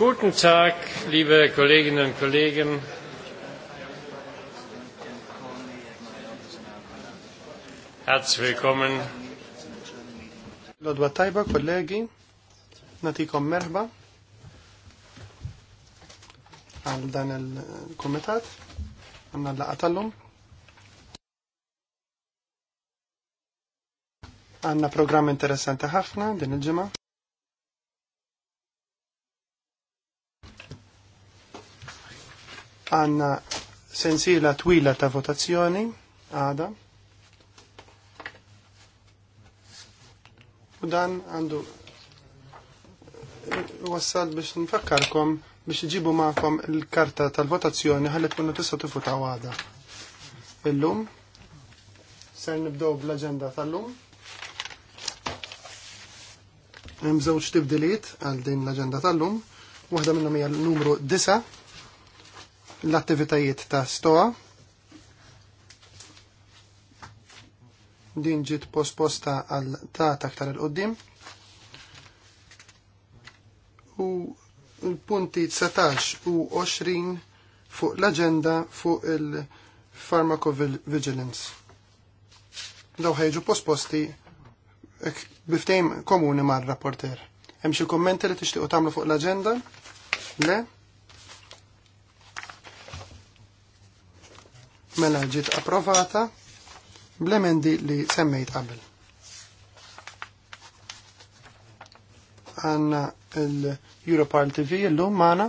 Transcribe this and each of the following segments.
Guten Tag, liebe Kolleginnen und Kollegen. Herzlich willkommen. Lodwa Taiba, kollegi, natikom merħba al Daniel komitat Anna La Atalum. Għanna program interessanti ħafna din il-ġimgħa. għanna sensiela twila ta' votazzjoni għada. U dan għandu wassal biex nfakkarkom biex ġibu maħkom il-karta tal-votazzjoni ħalli tkunu tistgħu tifutaw għada. Illum ser nibdew bl-aġenda tal-lum. Hemm żewġ tibdiliet għal din l-aġenda tal-lum. Waħda minnhom hija l-numru 9 l-attivitajiet ta' stoa. Din ġiet posposta għal ta' taktar il-qoddim. U l-punti 19 u 20 fuq l-agenda fuq il-pharmacovigilance. Daw ħejġu posposti biftejm komuni mar rapporter. Hemm xi kummenti li tixtiequ tagħmlu fuq l-aġenda? Le? mela ġiet approvata bl-emendi li semmejt qabel. Għanna l-Europarl TV l-lum maħna.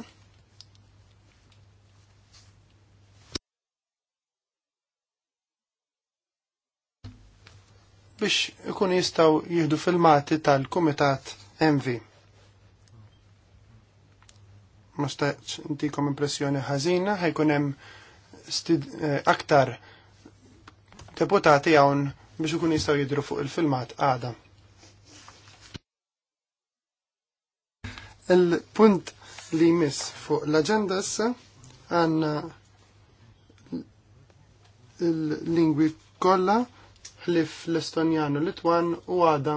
biex ikun jistaw jihdu filmati tal-Kumitat MV. Ma staċ intikom impressjoni ħażina, ħajkunem hemm Eh, aktar deputati hawn biex ikun jistgħu jidru fuq il-filmat għada. Il-punt li jmiss fuq l-agenda issa għanna il-lingwi kollha ħlif l-Estonjan u l-Litwan u għada.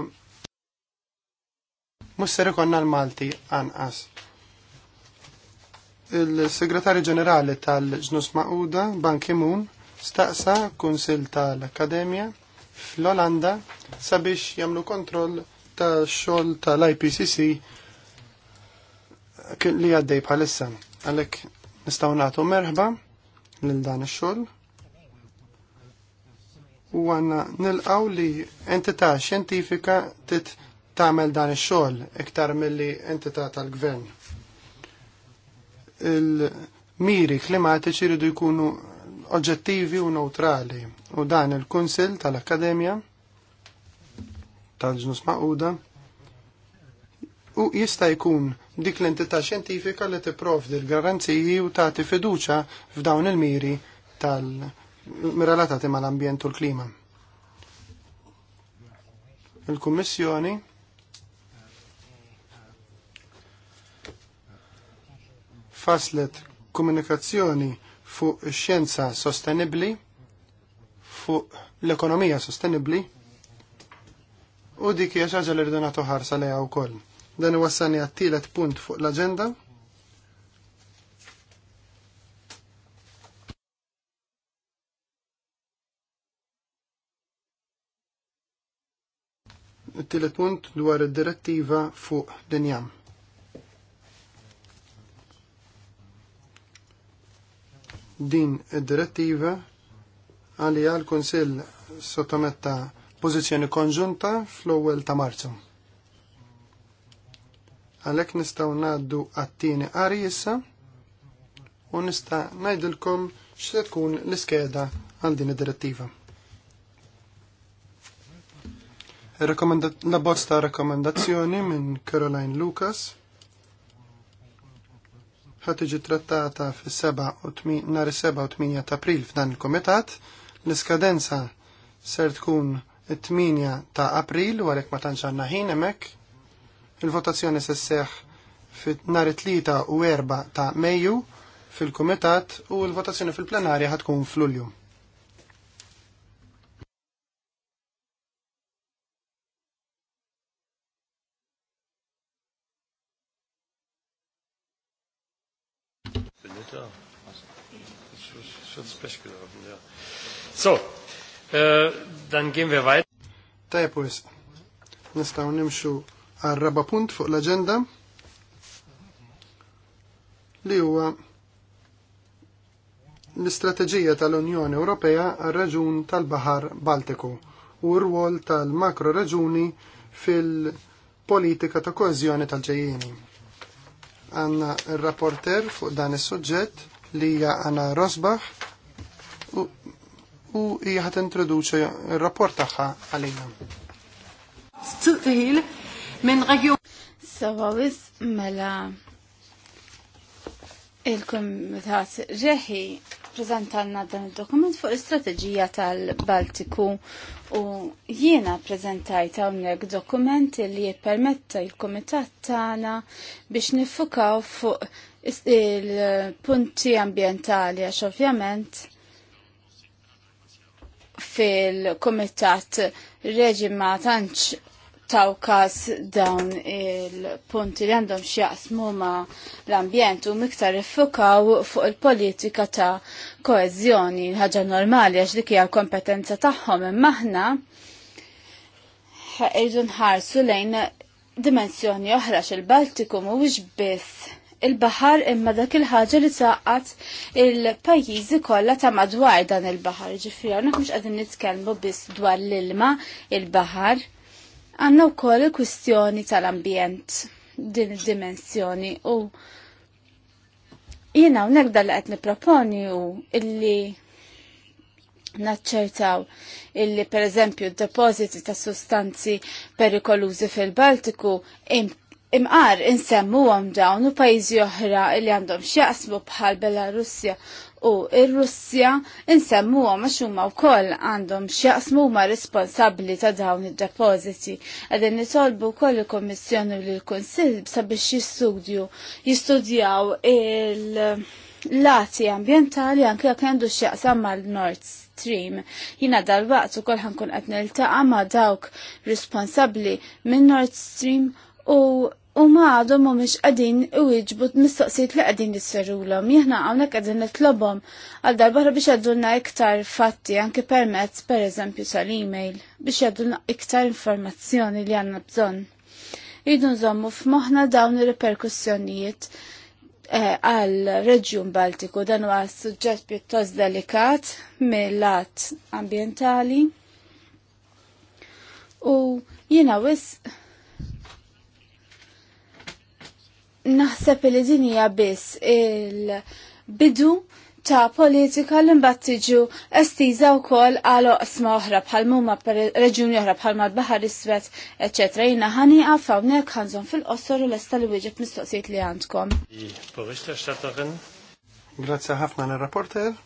Musser ikonna l-Malti anqas il-Segretarju Ġenerali tal-Ġnus Maquda, Ban Ki-moon, staqsa Kunsil tal-Akademja fl-Olanda sabiex jagħmlu kontroll ta' xogħol tal-IPCC li għaddej bħalissa. Għalhekk nistgħu nagħtu merħba lil dan ix-xogħol u għanna nilqaw li entità xjentifika tit tagħmel dan ix-xogħol iktar milli entità tal-gvern il-miri klimatiċi ridu jkunu oġġettivi u neutrali u dan il-Kunsil tal-Akkademja tal-ġnus maquda u jista' jkun dik l-entità xjentifika li tipprovdi l-garanziji u tagħti fiduċa f'dawn il-miri tal-relatati mal-ambjent u l-klima. Il-Kummissjoni faslet komunikazzjoni fuq xjenza sostenibli, fuq l-ekonomija sostenibli, u dik hija xaġa li rridu nagħtu ħarsa lejha wkoll. Dan iwassani għat-tielet punt fuq l-aġenda. it-tielet punt dwar id-direttiva fuq dinjam. din id-direttiva għalli għal konsil sottometta pożizzjoni konġunta fl-ewwel ta' Marzu. Għalhekk nistgħu ngħaddu għat-tieni jissa u nista' ngħidilkom x'se tkun l-iskeda għal din id-direttiva. La bozz ta' rakkomandazzjoni minn Caroline Lucas ħat tiġi trattata fis-7 nhar 7 u 8 ta' April f'dan il-Kumitat. L-iskadenza ser tkun it-8 ta' April u għalhekk ma tantx għandna ħin hemmhekk. Il-votazzjoni se sseħħ nhar it-3 u 4 ta' Mejju fil-Kumitat u l-votazzjoni fil-plenarja ħatkun fl-Ulju. So, dan għim vevajt. Tajab wis, nistaw nimxu għal-raba punt fuq l-agenda li huwa l-istrateġija tal-Unjoni Ewropea għal-raġun tal-Bahar Baltiku u r-rwol tal-makro raġuni fil-politika ta' koezjoni tal-ġejjeni. Għanna il-rapporter fuq dan is-suġġett li hija Anna Rosbach u hija ħad introduċi r-rapport tagħha għalina. Stuqil minn regjun. Sabawis mela il-Komitat ġeħi prezentanna dan il-dokument fuq l-istrateġija tal-Baltiku u jiena prezentajt hawnhekk dokument li jippermetta il-Komitat tagħna biex nifukaw fuq il-punti ambientali għax ovvjament fil-komitat reġima tantx taw kas dawn il-punti li għandhom xjaqsmu ma l-ambjent u miktar iffukaw fuq il-politika ta' koezjoni, ħaġa normali għax dik hija kompetenza tagħhom imma aħna irridu nħarsu lejn dimensjoni oħra xil-Baltiku mhuwiex biss il-bahar imma dak il-ħaġa li saqqat il-pajjiżi kollha ta' madwar dan il-bahar. Ġifri hawnhekk mhux qegħdin nitkellmu biss dwar l-ilma il-bahar. Għandna wkoll il-kwistjoni tal-ambjent din id-dimensjoni u jiena hawnhekk dan li qed nipproponi u illi naċċertaw illi per eżempju d-depositi ta' sustanzi perikolużi fil-Baltiku imqar insemmuhom dawn u pajjiżi oħra li għandhom x'jaqsmu bħal Belarusja u il russja insemmuhom għax huma wkoll għandhom x'jaqsmu huma responsabbli ta' dawn id depoziti Qegħdin nitolbu wkoll il-Kommissjoni li lill-Kunsill sabiex jistudju jistudjaw il- lati ambientali anke jekk għandu x'jaqsam mal-Nord Stream. Jina dal-waqt ukoll ħankun qed niltaqa' ma' dawk responsabbli minn Nord Stream u u ma għadhom mhumiex qegħdin iwieġbu mistoqsijiet li qegħdin jisserulhom. Jieħna hawnhekk qegħdin nitlobhom għal darba biex jgħadulna iktar fatti anke permezz pereżempju tal-email biex jgħadulna iktar informazzjoni li għandna bżonn. Idu nżommu f'moħħna dawn ir-reperkussjonijiet eh, għal reġjun Baltiku dan huwa suġġett pjuttost delikat mill-lat ambjentali. U jiena wisq naħseb li din hija biss il-bidu ta' politika li imbattiġu estiża wkoll għal oqsma oħra bħal mumma reġjuni oħra bħal mal-Baħar Iswed, eċetera. Jiena ħani għaf hawnhekk ħanżhom fil-qosor u lesta li wieġeb mistoqsijiet li għandkom. Grazzi ħafna lir-rapporter.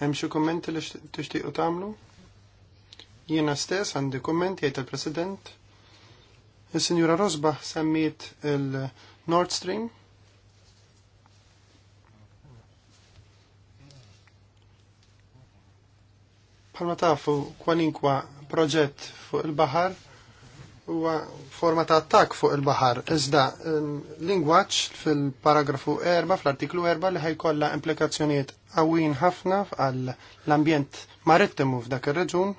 Hemm xi kummenti li tixtiequ tagħmlu? Jiena stess għandi kumment jgħid il-President Il-Sinjura Rosba semmiet il-Nord Stream. Palma tafu kwalinkwa proġett fuq il-bahar huwa forma ta' attak fuq il-bahar. Iżda, lingwaġġ fil-paragrafu 4, fl-artiklu 4 li ħajkolla implikazzjonijiet għawin ħafna għall ambjent marittimu f'dak ir-reġun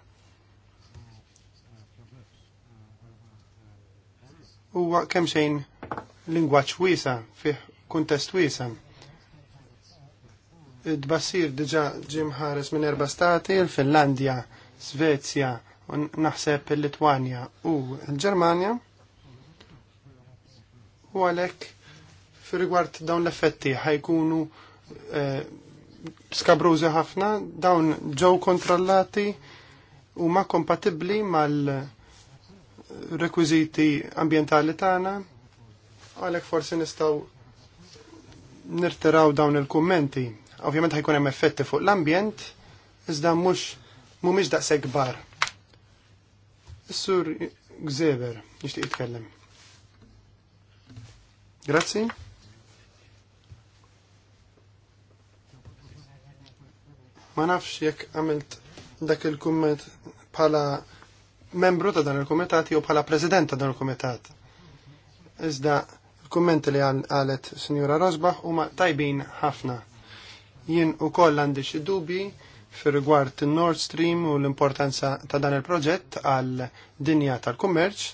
huwa kemm xejn lingwaġġ wiesa fih kuntest wiesa. Id-bassir diġa ġie mħares minn erba' stati, il-Finlandja, Svezja, naħseb il-Litwanja u l-Ġermanja. U għalhekk fir dawn l-effetti ħajkunu eh, skabrużi ħafna, dawn ġew kontrollati u ma mal- rekwiziti ambientali tagħna, għalhekk forsi nistgħu nirtiraw dawn il-kummenti. Ovvjament ħajkun hemm effetti fuq l-ambjent, iżda mhux mhumiex daqshekk kbar. Is-sur Gżeber nixtieq jitkellem. Grazzi. Ma nafx jekk għamilt dak il-kumment bħala membru ta' dan il-komitat jew bħala president ta' dan il-komitat. Iżda il-kummenti li għalet Sinjura Rosbach huma tajbin ħafna. Jien ukoll għandi xi dubi fir rigward Nord Stream u l-importanza ta' dan il-proġett għal dinja tal-kummerċ.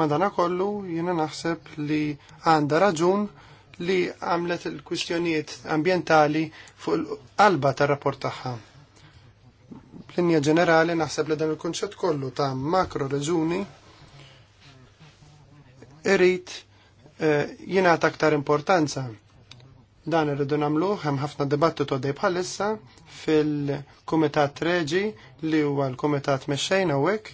Madana kollu jiena naħseb li għanda raġun li għamlet il-kwistjonijiet ambientali fuq l-qalba tar-rapport tagħha linja ġenerali naħseb li dan il-konċett kollu ta' makro reġuni irrit eh, jina ta' aktar importanza. Dan irridu nagħmlu, hemm ħafna dibattitu għaddej bħalissa fil-Kumitat Reġi li huwa l-Kumitat Mexxejn hawnhekk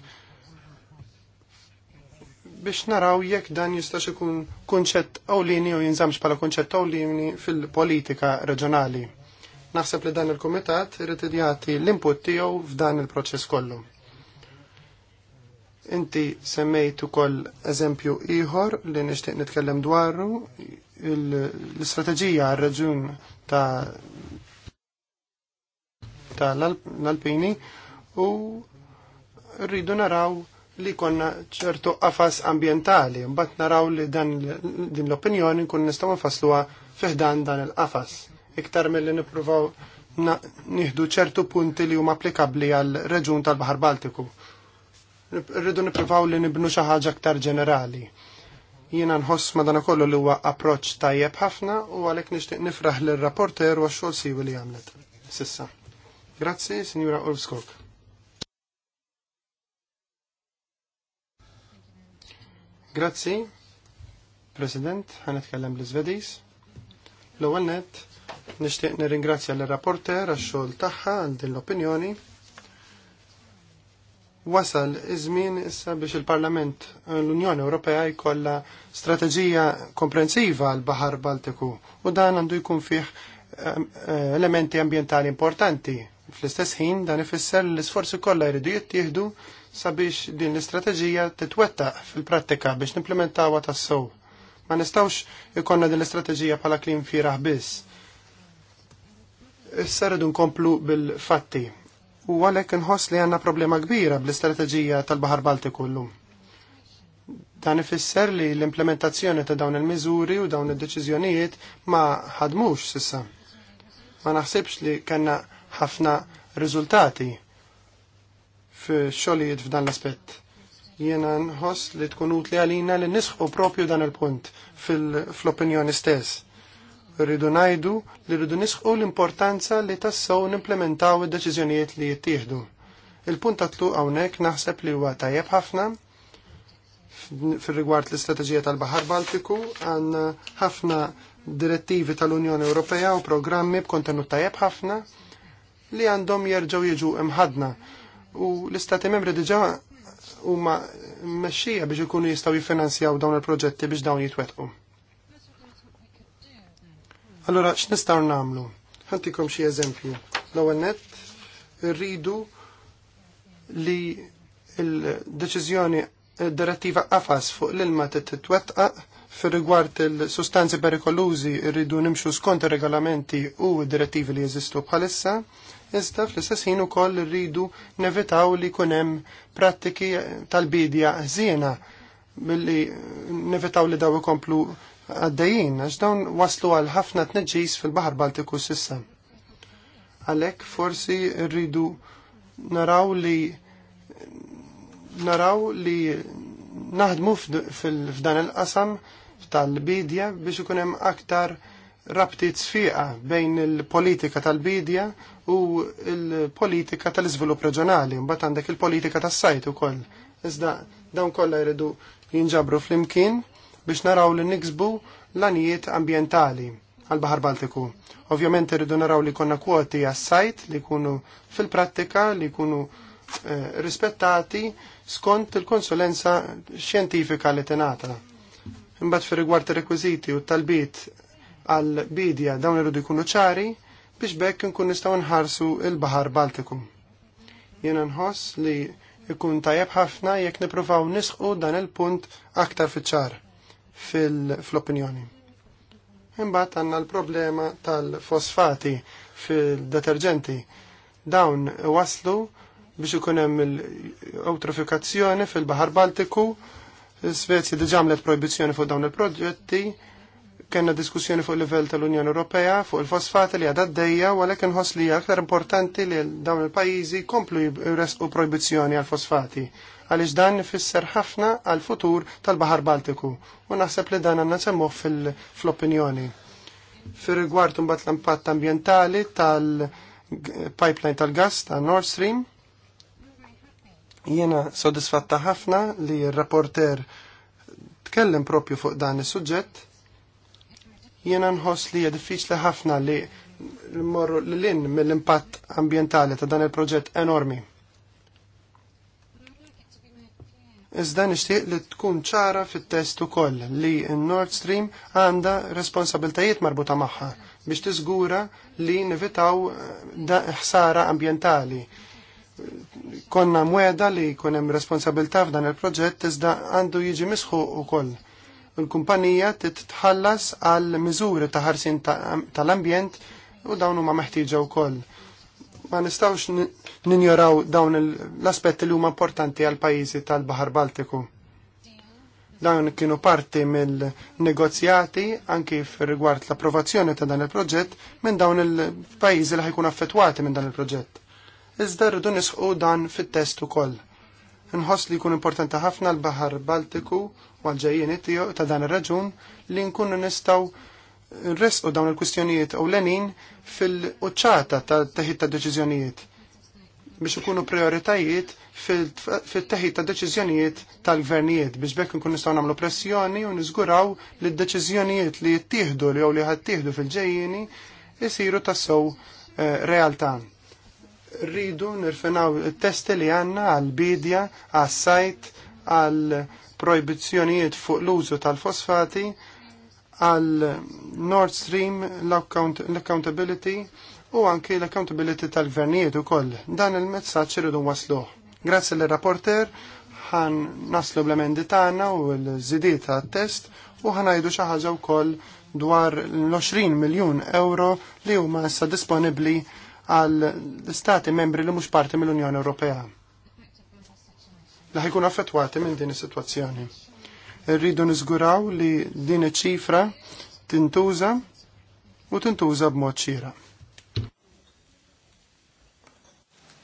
biex naraw jekk dan jistax ikun kunċett awlini u jinżamx bħala kunċett awlini fil-politika reġjonali. Naħseb li dan il-Kumitat irrid jagħti l-input tiegħu f'dan il-proċess kollu. Inti semmejt ukoll eżempju ieħor li nixtieq nitkellem dwaru l-istrateġija għar-raġun ta' ta' l-Alpini u rridu naraw li konna ċertu qafas ambientali, mbagħad naraw li dan din l-opinjoni nkun nistgħu nfassluha fiħdan dan il-qafas iktar mill-li nipruvaw nieħdu ċertu punti li huma applikabli għal reġun tal-Baħar Baltiku. Rridu nippruvaw li nibnu xi ħaġa aktar ġenerali. Jiena nħoss madanakollu li huwa approċċ tajjeb ħafna u għalhekk nixtieq nifraħ lir rapporter wa għax-xogħol siwi li għamlet. Sissa. Grazzi, Sinjura Ulfskog. Grazzi, President, ħanetkellem bl-Svedis. L-ewwel nett. Nishtiq nirringrazzja l-rapporter għax-xogħol tagħha għal din l-opinjoni. Wasal iż-żmien issa biex il-Parlament l-Unjoni Ewropea jkollha strateġija komprensiva għal Baħar Baltiku u dan għandu jkun fih eh, elementi ambientali importanti. Fl-istess ħin dan ifisser l-isforzi kollha jridu jittieħdu sabiex din l-istrateġija titwettaq fil-prattika biex nimplementawha tas sew Ma nistgħux ikonna din l-istrateġija bħala klim firaħ biss Issa rridu nkomplu bil-fatti. U għalek inħoss li għandna problema kbira bl-istrateġija tal-Baħar Baltiku llum. Dan ifisser li l-implementazzjoni ta' dawn il-miżuri u dawn id-deċiżjonijiet ma ħadmux sissa. Ma naħsibx li kellna ħafna riżultati f'xogħlijiet f'dan l-aspett jiena nħoss li tkun utli għalina li nisħu propju dan il-punt fil-opinjoni stess rridu ngħidu li rridu nisħu l-importanza li tassew nimplementaw id-deċiżjonijiet li jittieħdu. Il-punt tatlu hawnhekk naħseb li huwa tajjeb ħafna fil-rigward l-istrateġija tal-Bahar Baltiku għanna ħafna direttivi tal-Unjoni Ewropea u programmi b'kontenut tajjeb ħafna li għandhom jerġgħu jiġu imħadna u l-istati membri diġà huma mexxija biex ikunu jistgħu jiffinanzjaw dawn il-proġetti biex dawn jitwettqu. Allora, x'nistgħu nagħmlu? Ħantikom xi eżempju. L-ewwel nett irridu li l-deċiżjoni direttiva qafas fuq l-ilma titwettaq fir rigward il-sustanzi perikolużi rridu nimxu skont regolamenti u direttivi li jeżistu bħalissa, iżda fl-istess ħin ukoll rridu nevitaw li jkun hemm prattiki tal-bidja ħżiena billi nevitaw li daw ikomplu għaddejjien, għax dawn waslu għal ħafna tneġġis fil-Baħar Baltiku sissa. Għalhekk forsi rridu naraw li naraw li naħdmu f'dan il-qasam tal-bidja biex ikun hemm aktar rabtiet sfiqa bejn il-politika tal-bidja u il-politika tal-iżvilupp reġjonali, mbagħad għandek il-politika tas-sajt ukoll. Iżda dawn kollha jridu jinġabru flimkien biex naraw li niksbu l-anijiet ambientali għal Bahar Baltiku. Ovvjament irridu naraw li konna kwoti għas-sajt li kunu fil-prattika, li kunu eh, rispettati skont il-konsulenza xjentifika li tenata. Imbat fi rigward ir-rekwiżiti u talbit għal bidja dawn irridu jkunu ċari biex bekk nkun nistgħu nħarsu il-Bahar Baltiku. Jiena nħoss li jkun tajjeb ħafna jekk nippruvaw nisħu dan il-punt aktar fiċ-ċar fil-opinjoni. Imbagħad għandna l-problema tal-fosfati fil-deterġenti. Dawn waslu biex ikun hemm l-eutrofikazzjoni fil-Baħar Baltiku, Svezja diġà għamlet proibizzjoni fuq dawn il-proġetti, Kenna diskussjoni fuq livell tal-Unjoni Ewropea fuq il-fosfati li għadha d-dejja, għalhekk inħoss li aktar importanti li dawn il-pajjiżi komplu jresqu projbizzjoni għal fosfati għaliex dan nifisser ħafna għal futur tal-Baħar Baltiku u naħseb li dan għanna semmuh fil-opinjoni. Fir rigward mbagħad l-impatt ambjentali tal-pipeline tal-gas ta' Nord Stream, jiena sodisfatta ħafna li r-rapporter tkellem propju fuq dan is-suġġett. Jiena nħoss li hija diffiċli ħafna li l-morru l-lin mill-impatt ambientali ta' dan il-proġett enormi. iżda nixtieq li tkun ċara fit-test ukoll li n-Nord Stream għandha responsabiltajiet marbuta magħha biex tiżgura li nivitaw eh, ħsara ambjentali. Konna mweda li jkun hemm responsabilità f'dan il-proġett iżda għandu jiġi misħu ukoll. Il-kumpanija titħallas għal miżuri ta' ħarsin tal-ambjent u dawn huma meħtieġa wkoll ma nistawx ninjoraw dawn l-aspetti li huma importanti għal pajjiżi tal-Baħar Baltiku. Dawn kienu parti mill-negozjati anki rigward l-approvazzjoni ta' dan il-proġett minn dawn il-pajjiżi li ħajkun affettwati minn dan il-proġett. Iżda rridu nisħu dan fit-test ukoll. Nħoss li jkun importanti ħafna l-Baħar Baltiku u għal-ġejjeni ta' dan ir-raġun li nkunu nistgħu nresqu dawn il-kwistjonijiet u l-enin fil-uċċata ta' teħid ta' deċiżjonijiet biex ikunu prioritajiet fil-teħid ta' deċiżjonijiet tal-gvernijiet biex bekk nkun nistgħu nagħmlu pressjoni u niżguraw li d-deċiżjonijiet li jittieħdu li jew li ħaddieħdu fil-ġejjieni jsiru tassew eh, realtà. Rridu nirfinaw it-testi li għandna għal-bidja, għas-sajt, għal-projbizzjonijiet fuq l-użu tal-fosfati, għal Nord Stream l-accountability u anki l-accountability tal-gvernijiet u koll. Dan il-messaċ irridu waslu. Grazzi l-rapporter ħan naslu bl-emendi tagħna u l-żidiet għat test u ħanajdu xi ħaġa wkoll dwar l-20 miljun euro li huma issa disponibbli għal stati membri li mhux parti mill-Unjoni Ewropea. Laħi ħajkunu affettwati minn din is-sitwazzjoni rridu nizguraw li din ċifra tintuża u tintuża b'mod xira.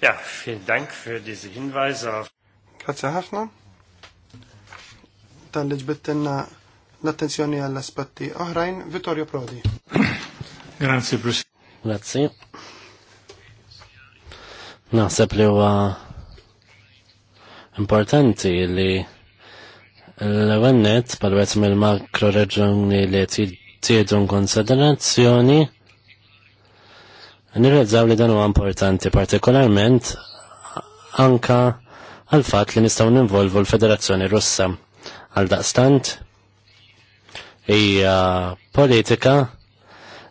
Ja, vielen Dank für diese Hinweise. Grazie ħafna. Tal-li ġbittinna l-attenzjoni għall-aspetti oħrajn, Vittorio Prodi. Grazie, Presidente. Grazie. Naħseb li huwa importanti li l għannet pal-għet mill-makro reġjoni li tiedu konsiderazzjoni, nirrezzaw li dan huwa importanti partikolarment anka għal fatt li nistgħu ninvolvu l-Federazzjoni Russa għal daqstant hija politika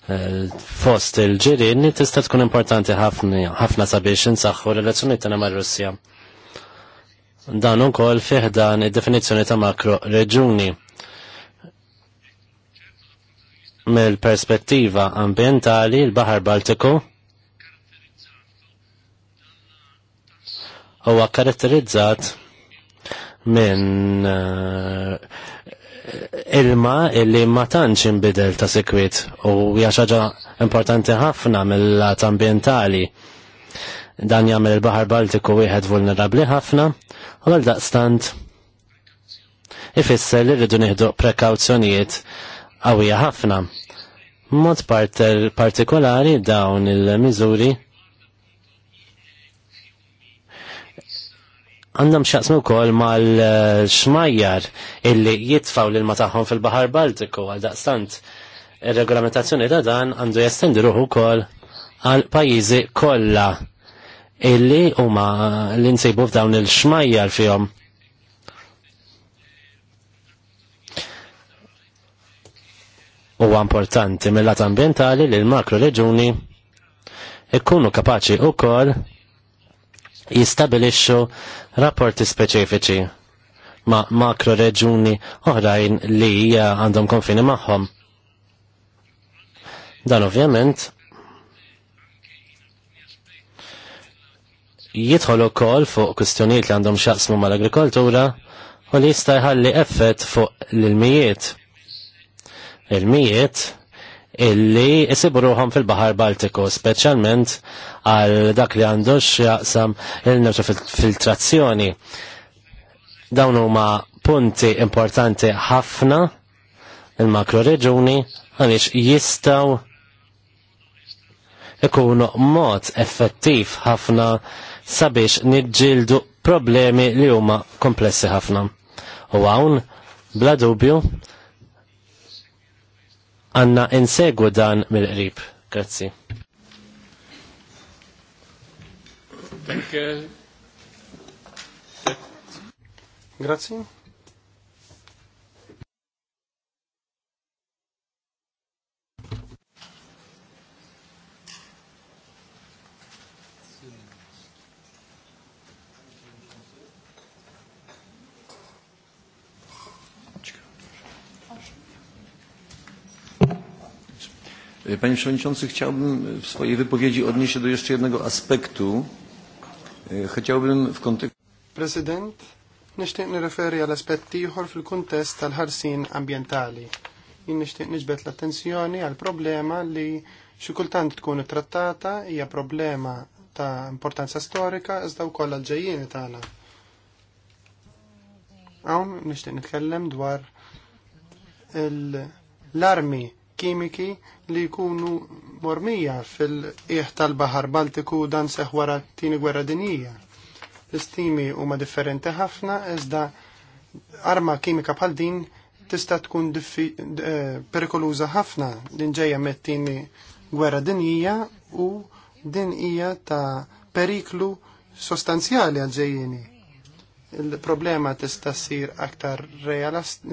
eh, fost il ġirin tista' tkun importanti ħafna sabiex insaħħu relazzjoni mar-Russja dan ukoll fih dan id-definizzjoni ta' makro reġuni. Mill-perspettiva ambientali l-Baħar Baltiku huwa karatterizzat minn uh, ilma illi ma tantx inbidel ta' sikwiet u hija xaġa importanti ħafna mill-lat ambjentali dan jagħmel il-Baħar Baltiku wieħed vulnerabbli ħafna u għal daqstant ifisser li rridu nieħdu prekawzjonijiet qawwija ħafna. Mod partikolari dawn il-miżuri għandhom xaqsmu kol mal-xmajjar illi jitfaw l tagħhom fil-Baħar Baltiku għal daqstant ir-regolamentazzjoni ta' dan għandu jestendi ruħu kol għal pajizi kolla illi huma li nsejbu f'dawn il-xmajjar fihom. Huwa importanti mill-lat ambientali li l-makro reġuni ikkunu kapaċi wkoll jistabilixxu rapporti speċifiċi ma' makro reġuni oħrajn li għandhom konfini magħhom. Dan ovvjament jidħol ukoll fuq kwistjonijiet li għandhom xaqsmu mal-agrikoltura u li jista' jħalli effett fuq l-ilmijiet. mijiet illi jisibu ruħom fil-Bahar Baltiku, speċjalment għal dak li għandu x'jaqsam il-filtrazzjoni. Dawn huma punti importanti ħafna il-makro reġuni għaliex jistaw ikunu mod effettiv ħafna sabiex nidġildu problemi li huma komplessi ħafna. U għawn, bla dubju, għanna insegwu dan mill-qrib. Grazzi. Grazzi. E, panie Przewodniczący, chciałbym w swojej wypowiedzi odnieść się do jeszcze jednego aspektu. E, chciałbym w kontekście... Prezydent, nishtiq nireferi għal aspetti ieħor fil kontest tal-ħarsin ambientali. Jien nixtieq niġbed l-attenzjoni għal problema li xi kultant tkun trattata hija problema ta' importanza storika iżda wkoll għal-ġejjieni tagħna. Hawn nixtieq nitkellem dwar l-armi kimiki li jkunu mormija fil-qieħ tal-Bahar Baltiku dan seħ wara t-tieni gwerra dinjija. L-istimi huma differenti ħafna iżda arma kimika bħal din tista' tkun eh, perikoluża ħafna din ġejja mit-tieni gwerra dinjija u din hija ta' periklu sostanzjali għal-ġejjini il-problema tista' ssir aktar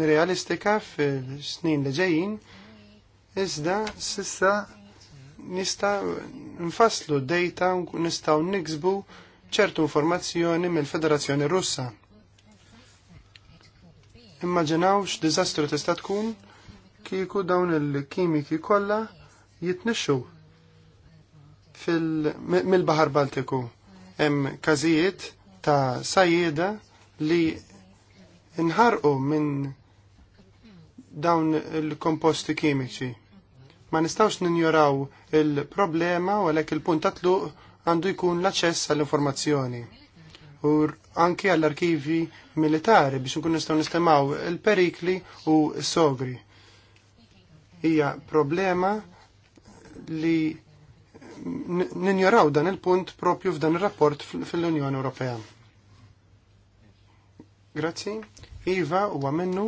realistika fil-snin li ġejjin iżda sissa nista' nfasslu data nistaw nistgħu niksbu ċertu informazzjoni mill-Federazzjoni Russa. Immaġinaw x'diżastru tista' tkun kieku dawn il-kimiki kollha jitnixxu mill-Bahar Baltiku. Hemm każijiet ta' sajjeda li nħarqu minn dawn il-komposti kimiċi. Ma nistawx ninjoraw il-problema u għalhekk il-punt tatlu għandu jkun l-aċċess għall-informazzjoni u anki għall-arkivi militari biex nkun nistaw nistemaw il-perikli u s-sogri. Hija problema li ninjoraw dan il-punt propju f'dan il-rapport fil-Unjoni Ewropea. Grazzi. Iva u għamennu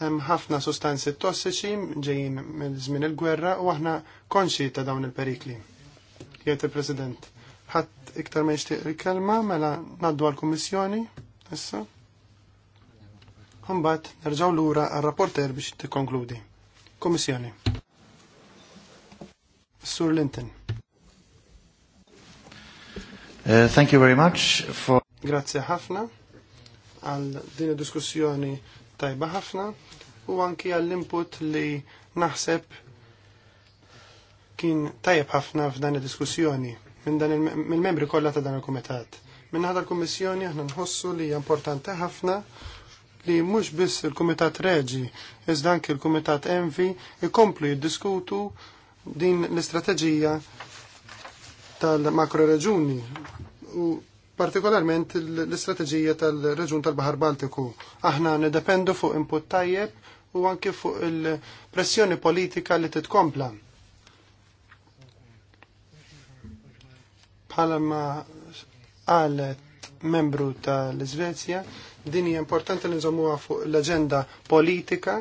hemm ħafna sustanzi tossiċi ġejjin minn żmien il-gwerra u aħna konxi ta' dawn il-perikli. Jiet il-President, ħadd iktar ma jixtieq il-kelma mela ngħaddu għall-Kummissjoni issa. Mbagħad nerġgħu lura għar-rapporter biex tikkonkludi. Kummissjoni. Sur Linton. Uh, thank you very much for Grazie ħafna għal din id-diskussjoni tajba ħafna u anki għall-input li naħseb kien tajb ħafna f'dan id-diskussjoni minn dan il-membri kollha ta' dan il-kumitat. Minn ħadha l-kummissjoni aħna nħossu li hija importanti ħafna li mhux biss il-kumitat Reġi iżda anke l-kumitat Envi ikomplu jiddiskutu din l-istrateġija tal-makroreġuni u partikolarment l-istrateġija tal-Reġun tal-Bahar Baltiku. Aħna nidependu fuq input tajjeb u anke fuq il-pressjoni politika li titkompla. ma għalet membru tal-Svezja, din hija importanti li nżommuha fuq l-aġenda politika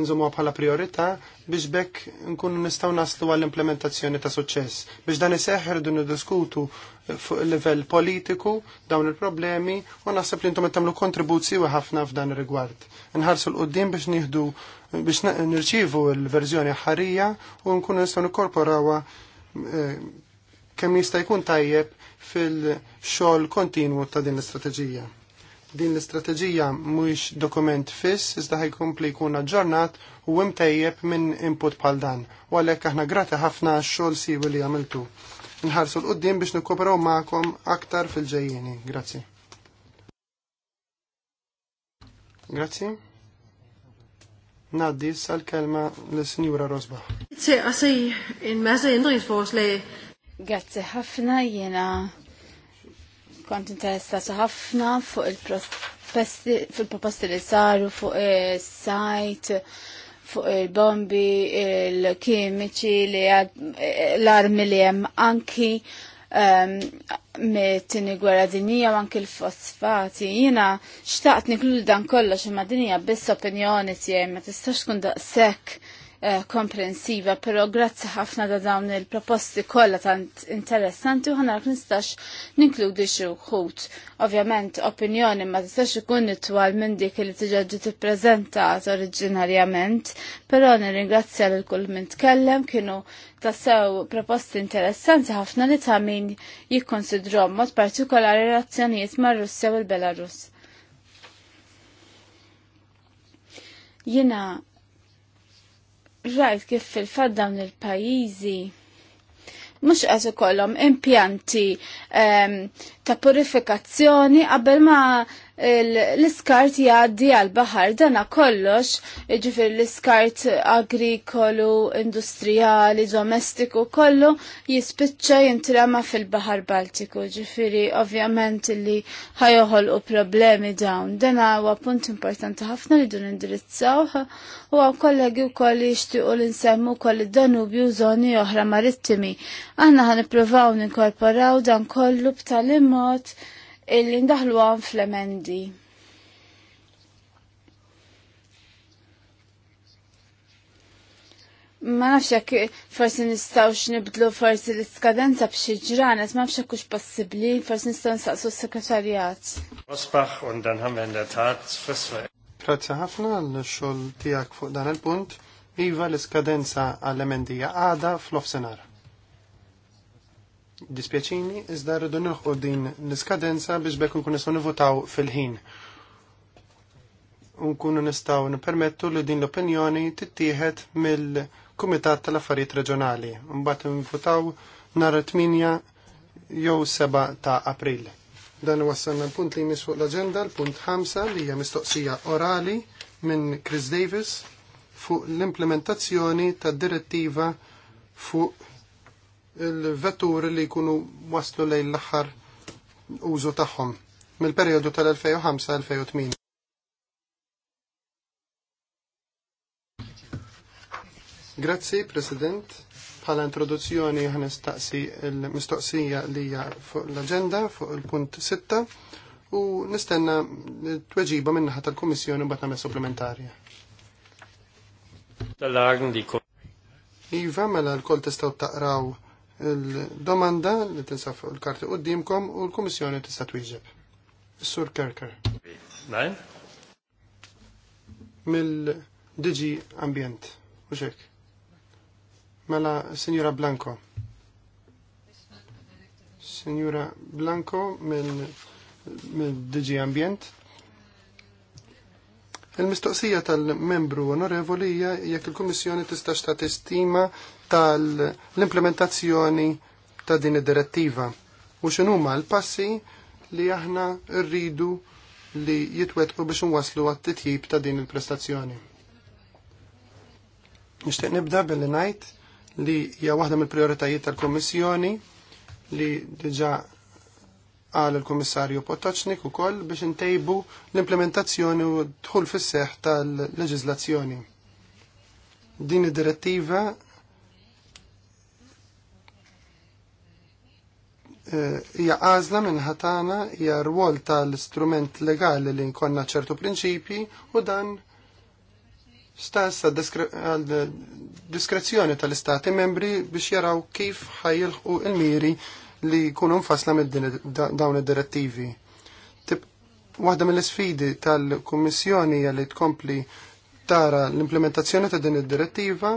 nżommuha bħala priorità biex bekk nkunu nistgħu naslu għall-implementazzjoni ta' suċċess. Biex dan iseħħer dun diskutu fuq livell politiku dawn il-problemi u naħseb li intom qed tagħmlu kontribuzzi ħafna f'dan ir-rigward. Inħarsu l-qudiem biex nieħdu biex nirċivu l-verżjoni ħarija u nkunu nistgħu nikkorporawha eh, kemm jista' jkun tajjeb fil-xogħol kontinwu ta' din l-istrateġija din l-istrateġija mhuwiex dokument fiss iżda ħajkompli jkun aġġornat u imtejjeb minn input bħal dan. U għalhekk aħna grati ħafna x-xogħol siwi li għamiltu. Nħarsu l-qudiem biex nikkooperaw magħkom aktar fil-ġejjieni. Grazzi. Grazzi. Naddi sal-kelma l-Sinjura Rosba. Grazzi ħafna jena kont interessata ħafna fuq il-proposti li saru fuq il-sajt, fuq il-bombi, il-kimiċi, l-armi li hemm anki ehm, mit-tini gwerra dinija u anki l-fosfati. Jina xtaqt niklu dan kollox imma dinija biss opinjoni tiegħi ma tistax tkun daqshekk Eh, komprensiva, pero grazzi ħafna da dawn il-proposti kollha tant interessanti u ħanar nistax ninkludi xi wħud. Ovvjament opinjoni ma tistax ikun itwal minn dik li tiġa ġiet ippreżentat oriġinarjament, però nirringrazzja lil kull min tkellem kienu tassew proposti interessanti ħafna li ta' min jikkonsidrom mod partikolari relazzjonijiet mar-Russja u l-Belarus. Jina rajt kif fil-fat dawn il-pajizi mux għazu kollom impjanti ta' purifikazzjoni qabel ma l-iskart jgħaddi għal baħar dana kollox, ġifir l-iskart agrikolu, industrijali, domestiku, kollu jispiċċa jintrama fil-baħar Baltiku, ġifiri ovvjament li ħajoħol u problemi dawn. Dana huwa punt importanti ħafna li dun indirizzaw, u għaw kollegi u koll jishtiqu l-insemmu koll id-Danubju zoni oħra marittimi. Aħna ħan ninkorporaw dan kollu b'tal-immu mod illi ndaħlu għan fl-emendi. Ma nafx jekk forsi nistgħux nibdlu forsi l-iskadenza b'xi ġranet, ma nafx hekk possibbli, forsi nistgħu nsaqsu s-sekretarjat. Osbaħ u dan da tat Grazzi ħafna għall-xogħol tiegħek fuq dan il-punt. Iva l-iskadenza għall-emendija għada fl-ofsenar dispjaċini, iżda rridu nħu din l-iskadenza biex bekk nkun nistgħu nivutaw fil-ħin. Nkunu nistgħu nippermettu li din l-opinjoni tittieħed mill-Kumitat tal-Affarijiet Reġjonali, mbagħad nivutaw nhar 8 jew 7 ta' April. Dan wasalna l-punt li jmiss fuq l-aġenda, l-punt 5 li hija mistoqsija orali minn Chris Davis fuq l-implementazzjoni tad-direttiva fuq il-vetturi li jkunu waslu lejn l-aħħar użu tagħhom mill-perjodu tal-2005-2008. Grazzi, President. Bħala introduzzjoni ħanistaqsi l-mistoqsija li hija fuq l-agenda fuq il-punt 6 u nistenna tweġiba minnaħa tal-Kummissjoni mbagħad nagħmel supplementarja. Iva mela l-kol tistgħu taqraw il-domanda li tinsaf il-karti qoddimkom u l-Kummissjoni tista' twieġeb. Sur Kerker. Nein? Mill-Digi Ambient. U Mela Signora Blanco. Signora Blanco mill-Digi Ambient. Il-mistoqsija tal-membru onorevoli hija jekk il-Kummissjoni tistax ta' testima tal-implementazzjoni ta' din id-direttiva u x'inhuma l-passi li aħna rridu li jitwetqu biex nwaslu għat-titjib ta' din il-prestazzjoni. Nixtieq nibda billi ngħid li hija waħda mill-prijoritajiet tal-Kummissjoni li diġa' għal il-Komissarju Potocnik u koll biex intejbu l-implementazzjoni u dħul fis seħ tal-leġizlazzjoni. Din id-direttiva eh, hija għażla minn ħatana hija rwol tal-istrument legali li nkonna ċertu prinċipji u dan stess għal diskrezzjoni tal-istati membri biex jaraw kif ħajilħu il-miri il miri li jkunu nfasla dawn id-direttivi. Waħda mill-sfidi tal-Kummissjoni li tkompli tara l-implementazzjoni ta' din id-direttiva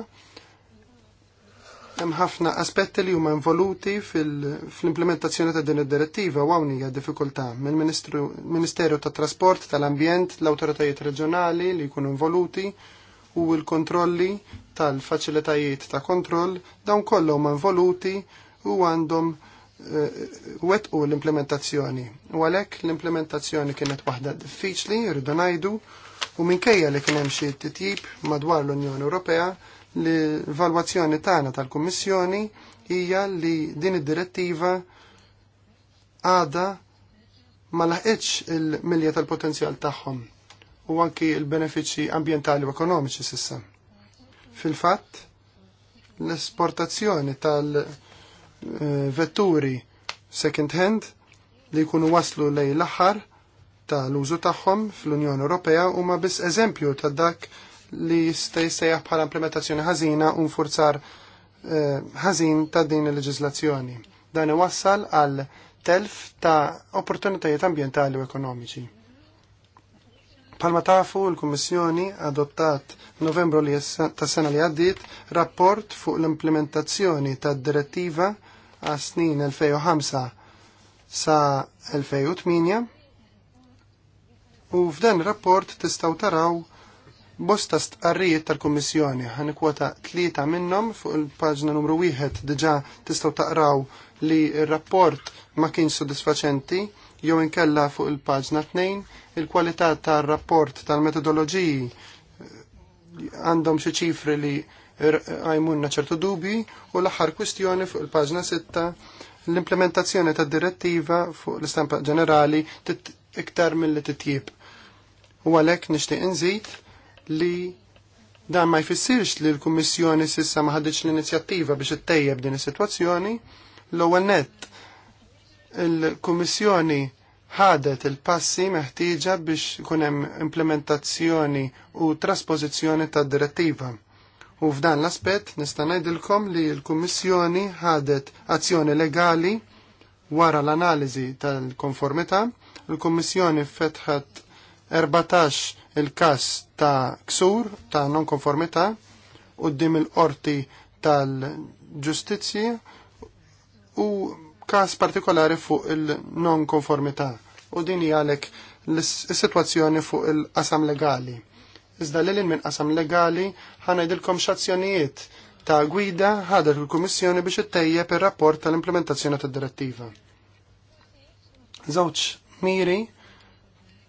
hemm ħafna aspetti li huma involuti fl-implementazzjoni ta' din id-direttiva u hawn hija diffikultà mill-Ministeru tat-Trasport, tal-Ambjent, l-awtoritajiet reġjonali li jkunu involuti u l-kontrolli tal-faċilitajiet ta' kontroll dawn kollha huma involuti u għandhom Eh, u l-implementazzjoni. U għalhekk l-implementazzjoni kienet waħda diffiċli, rridu ngħidu, u minkejja li kien hemm xi titjib madwar l-Unjoni Ewropea li l-valwazzjoni tagħna tal-Kummissjoni hija li din id-direttiva għada ma laħqitx il-milja tal-potenzjal tagħhom u anki il-benefiċċji ambjentali u ekonomiċi sissa. Fil-fatt, l-esportazzjoni tal-, -tal Eh, vetturi second hand li jkunu waslu lej l-aħħar ta' l-użu tagħhom fl-Unjoni Ewropea huma biss eżempju ta' dak li jista' jsejjaħ bħala implementazzjoni ħażina u nfurzar eh, ħażin ta' din il-leġiżlazzjoni. Dan iwassal għal telf ta' opportunitajiet ambjentali u ekonomiċi. Palma tafu l-Kummissjoni adottat novembru li ta' sena li għaddit rapport fuq l-implementazzjoni ta' direttiva għas snin 2005 sa 2008 u f'dan rapport tistaw taraw bosta stqarrijiet tal-Kummissjoni kwota tlieta minnhom fuq il-paġna numru wieħed diġà tistgħu taqraw li r-rapport ma kienx sodisfaċenti jew inkella fuq il-paġna tnejn il-kwalità tar-rapport tal-metodoloġiji eh, għandhom xi ċifri li għajmunna ċertu dubi u l-aħħar kwistjoni fuq il-paġna 6 l-implementazzjoni ta' direttiva fuq l-istampa ġenerali iktar mill-li titjib. U għalek nishti inżid li dan ma jfissirx li l-Kummissjoni sissa ma ħadġ l-inizjattiva biex ittejjeb din is-sitwazzjoni. L-ewwel nett il-Kummissjoni ħadet il-passi meħtieġa biex kunem hemm implementazzjoni u trasposizzjoni tad direttiva U f'dan l-aspett nista' ngħidilkom li l-Kummissjoni ħadet azzjoni legali wara l-analiżi tal-konformità. Il-Kummissjoni fetħet 14 il-każ ta' ksur ta' non-konformità qudiem il-qorti tal ġustizzji u każ partikolari fuq il non konformità u din hija għalhekk is-sitwazzjoni fuq il-qasam legali iżda l-lin minn qasam legali ħanajdilkom xazzjonijiet ta' gwida ħadar il-Kummissjoni biex ittejjeb ir-rapport tal-implementazzjoni tad-direttiva. Żewġ miri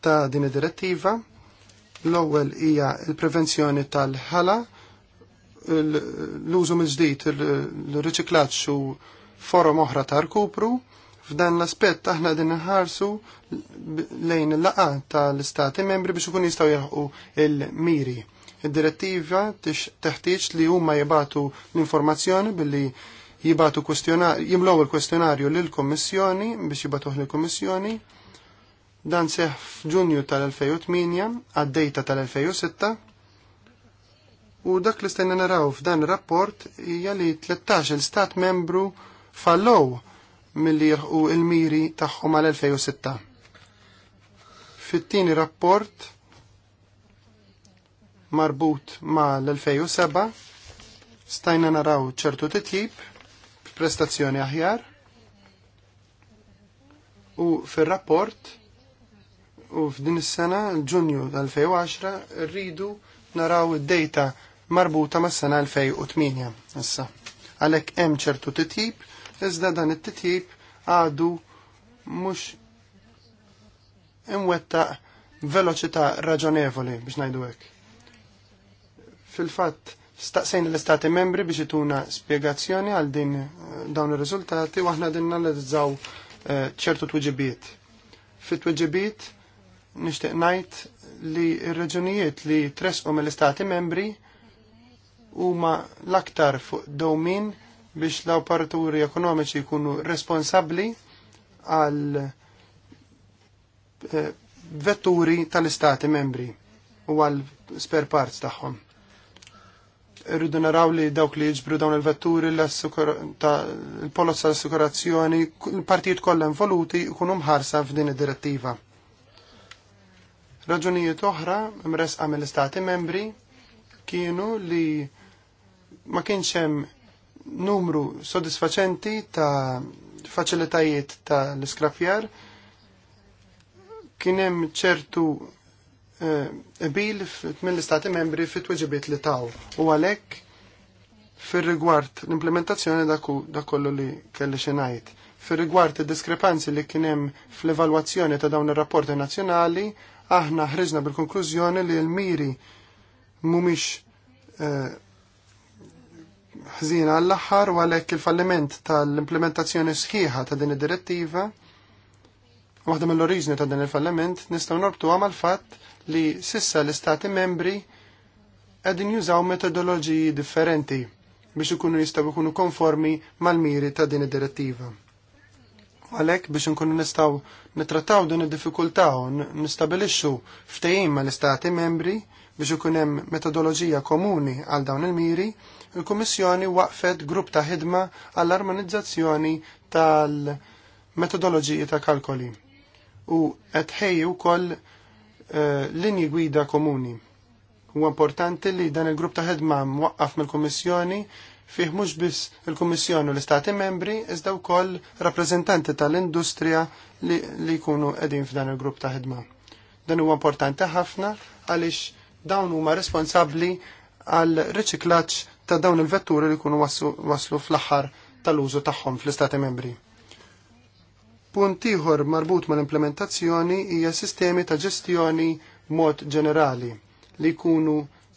ta' din id-direttiva l-ewwel hija l-prevenzjoni tal-ħala l-użu mill-ġdid il-riċiklaġġ u forom oħra ta' rkupru F'dan l-aspett aħna din nħarsu lejn il-laqa tal-istati membri biex ikun jistgħu jaħqu il-miri. Id-direttiva teħtieġ li huma jibatu l-informazzjoni billi jibatu jimlow il-kwestjonarju lill-Kommissjoni biex jibatuh lill-Kommissjoni. Dan seħ f'Ġunju tal-2008 għad-dejta tal-2006 u dak li stajna naraw f'dan ir-rapport hija li 13 il-stat membru fallow milli jħu il-miri tagħhom għal 2006. Fit-tieni rapport marbut ma l-2007 stajna naraw ċertu titjib, prestazzjoni aħjar u fir-rapport u f'din is-sena l-Ġunju 2010 rridu naraw id-data marbuta mas-sena 2008 issa. Għalhekk hemm ċertu titjib iżda dan it-titjib għadu mhux imwettaq veloċità raġonevoli biex ngħidu hekk. Fil-fatt staqsejn l-istati membri biex ituna spiegazzjoni għal din eh, dawn ir-riżultati u aħna din nalizzaw eh, ċertu twiġibiet. Fit-twiġibiet nixtieq ngħid li r-reġunijiet li tresqu mill-istati membri huma l-aktar fuq dowmin biex l-operaturi ekonomiċi jkunu responsabli għal eh, vetturi tal-istati membri u għal spare parts tagħhom. Irridu naraw li dawk li jiġbru dawn il-vetturi l-polozza l-assikurazzjoni, l-partijiet kollha involuti jkunu mħarsa f'din id-direttiva. Raġunijiet oħra mresqa mill-istati membri kienu li ma kienx hemm numru sodisfaċenti ta' faċilitajiet ta' l-iskrafjar kienem ċertu ebil eh, mill-istati membri fit tweġibiet li taw u għalek fir rigward l-implementazzjoni da kollu li kelli xenajt. Fir rigward il-diskrepanzi li kienem fl-evaluazzjoni ta' dawn ir-rapporti nazzjonali, aħna ħriġna bil-konklużjoni li l-miri mumiex eh, ħżina għall-aħħar u għalhekk il-falliment tal-implementazzjoni sħiħa ta' din id-direttiva Waħda mill oriżni ta' din il-falliment nistgħu norbtu mal fatt li sissa l-istati membri qegħdin jużaw metodoloġiji differenti biex ikunu jistgħu ikunu konformi mal-miri ta' din id-direttiva. Għalhekk biex inkunu nistgħu nitrattaw din id-diffikultà u nistabilixxu ftehim mal-istati membri biex ikun hemm metodoloġija komuni għal dawn il-miri, il-Kummissjoni waqfet grupp ta' ħidma għall-armonizzazzjoni tal-metodoloġiji ta' kalkoli u qed ħejju wkoll eh, linji gwida komuni. U importanti li dan il-grupp ta' ħidma mwaqqaf mill-Kummissjoni fih mhux biss il-Kummissjoni u l-Istati membri iżda wkoll rappreżentanti tal-industrija li jkunu qegħdin f'dan il-grupp ta' ħidma. Dan huwa importanti ħafna għaliex dawn huma responsabbli għal riċiklaġġ ta' dawn il-vetturi li jkunu waslu fl-aħħar tal-użu tagħhom fl-Istati membri. Punt ieħor marbut mal-implementazzjoni hija sistemi ta' ġestjoni mod ġenerali li jkunu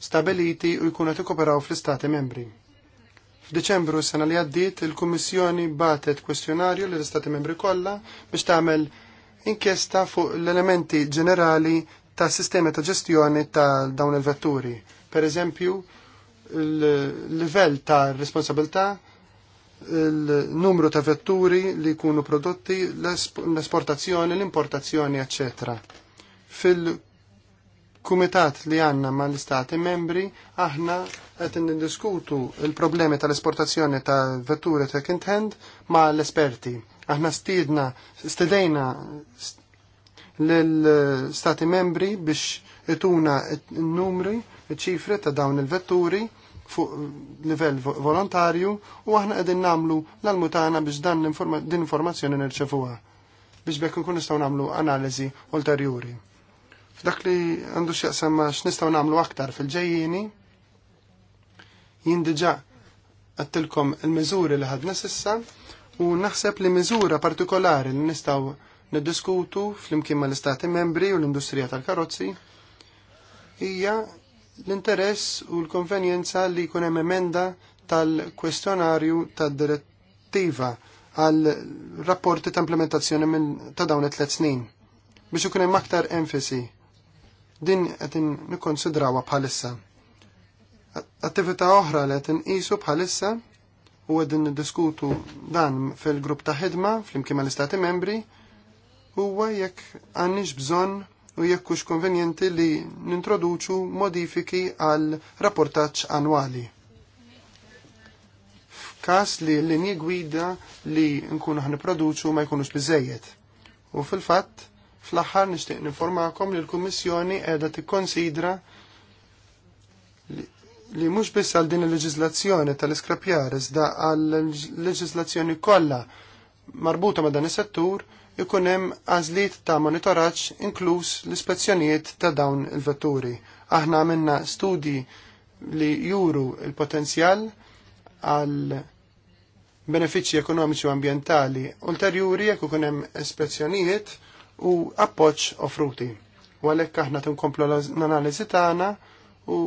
stabiliti u jkunu tikoperaw fl-Istati membri. F'Diċembru sena li għaddiet il-Kummissjoni batet kwestjonarju l istati membri kollha biex tagħmel inkjesta fuq l-elementi ġenerali ta' sistemi ta' ġestjoni ta' dawn il-vetturi. Per eżempju, il-livell ta' responsabilità il-numru ta' vetturi li jkunu prodotti, l-esportazzjoni, l-importazzjoni, eccetera. Fil-kumitat li għanna ma' l-istati membri, aħna għet n-diskutu il-problemi tal-esportazzjoni ta' vetturi ta' kintend ma' l-esperti. Aħna stidna, stidejna l-stati membri biex ituna n-numri ċifri ta' dawn il-vetturi fuq livell volontarju u aħna qegħdin nagħmlu l-almutana biex dan din informazzjoni nirċevuha biex bekk nkun nistgħu nagħmlu analiżi ulterjuri. F'dak li għandu x'jaqsam x'nistgħu nagħmlu aktar fil-ġejjieni jien diġà għattilkom il-miżuri li ħadna sissa u naħseb li miżura partikolari li nistgħu niddiskutu fl-imkien mal-istati membri u l-industrija tal-karozzi hija l-interess u l-konvenjenza li jkun hemm emenda tal-kwestjonarju tad-direttiva għal rapporti ta' implementazzjoni minn ta' dawn it-tlet snin biex ikun hemm aktar enfasi. Din għetin nikkonsidrawha bħalissa. Attività oħra li qed inqisu bħalissa u għedin diskutu dan fil-grupp ta' ħidma flimkien mal-Istati Membri huwa jekk għandniex bżonn u jekk hux konvenjenti li nintroduċu modifiki għal rapportaġġ annwali. Kas li l-linji gwida li nkunu ħan produċu ma jkunux biżejjed. U fil-fatt, fl-aħħar nixtieq ninformakom li l-Kummissjoni qiegħda tikkonsidra li mhux biss għal din il leġizlazzjoni tal-iskrapjar iżda għal l-leġizlazzjoni kollha marbuta ma' dan is-settur ikun hemm għażliet ta' monitoraġġ inkluż l-ispezzjonijiet ta' dawn il-vetturi. Aħna għamilna studji li juru il-potenzjal għal benefiċċji ekonomiċi u ambjentali ulterjuri jekk ikun hemm ispezzjonijiet u appoġġ offruti. U għalhekk aħna tinkomplu l-analiżi tagħna u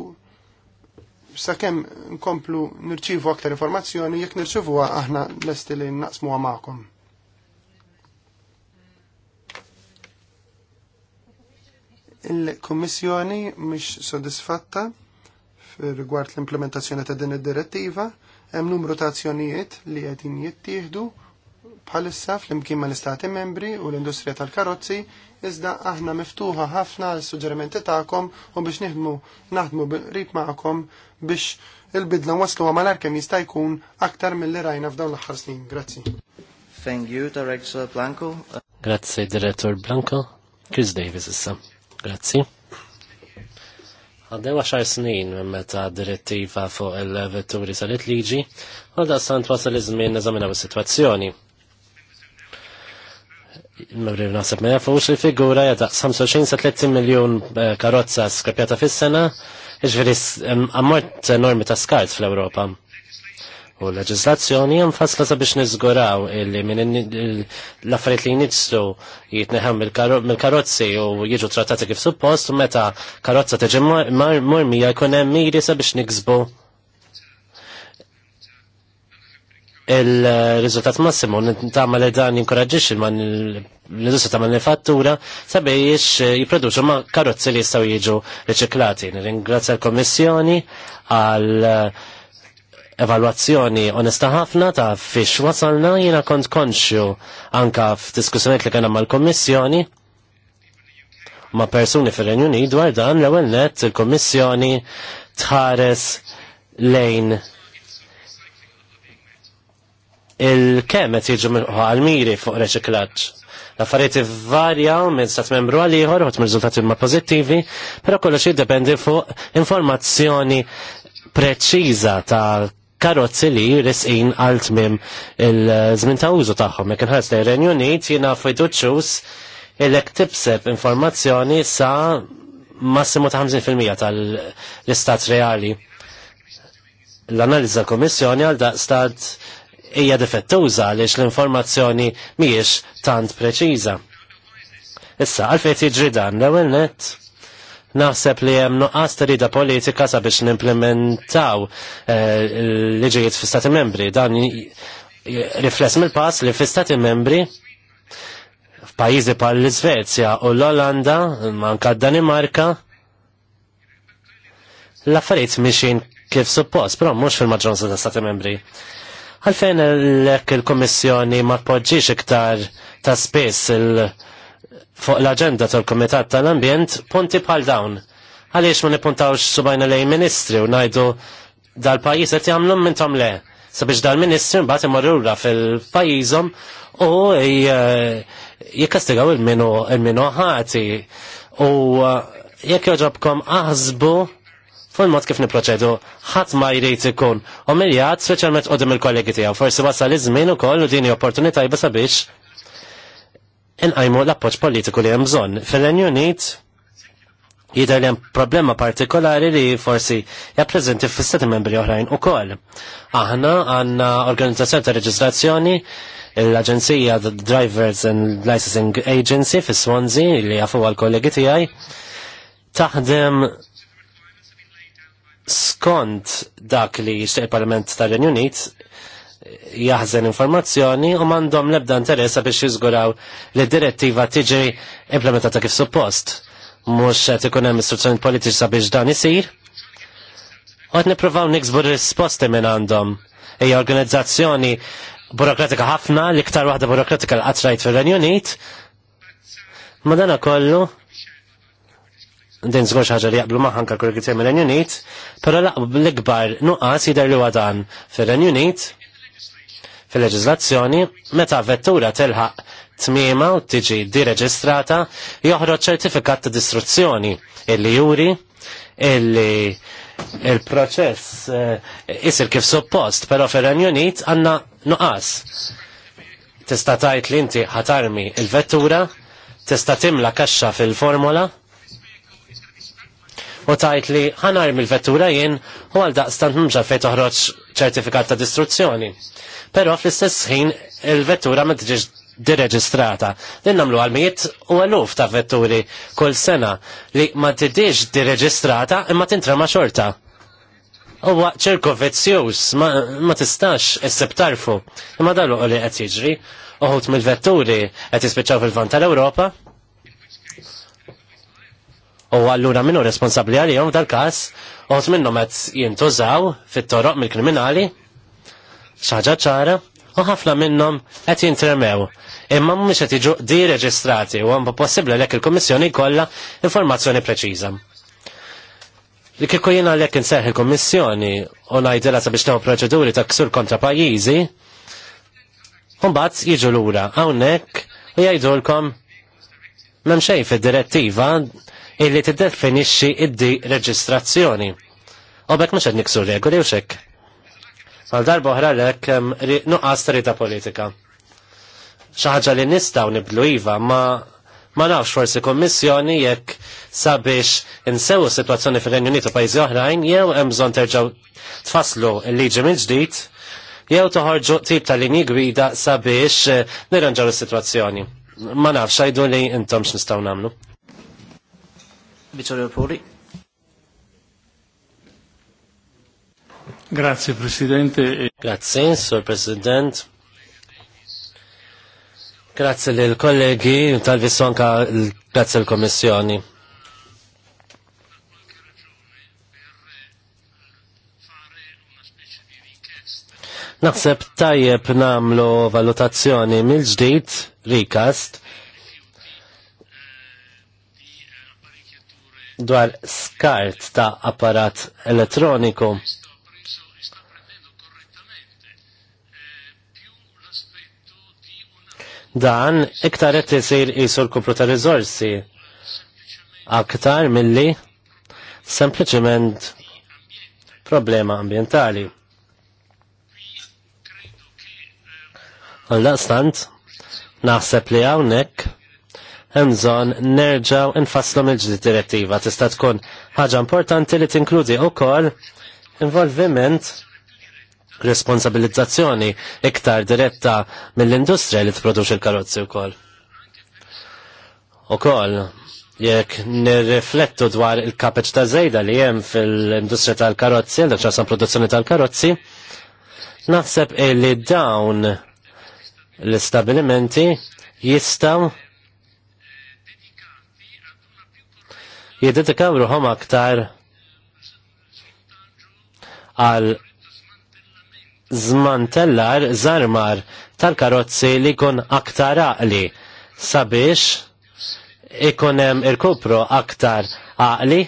sakemm nkomplu nirċivu aktar informazzjoni jekk nirċivuha aħna lesti li naqsmuha magħkom. Il-Kummissjoni mhix sodisfatta rigward l-implementazzjoni ta' din id-direttiva, hemm numru ta' azzjonijiet li qegħdin jittieħdu bħalissa fl-imkien mal-Istati membri u l-industrija tal-karozzi, iżda aħna miftuħa ħafna l-suġġerimenti tagħkom u biex nieħdmu naħdmu rib magħkom biex il-bidla waslu malar kemm jista' jkun aktar milli rajna f'dawn l-aħħar snin. Grazzi. Thank you, Director Blanco. Grazzi, Direttor Blanco. Chris Davis issa. Grazzi. Għaddewa xar snin minn meta direttiva fuq il-vetturi salit liġi, u da sant wasal iż-żmien neżaminaw is-sitwazzjoni. Mibrir nasib ma jafux li figura jata 25 sa 30 miljon eh, karozza skrapjata fis-sena, iġveri ammort enormi ta' skart fl-Ewropa u l-leġizlazzjoni jenfasla sabiex nizguraw illi minn l-affarijiet li jnitsu jitneħam mill-karozzi u jiġu trattati kif suppost u meta karozza tiġi mormija jkun hemm miri sabiex niksbu il-rizultat massimu nintama li dan jinkoraġġix il-man l-industria ta' manifattura sabiex eh, jiproduċu ma' karozzi li jistaw jiġu riċiklati. Ringrazzja l-Kommissjoni għal eh, evalwazzjoni onesta ħafna ta' fiex wasalna jiena kont konxju anka f'diskussjoniet li kena mal-Kommissjoni ma' persuni fir-Renju dwar dan l-ewwel nett il-Kommissjoni tħares lejn il-kemm qed jiġu għal-miri fuq reċiklaġġ. L-affarijiet varja minn stat membru għal ieħor ħodt riżultati ma' pożittivi, però kollox jiddependi fuq informazzjoni preċiża ta' karozzi li risqin għal tmim il-żmien ta' użu tagħhom. Jekk inħass li Renjunit jiena fiduċjuż ilek tibseb informazzjoni sa massimo ta' 50% tal-istat reali. L-analiza komissjoni għal daqstat hija difettuża għaliex l-informazzjoni mhijiex tant preċiża. Issa, għalfejn jiġri dan l-ewwel nett naħseb li hemm nuqqas tarida politika sabiex nimplementaw eh, liġijiet fi stati membri. Dan rifless mill-pass li fi stati membri f'pajjiżi bħal l-Svezja u l-Olanda, manka d-Danimarka, l-affarijiet miexin kif suppost, però mhux fil-maġġoranza ta' stati membri. Għalfejn l-ek il-Kommissjoni ma poġġiex iktar ta' spess il- fuq l-agenda tal-Komitat tal-Ambjent punti bħal dawn. Għaliex ma nipuntawx subajna lej ministri u najdu dal-pajis qed jagħmlu tom le. Sabiex dal-ministri mbagħad imorrura fil-pajjiżhom u eh, jikkastigaw il-minu il-minu ħati u eh, jekk joġobkom aħsbu fuq mod kif niproċedu, ħadd ma jrid ikun omiljat speċjalment qudiem il-kollegi tiegħu. Forsi wasal iż-żmien ukoll u din opportunità jibsa sabiex inqajmu l-appoġġ politiku li hemm bżonn. fir jider Unit jidher li hemm problema partikolari li forsi jappreżenti fis-seti membri oħrajn ukoll. Aħna għandna organizzazzjoni ta' reġistrazzjoni l-Aġenzija Drivers and Licensing Agency fi Swansea li jafu għal-kollegi tiegħi taħdem skont dak li jixtieq il-Parlament tar-Renju Unit jaħżen informazzjoni u mandom lebda interessa biex jizguraw li direttiva tiġi implementata kif suppost. Mux qed ikun hemm istruzzjoni politiċi sabiex dan isir. U qed nippruvaw niksbu risposti minn għandhom. Ej organizzazzjoni burokratika ħafna, l-iktar waħda burokratika l-qatrajt fir Unit. Ma dana kollu din zgur ħaġa li jaqblu maħanka kalkul għitjem il-Renjunit, pero l-ikbar nuqqas jider li għadan fil-Renjunit fil-leġizlazzjoni meta vettura telħaq tmiema u tiġi direġistrata joħroġ ċertifikat ta' distruzzjoni illi juri illi il-proċess eh, isir kif suppost, pero fil-Renju Unit għanna nuqas. Tista' tajt li inti ħatarmi il-vettura, tista' timla kaxxa fil-formula, u tajt li ħanarmi il-vettura jien u għal daqstant mġa fej toħroġ ċertifikat ta' distruzzjoni. Però fl-istess ħin il-vettura ma tiġiġ direġistrata. Din namlu għalmijiet u għaluf ta' vetturi kull sena li ma tiġiġ direġistrata imma tintra ma' xorta. Huwa ċirko vezzjus ma, tistax issib tarfu. Imma dalu li qed jiġri uħut mill-vetturi qed jispiċċaw fil-vant tal-Ewropa U għallura minnu responsabli għalijom dal-kas, għot minnu met jintużaw fit-toroq mill-kriminali, xaġa ċara, u ħafna minnom għet jintermew. Imma mux għet iġu di reġistrati u għamba possibli l-ek il-Kommissjoni kolla informazzjoni preċiza. Li kikku jina l-ek il-Kommissjoni u najdela sabiex taw proċeduri ta' ksur kontra pajizi, Umbat jiġu l-ura, għawnek u jgħidulkom memxej fil-direttiva illi tiddefinixxi id-di reġistrazzjoni. U bekk mhux qed niksu regoli u xekk. Għal darba oħra ek nuqqas rita politika. Xi ħaġa li nistgħu niblu iva ma ma nafx forsi kommissjoni jekk sabiex insewu situazzjoni fil-Renju Unitu pajjiżi oħrajn jew hemm bżonn terġgħu tfasslu l-liġi minn ġdid jew toħorġu tip ta' linji gwida sabiex eh, nirranġaw is-sitwazzjoni. Ma nafx għajdu li intom x'nistgħu nagħmlu. Vittorio Puri. Grazie Presidente. Grazie, Sor President. Grazie lil kollegi tal-vissu anka grazie l-Kommissjoni. Naħseb tajjeb namlu valutazzjoni mill-ġdid, rikast, dwar skart ta' apparat elettroniku. Dan iktar qed isir qisu l-kupru ta' riżorsi aktar milli sempliċement problema ambientali. Għal daqstant, naħseb li hawnhekk hemżon nerġaw nfasslu mill-ġdid direttiva. Tista' tkun ħaġa importanti li tinkludi wkoll involviment responsabilizzazzjoni iktar diretta mill-industrija li tproduċi l-karozzi wkoll. Ukoll jekk nirriflettu dwar il ta' żejda li hemm fil-industrija tal-karozzi, għal ċasam produzzjoni tal-karozzi, naħseb li dawn l-istabilimenti jistaw jiddedikaw ruħom aktar għal zmantellar zarmar tal-karozzi li kun aktar aqli sabiex ikunem irkupru aktar aqli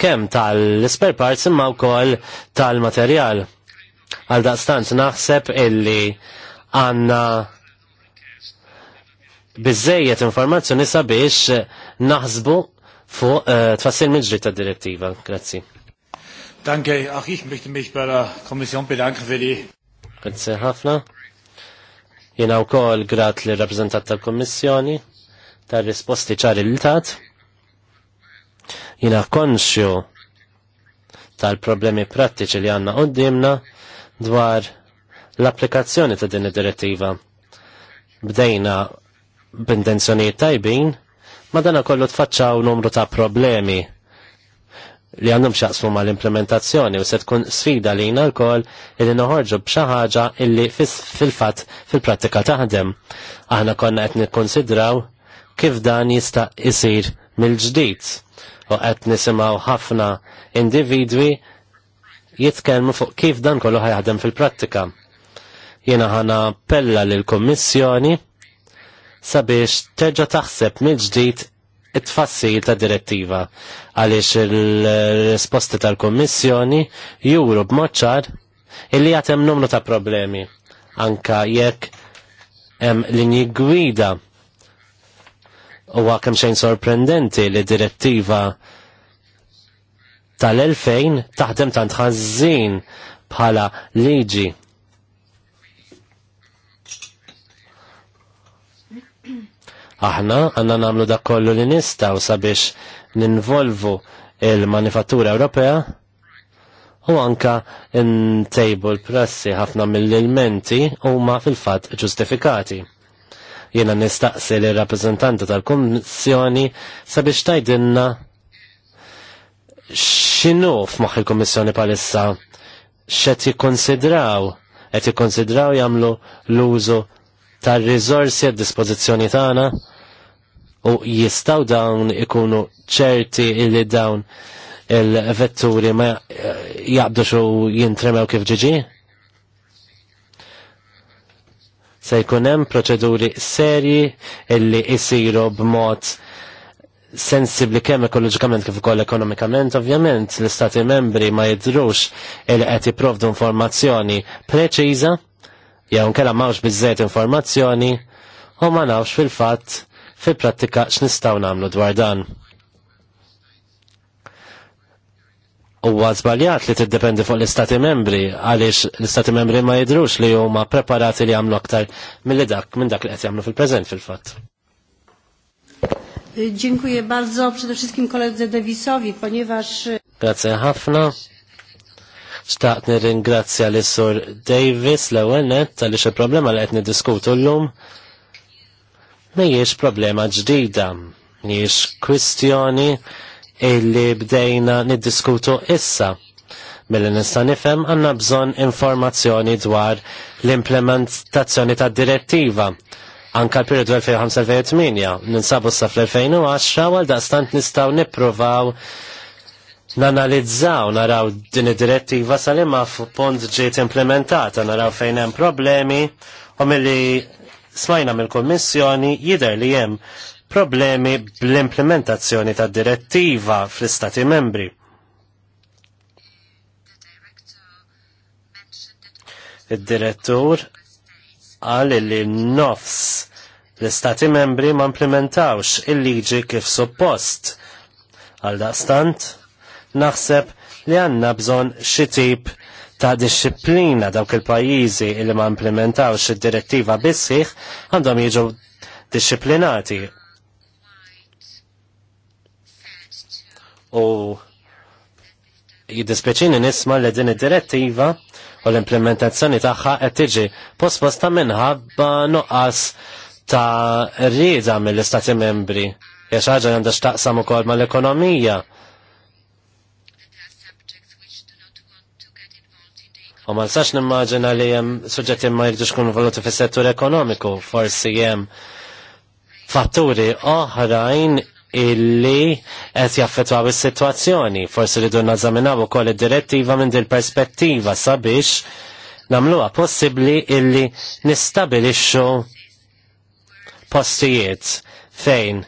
kem tal-spare parts imma wkoll tal-materjal. Għal daqstant naħseb illi għanna bizzejiet informazzjoni sabiex naħsbu fuq eh, tfassil miġri ta' direttiva. Grazzi. Danke, ach ich möchte mich bei der Kommission bedanken für die. Grazie ħafna. Jena u kol grat li rappresentat tal-Kommissjoni tar risposti ċari l-tat. Jena konxju tal-problemi prattiċi li għanna qoddimna dwar l-applikazzjoni ta' din id-direttiva. Bdejna b'intenzjonijiet tajbin, ma dana kollu tfaċċaw numru ta' problemi li għandhom xaqsmu ma l-implementazzjoni u se tkun sfida li jina l-kol illi noħorġu bxaħġa illi fil-fat fil-prattika taħdem. Aħna konna qed nikkonsidraw kif dan jista' jisir mill-ġdid u qed nisimgħu ħafna individwi jitkellmu fuq kif dan kollu ħajħdem fil-prattika. Jiena ħana pella lill-Kummissjoni sabiex terġa' taħseb mill-ġdid it-tfassil ta' direttiva għaliex il-risposti tal-Kommissjoni juru b'moċċar illi għatem numru ta' problemi anka jekk hemm linji gwida huwa kemm xejn sorprendenti li direttiva tal-2000 taħdem tant ħażin bħala liġi Aħna għanna namlu da kollu li nistaw sabiex ninvolvu il-manifattura Ewropea u anka n-tejbu l-prassi ħafna mill-ilmenti u ma fil-fat ġustifikati. Jena nistaqsi li rappresentanti tal-Kommissjoni sabiex tajdinna xinu f'moħħ il-Kommissjoni palissa xet jikkonsidraw, et jikkonsidraw jamlu l-użu tar rizorsi għad dispożizzjoni tagħna u jistaw dawn ikunu ċerti illi dawn il-vetturi ma jaqdux u jintremew kif ġiġi? Se jkunem proċeduri serji illi jisiru b'mod sensibli kemm ekoloġikament kif ukoll ekonomikament, ovvjament l-Istati membri ma jidrux il qed jipprovdu informazzjoni preċiża jew nkella m'hawnx biżejjed informazzjoni u ma nafx fil-fatt fil-prattika x'nistgħu nagħmlu dwar dan. Huwa żbaljat li tiddependi fuq l-Istati Membri għaliex l-Istati Membri ma jidrux li huma preparati li jagħmlu aktar milli dak minn dak li qed jagħmlu fil-preżent fil-fatt. Dziękuję bardzo przede wszystkim koledze Davisowi, ponieważ... Grazie ħafna. Xtaqt nirringrazzja l sur Davis l ewwelnet tal-ix problema li qed niddiskutu llum mhijiex problema ġdida, Mijiex kwistjoni illi bdejna niddiskutu issa. Mill-li nista' nifhem għandna bżonn informazzjoni dwar l-implementazzjoni tad-direttiva anka l period 2005-2008, ninsabu s-saf l 2010 għal daqstant nistaw niprovaw nanalizzaw naraw din id-direttiva salima f'pont ġiet implementata, naraw fejn hemm problemi u milli smajna mill-Kommissjoni jidher li hemm problemi bl-implementazzjoni tad direttiva fl-Istati membri. Id-direttur għal li nofs l-istati membri ma implementawx il-liġi kif suppost. Għal daqstant, naħseb li għanna bżon xi tip ta' disċiplina dawk il-pajjiżi li ma implementawx id-direttiva bissiħ għandhom jiġu disċiplinati. U jiddispieċini nisma li din id-direttiva u l-implementazzjoni tagħha qed tiġi posposta minħabba nuqqas ta' rieda mill-Istati membri. Jaxħaġa ħaġa għandha x'taqsam ukoll mal-ekonomija. U ma nsax nimmaġina li jem suġġetti ma jgħidux kun voluti fis settur ekonomiku, forsi jem fatturi oħrajn illi qed jaffetwaw is-sitwazzjoni. Forsi dunna nażaminaw ukoll id-direttiva minn din perspettiva sabiex nagħmluha possibbli illi nistabilixxu postijiet fejn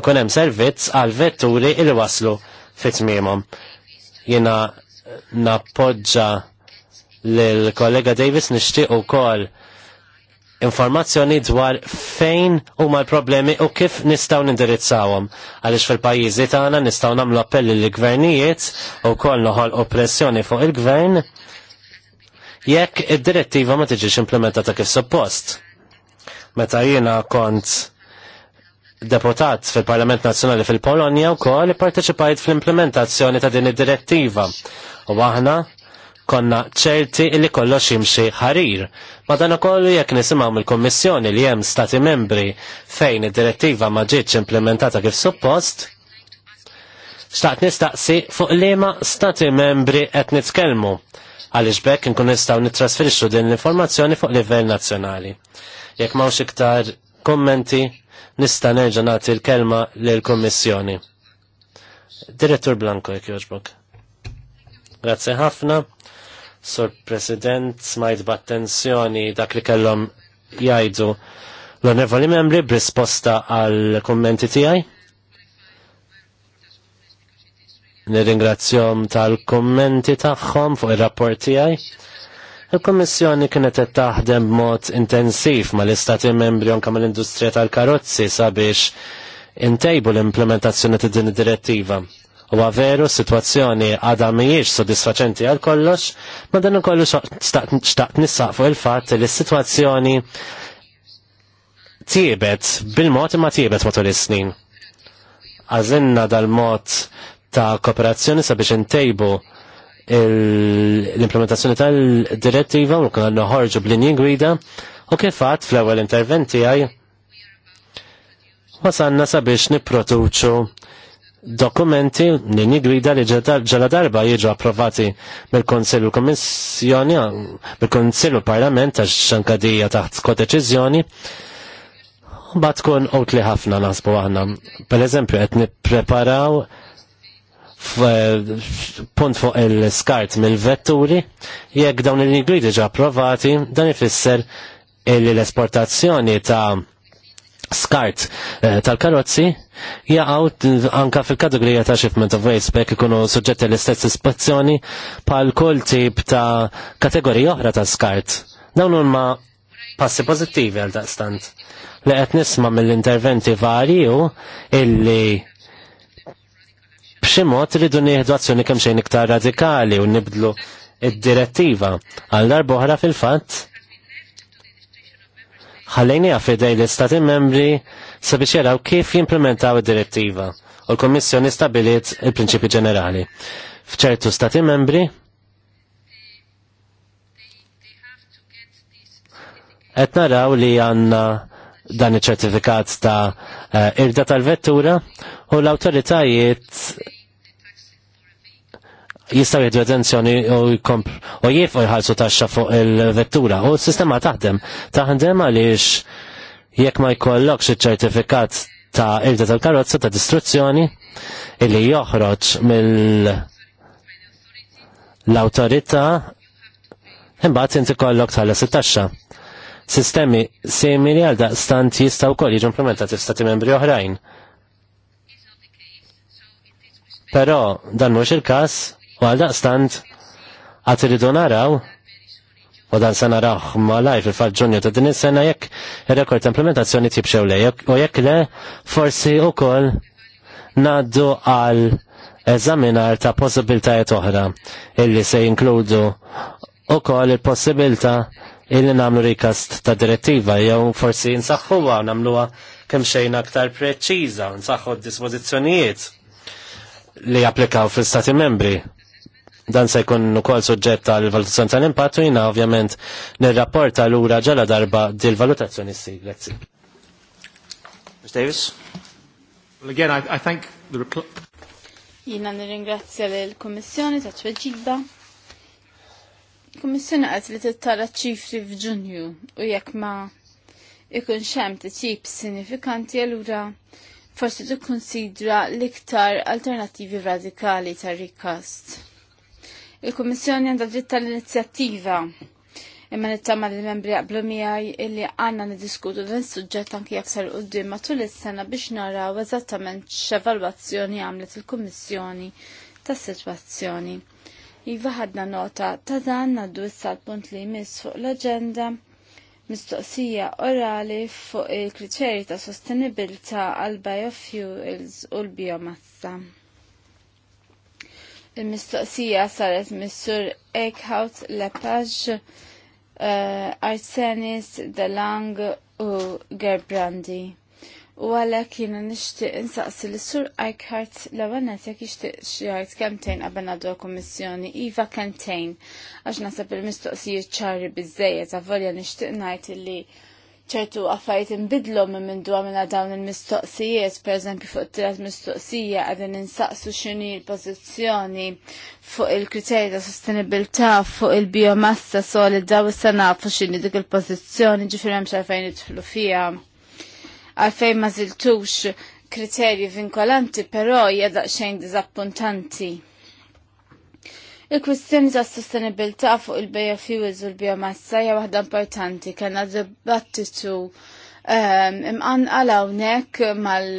ikun hemm servizz għal vetturi il waslu fit-tmiemhom. Jiena nappoġġa l-kollega Davis nixtieq ukoll informazzjoni dwar fejn huma l-problemi u kif nistgħu nindirizzawhom. Għaliex fil-pajjiżi tagħna nistgħu nagħmlu appelli lill gvernijiet u kol noħolqu pressjoni fuq il-gvern jekk id-direttiva ma tiġix implementata kif suppost. Meta jiena kont deputat fil-Parlament Nazzjonali fil-Polonja wkoll ipparteċipajt fl-implementazzjoni ta' din id-direttiva. U aħna konna ċerti li kollox jimxi ħarir. Ma dan ukoll jekk nisimgħu mill-Kummissjoni li hemm stati membri fejn id-direttiva ma ġietx implementata kif suppost, xtaqt nistaqsi fuq liema stati membri qed nitkellmu għaliex bekk nkun nistgħu nittrasferixxu din l-informazzjoni fuq livell nazzjonali. Jekk m'hawnx iktar kommenti, nista nerġa' nagħti l-kelma lill-Kummissjoni. Direttur Blanco jekk jogħġbok. Grazzi ħafna. Sur President, smajt b'attenzjoni dak li kellhom jgħidu l-onorevoli membri b'risposta għal kummenti tiegħi. Nirringrazzjom tal-kommenti tagħhom fuq ir-rapport tiegħi. Il-Kommissjoni kienet qed taħdem mod intensiv mal-Istati membri anke mal-industrija tal-karozzi sabiex intejbu l-implementazzjoni ta' din id-direttiva. U veru s-sitwazzjoni għadha mhijiex sodisfaċenti għal kollox, ma dan ukollu xtaqt fuq il-fatt li s-sitwazzjoni tiebet bil-mod imma tiebet matul is-snin. Għażilna dal-mod ta' kooperazzjoni sabiex intejbu l-implementazzjoni tal-direttiva u kan ħarġu b'linji gwida u kifat fl-ewwel interventi għaj wasanna sabiex niproduċu dokumenti linji gwida li ġala darba jiġu approvati mill konsilu Komissjoni, mill konsilu Parlament għax xankadija taħt kodeċiżjoni bat tkun utli ħafna nasbu aħna. Per eżempju, qed nippreparaw punt fuq il-skart mill-vetturi, jekk dawn il-regli diġa approvati, dan ifisser l-esportazzjoni ta' skart eh, tal-karozzi jaqgħu anka fil-kategorija ta' shipment of waste bekk ikunu suġġetti l-istess ispezzjoni bħal kull tip ta' kategorija oħra ta' skart. Dawn huma passi pożittivi għal daqstant. Li qed nisma' mill-interventi varju illi b'xi mod rridu nieħdu azzjoni kemm xejn iktar radikali u nibdlu id-direttiva għal darbohra fil-fatt ħallejni għafidej l-istati membri sabiex jaraw kif jimplementaw id-direttiva u l komissjoni stabiliet il-prinċipi ġenerali. F'ċertu stati membri qed naraw li għandna dan iċ-ċertifikat ta' eh, irda tal-vettura u l-awtoritajiet jistaw jiddu edenzjoni u u jħalsu taxxa fuq il-vettura u s-sistema taħdem. Taħdem għaliex jekk ma jkollokx iċ-ċertifikat ta' irda tal-karozza ta' distruzzjoni illi joħroġ mill autorita imbagħad inti kollok tħallas it-taxxa. Sistemi simili għal daqstant jistgħu wkoll jiġu implementati f'stati membri oħrajn. Però dan mhux il-każ U għal daqstant għat irridu naraw u dan se raħ ma lajf il-fat ġunju ta' din is-sena jekk ir-rekord implementazzjoni tibxew le u jekk le forsi wkoll ngħaddu għal eżaminar ta' possibiltajiet oħra illi se jinkludu ukoll il-possibilta illi nagħmlu rikast ta' direttiva jew forsi nsaħħuha u nagħmluha kemm xejn aktar preċiża, nsaħħu d-dispożizzjonijiet li japplikaw fil-Stati membri. Dan se jkun ukoll suġġett għal valutazzjoni tal-impatt u jiena ovvjament nirrapporta lura ġala darba dil valutazzjoni si. Grazzi. Ms. Davis? Well, again, I, I thank the Jiena nirringrazzja l-Kummissjoni ta' tweġiba. Kummissjoni qed li tittara ċifri f'Ġunju u jekk ma ikun xem titjib sinifikanti allura forsi tikkunsidra l-iktar alternattivi radikali tar-rikast. Il-Kummissjoni għandha dritt tal-inizjattiva imma nittama li membri jaqblu miegħi illi għandna niddiskutu dan is-suġġett anke u quddiem tul is-sena biex naraw eżattament x'evalwazzjoni għamlet il-Kummissjoni tas-sitwazzjoni. Iva ħadna nota ta' dan għaddu s-sal punt li jmiss fuq l-aġenda mistoqsija orali fuq il-kriterji ta' sostenibilità għal biofuels u l-biomassa. Il-mistoqsija saret missur Eckhout, Lepage, uh, Arsenis, Delang u Gerbrandi. U għalek kienu nishtiq insaqsi l sur Eichhardt l-għanet jek ixtiq xijajt kemtejn għabena għaddu kommissjoni, Iva kemtejn, għax nasab il-mistoqsijiet ċarri bizzejet, għavolja nishtiq najt li ċertu għaffajt imbidlu minn minn minna dawn il-mistoqsijiet, per eżempju fuq t-tirat mistoqsija għadin insaqsu xini l-pozizjoni fuq il-kriterji ta' sostenibilità fuq il-biomassa solida u s-sanafu xini dik il-pozizjoni ġifir hemm xalfejn idħlu fija. Għalfejn ma ziltux kriterji vinkolanti, però jadaq xejn dizappuntanti. Il-kwistjoni ta' sostenibilità fuq il fuels u l-biomassa hija waħda importanti kellna dibattitu ehm, imqan għalawnek mal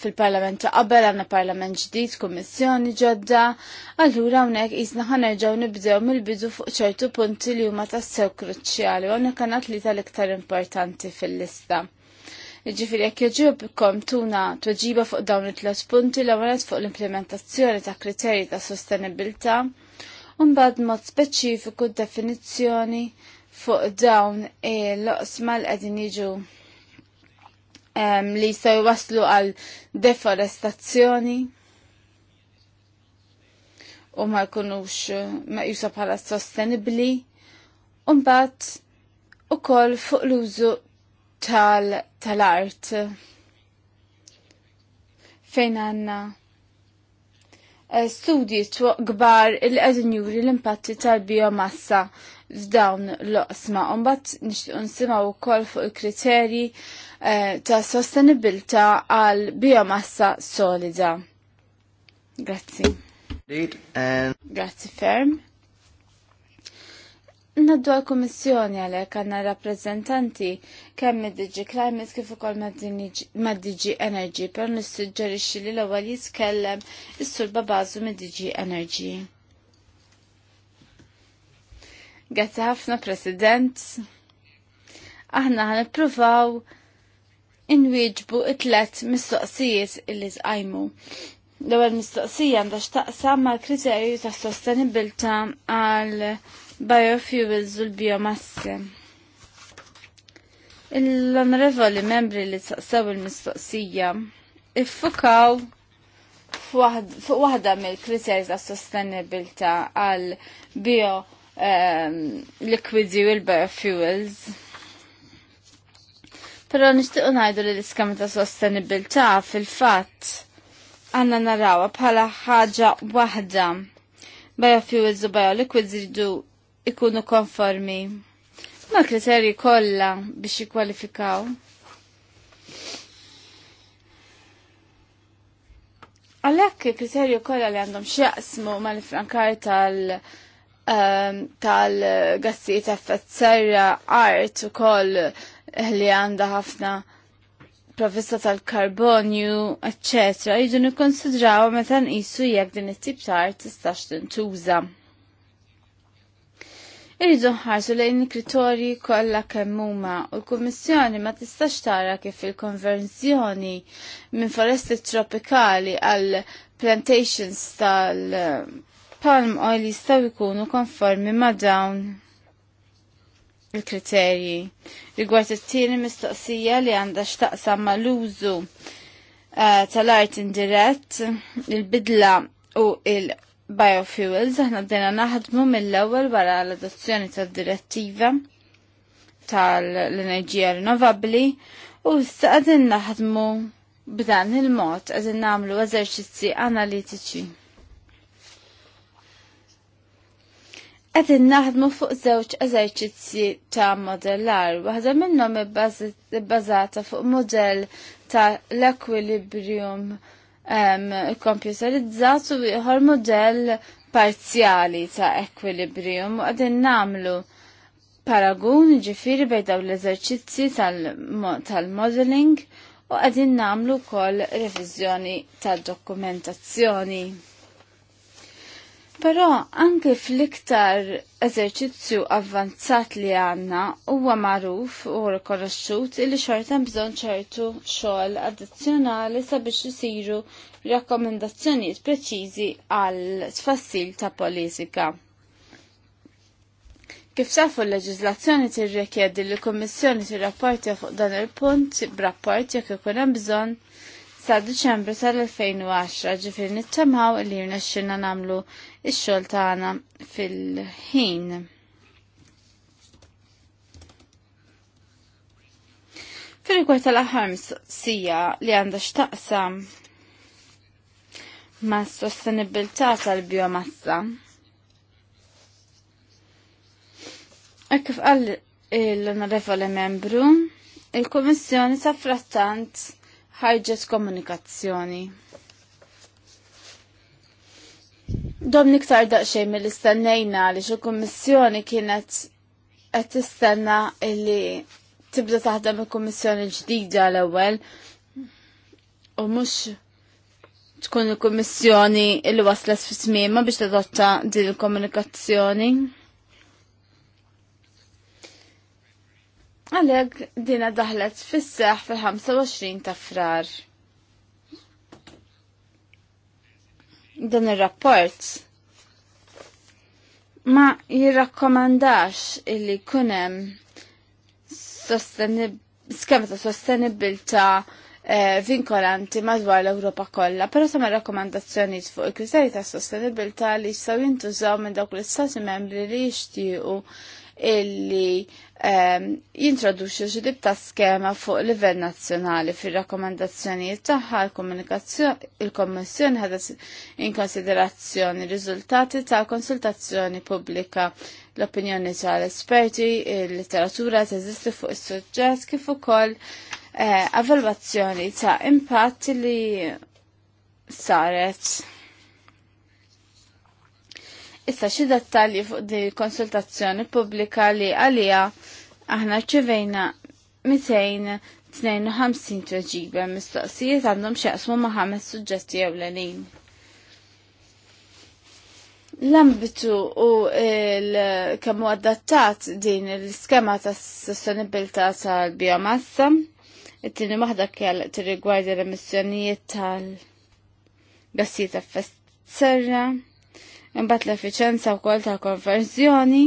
fil-parlament ta' qabel għanna parlament ġdid, kommissjoni ġodda, allura għawnek jizna ħanerġaw nibdew mill-bidu fuq ċertu punti li huma ta' sew kruċjali, għawnek kanat li tal-iktar importanti fil-lista. Ġifiri, jek jġibkom tuna tuġiba fuq dawn it-tlet punti l ewwel fuq l-implementazzjoni ta' kriterji ta' sostenibilta' Unbad mod speċifiku definizzjoni fuq dawn il-loqsma l-għedin jiġu li jistaw waslu għal deforestazzjoni u ma jkunux meqjusa bħala sostenibli. u u ukoll fuq l-użu tal-art. Tal fejn għanna Eh, studji gbar il qedin juri l-impatti tal-biomassa f'dawn l-oqsma. Umbat nixtieq nsimgħu wkoll fuq il-kriterji eh, ta' sostenibilità għal biomassa solida. Grazzi. Grazzi ferm. Naddu għal-Kommissjoni għalek għanna rappresentanti kemm mid digi Climate kif ukoll mad digi Energy, per nissuġġerixxi li l-ewwel jitkellem is surba bażu mid digi Energy. Grazzi ħafna President. Aħna ħan ippruvaw inwieġbu it-tlet mistoqsijiet illi tqajmu. L-ewwel mistoqsija għandha x'taqsam mal-kriterju ta' sostenibilta għal biofuels u l-biomassi. L-onorevoli membri li saqsaw il-mistoqsija iffukaw fuq waħda mill-kriterji ta' sostenibilità għal bio ehm, liquidi u l-biofuels. Pero nishtiqu najdu li l iskam ta' sostenibilità fil-fatt għanna narawa bħala ħaġa waħda biofuels u bioliquids jiddu ikunu konformi ma' kriterji kollha biex jikkwalifikaw. Għalhekk kriterju kollha li għandhom x'jaqsmu mal-frankar tal- ehm, tal-gassi effett serra art u koll li għanda ħafna provista tal-karbonju, etc. jidu nikonsidraw meta nqisu jekk din it-tip ta' art tistax tintuża. Irridu nħarsu lejn il-kritorji kollha kemm huma u l-Kummissjoni ma tistax tara kif il-konverzjoni minn foresti tropikali għal plantations tal-palm eh, oil jistgħu jkunu konformi ma' dawn il-kriterji. Rigward it-tieni mistoqsija li għandha x'taqsam mal-użu eh, tal-art indirett, il-bidla u il- biofuels aħna bdejna naħdmu mill-ewwel wara l-adozzjoni tad-direttiva tal-enerġija rinnovabbli u issa qegħdin naħdmu b'dan il-mod qegħdin nagħmlu eżerċizzi analitiċi. Qegħdin naħdmu fuq żewġ eżerċizzi ta' modellar, waħda minnhom ibbażata fuq modell ta' l-equilibrium kompjuterizzat u ieħor modell parzjali ta' equilibrium u għadin namlu paragun ġifiri bej daw l-eżerċizzi tal-modeling tal u għadin namlu kol revizjoni tal-dokumentazzjoni. Però anke fl-iktar eżerċizzju avvanzat li għanna huwa magħruf u rikonoxxut li xorta bżonn ċertu xogħol addizzjonali sabiex isiru rakkomendazzjonijiet preċiżi għal tfassil ta' politika. Kif safu l-leġizlazzjoni tirrikjedi li l kummissjoni tirrapporti fuq dan il-punt b'rapport jekk ikun hemm bżonn sa' Deċembru tal-2010 ġifir nittamaw li jirnexxilna namlu ix-xogħol tagħna fil-ħin. Fil-rigward tal-aħħar sija li għandha x'taqsam ma' sostenibilità tal-biomassa. Ek kif qal l-onorevoli membru, il-Kummissjoni sa frattant ħarġet komunikazzjoni. Dom niktar daqxej mill-istennejna li xo kummissjoni kienet qed tistenna illi tibda taħdem il-kummissjoni ġdida l-ewwel u mhux tkun il-kummissjoni illi waslas fi tmiema biex tadotta din il-komunikazzjoni. Għalek dina daħlet fis-seħ fil-25 ta' frar. Dan ir-rapport ma jirrakkomandax illi kunem skema ta' sostenibilta' eh, vinkolanti madwar l-Europa kollha, però ma' rakkomandazzjoni fuq il-kriterji ta' sostenibilità li jistgħu jintużaw minn dawk l-istati membri li jixtiequ illi Ehm, jintroduċi ġidib ta' skema fuq livell nazzjonali fir rakkomandazzjonijiet tagħha il-Kommissjoni ħadet in konsiderazzjoni riżultati ta' konsultazzjoni pubblika l-opinjoni tal-esperti, il-literatura teżisti fuq is-suġġett kif ukoll eh, ta' impatt li saret Issa xi dettalji fuq di konsultazzjoni pubblika li għalija aħna ċivejna 252 tweġiba mistoqsijiet għandhom xaqsmu ma' ħames suġġetti jew lenin. L-ambitu u l-kemmu adattat din l-skema ta' sostenibilità tal-biomassa, it-tini waħda kjall t-rigwardi l-emissjonijiet tal-gassijiet ta' serra imbagħad l-effiċenza wkoll ta' konverżjoni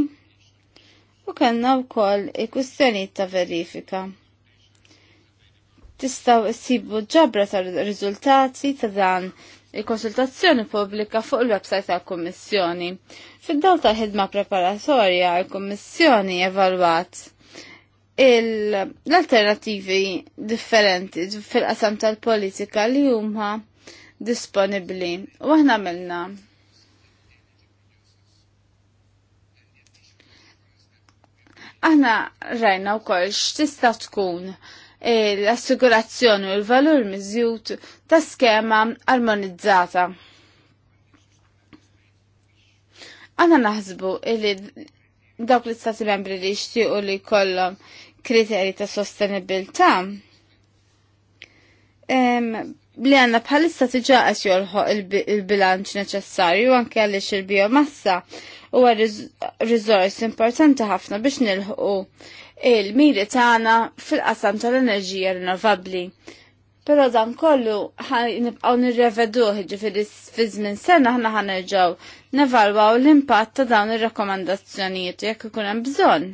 u kellna wkoll il-kwistjonijiet ta' verifika. Tistgħu issibu ġabra ta' riżultati ta' dan il-konsultazzjoni pubblika fuq il-website tal-Kummissjoni. Fid-dawl ta' ħidma preparatorja, il-Kummissjoni evalwat l-alternativi differenti fil-qasam tal-politika li huma disponibbli. U aħna għamilna Aħna rajna wkoll x'tista' tkun l-assigurazzjoni u l-valur miżjut ta' skema armonizzata. Aħna naħsbu li dawk l-istati membri li jixtiequ li jkollhom kriterji ta' sostenibilità li għanna bħalissa tiġa għax jolħoq il-bilanċ neċessarju anke għalix il-biomassa u rizors importanti ħafna biex nilħu il-miri tagħna fil-qasam tal-enerġija rinnovabbli. Pero dan kollu nibqgħu nirreveduh ħiġi fi żmien sena aħna ħanerġgħu nevalwaw l-impatt ta' dawn ir-rakkomandazzjonijiet jekk ikun hemm bżonn.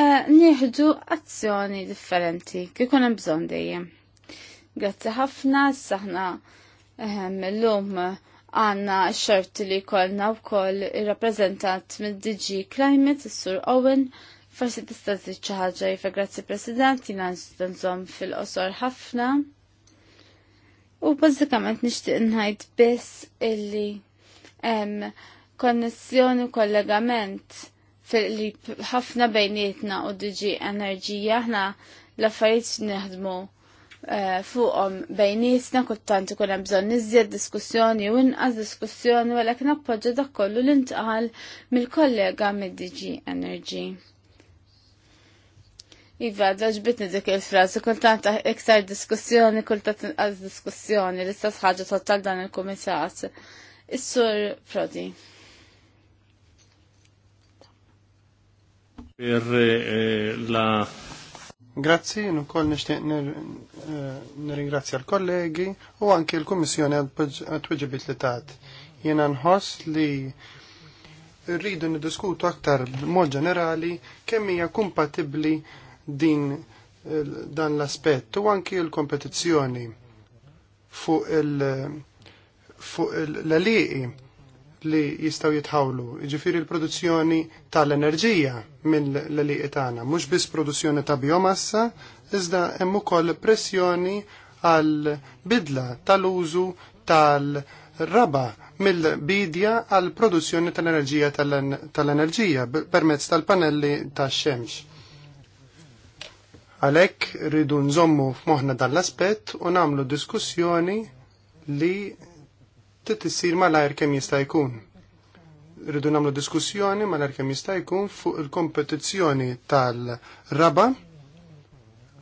Eh, nieħdu azzjoni differenti kikun hemm bżonn dejjem. Grazzi ħafna, saħna mill-lum ehm, għanna xort li kolna u koll rappresentant mid dg Climate, s-sur Owen, forsi tista' żid xi ħaġa jifa grazzi President, jiena nżomm fil-qosor ħafna. U bażikament nixtieq ngħid biss illi hemm konnessjoni u kollegament li ħafna bejnietna u diġi enerġija ħna l-affarijiet neħdmu eh, fuqhom bejnietna kultant ikun hemm bżonn iżjed diskussjoni u inqas diskussjoni għalhekk nappoġġa dak kollu li ntqal mill-kollega mid-DG enerġi. Iva, ġbitni dik il-frazi, kultant iktar diskussjoni, kultant inqas diskussjoni, l-istess ħaġa tal dan il-kumitat. Is-sur Prodi. Per eh, la Grazzi, nkoll nishtiq eh, nirringrazzja l-kollegi u anche l-Kummissjoni għat-tweġibit li tat. Jena nħoss li rridu niddiskutu aktar mod ġenerali kemm hija kompatibbli din eh, dan l-aspett u anki l-kompetizzjoni fuq l-aliqi li jistaw jitħawlu, ġifiri l-produzzjoni tal-enerġija minn l-liqi tagħna, mhux biss produzzjoni ta' biomassa, iżda hemm ukoll pressjoni għal bidla tal-użu tal-raba mill-bidja għal produzzjoni tal-enerġija tal-enerġija permezz tal-panelli tax-xemx. Għalhekk rridu nżommu f'moħħna dan l-aspett u nagħmlu diskussjoni li trid issir malajr kemm jista' jkun. Rridu nagħmlu diskussjoni malajr kemm jista' jkun fuq il-kompetizzjoni tal-raba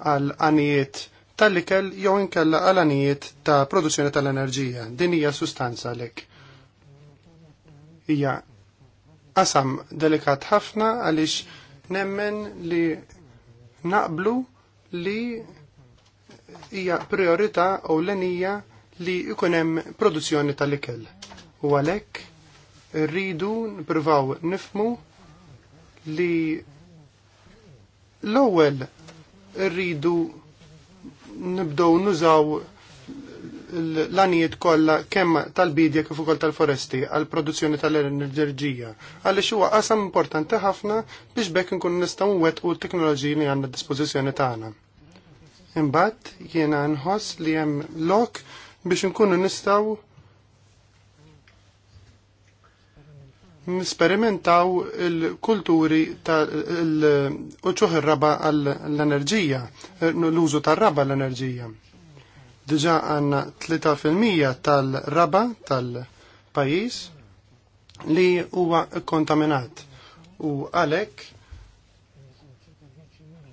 għal anijiet tal-ikel jew inkella għal anijiet ta' produzzjoni tal-enerġija. Din hija sustanza lek. Hija qasam delikat ħafna għaliex nemmen li naqblu li hija priorità u l-enija li jkun hemm produzzjoni tal-ikel. U għalhekk rridu nippruvaw nifmu li l-ewwel rridu nibdow nużaw l-anijiet kollha kemm tal-bidja kif ukoll tal-foresti għal produzzjoni tal-enerġija għaliex huwa qasam importanti ħafna biex bekk nkun nistgħu nwettqu t-teknoloġiji li għandna d-dispożizzjoni tagħna. Imbagħad jiena nħoss li hemm lok biex nkunu nistaw nisperimentaw il-kulturi tal-uċuħ il-raba l-enerġija, l-użu tal-raba l-enerġija. Dġa għanna 3% tal-raba tal-pajis li huwa kontaminat u għalek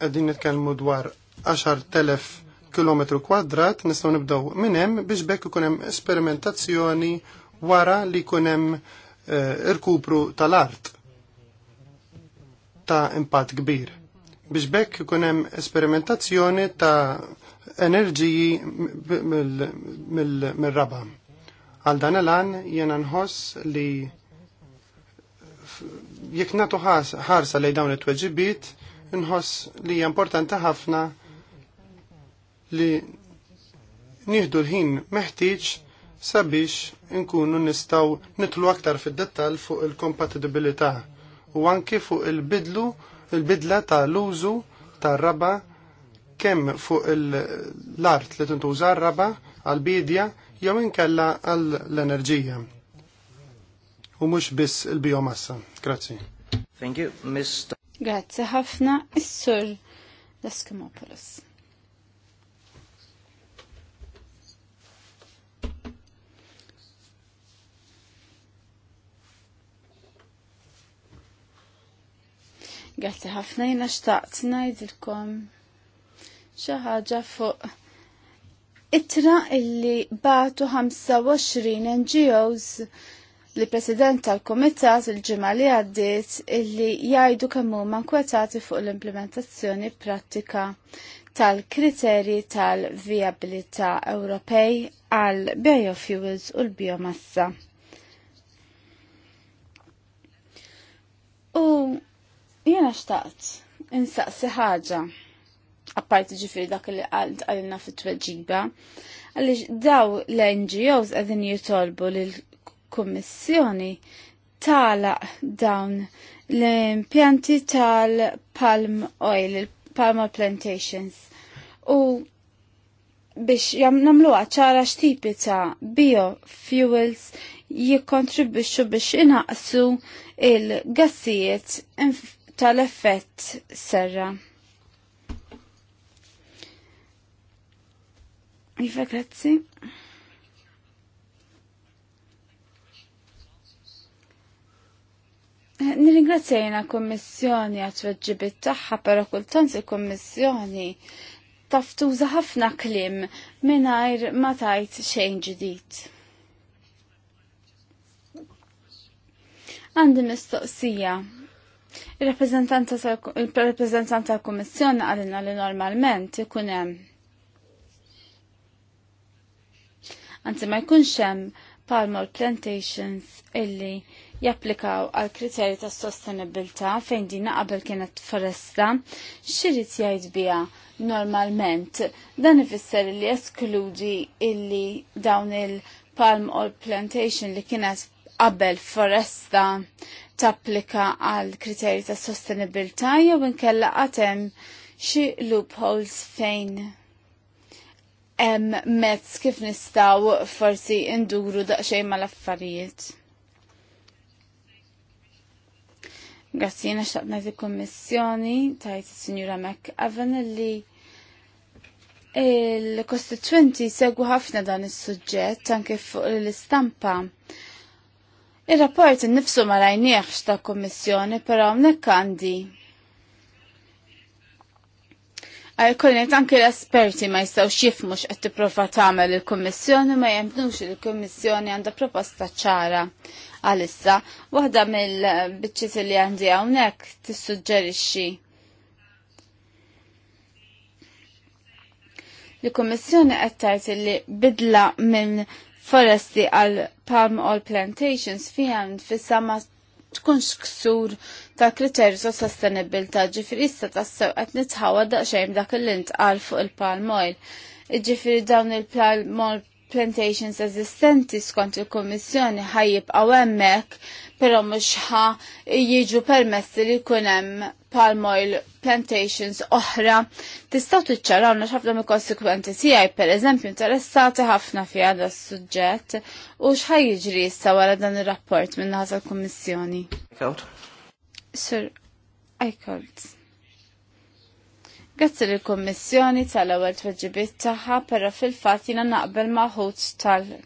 għedin nitkellmu dwar 10.000 km kwadrat nistgħu nibdew minn hemm biex bekk ikun hemm esperimentazzjoni wara li jkun hemm eh, irkupru tal-art ta' impatt kbir. Biex bekk ikun hemm esperimentazzjoni ta' enerġiji mill-raba. Għal dan elan jena nħoss li jekk natu ħarsa lej dawn it-tweġibiet, nħoss li hija importanti ħafna li nieħdu l-ħin meħtieġ sabiex nkunu nistgħu nitlu aktar fid dettall fuq il-kompatibilità u anki fuq il-bidlu il-bidla tal-użu tar-raba kemm fuq l-art li tintuża r-raba għal-bidja jew inkella għall-enerġija u mhux biss il-biomassa. Grazzi. Thank you, Mr. Grazzi ħafna, is-sur Laskimopoulos. Grazzi ħafna jina xtaqt najdilkom xaħġa fuq itra illi batu 25 NGOs li president tal-komitat il-ġimma li għaddit illi jajdu kemmu mankwetati fuq l-implementazzjoni pratika tal-kriteri tal-viabilità Ewropej għal biofuels u l-biomassa. U Jena xtaqt insaqsi ħaġa apparti ġifiri dak li għalt għalina fit tweġiba għalli daw l-NGOs għedin jitolbu l-Kommissjoni tala dawn l-impjanti tal-palm oil, il-palm plantations u biex namlu ċara xtipi ta' biofuels jikontribuċu biex inaqsu il-gassijiet tal-effett serra. Iva, grazzi. Eh, Nirringrazzjajna kommissjoni għat weġġibit taħħa, pero kultant il-kommissjoni taftuża ħafna klim minnajr ma tajt xejn ġdid. Għandi mistoqsija il reprezentanta tal kummissjoni għalina li normalment ikun hemm. Anzi ma jkunx hemm palmol plantations illi japplikaw għal kriterji ta' sostenibilità fejn dina qabel kienet foresta, xirrit jgħid biha normalment. Dan ifisser li eskludi illi dawn il-palm oil plantation li kienet qabel foresta tapplika għal kriterji ta' sostenibilità jew inkella għatem xi loopholes fejn hemm mezz kif nistgħu forsi nduru daqsxejn mal-affarijiet. Grazzi, jena ngħid di kommissjoni tajt Signora sinjura McAvan li il-kostituenti segwu ħafna dan is suġġett anke fuq l-istampa Il-rapport nifsu ma rajnieħx ta' kommissjoni, pero mnek għandi. Għal-kolliet anke l-esperti ma jistaw xifmux għed t-prova tamel il-kommissjoni ma jemnux il-kommissjoni għanda proposta ċara għalissa. Waħda mill-bicċiet li għandi għawnek t-sugġerixi. Li kommissjoni għed li bidla minn foresti għal palm oil plantations fiħan nfissa ma tkunx ksur ta' kriterju ta' sostenibilità ġifiri issa sew qed nitħawa daqsxejn dak l għal fuq il-palm oil. Ġifiri dawn il-palm oil plantations eżistenti skont il-Kommissjoni ħajib għawemmek, pero mux ħa jiġu permessi li kunem palm oil plantations oħra tistaw tiċċarawna xafna mill konsekwenti per pereżempju interessati ħafna fi għada s-suġġett u x'ħaj jġri issa wara dan ir-rapport minn naħa tal-Kummissjoni. Sir Eichholz. Grazzi lill kummissjoni tal-ewwel tweġibiet tagħha, però fil-fatt jiena naqbel maħut tal-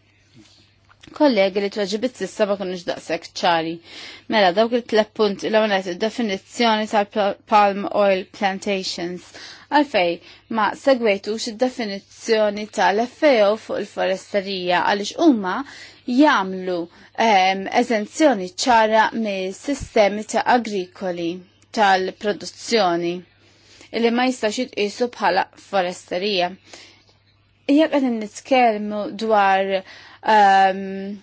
kollegi li tweġibit sissa ma konux daqshekk ċari. Mela dawk il punt il l għonet id-definizzjoni tal-palm oil plantations. Għalfej, ma segwejtux id-definizzjoni tal-FAO fuq il-foresterija għaliex huma jagħmlu ehm, eżenzjoni ċara mis-sistemi ta' agrikoli tal-produzzjoni illi ma jistax jitqisu bħala foresterija. Jekk għedin nitkellmu dwar um,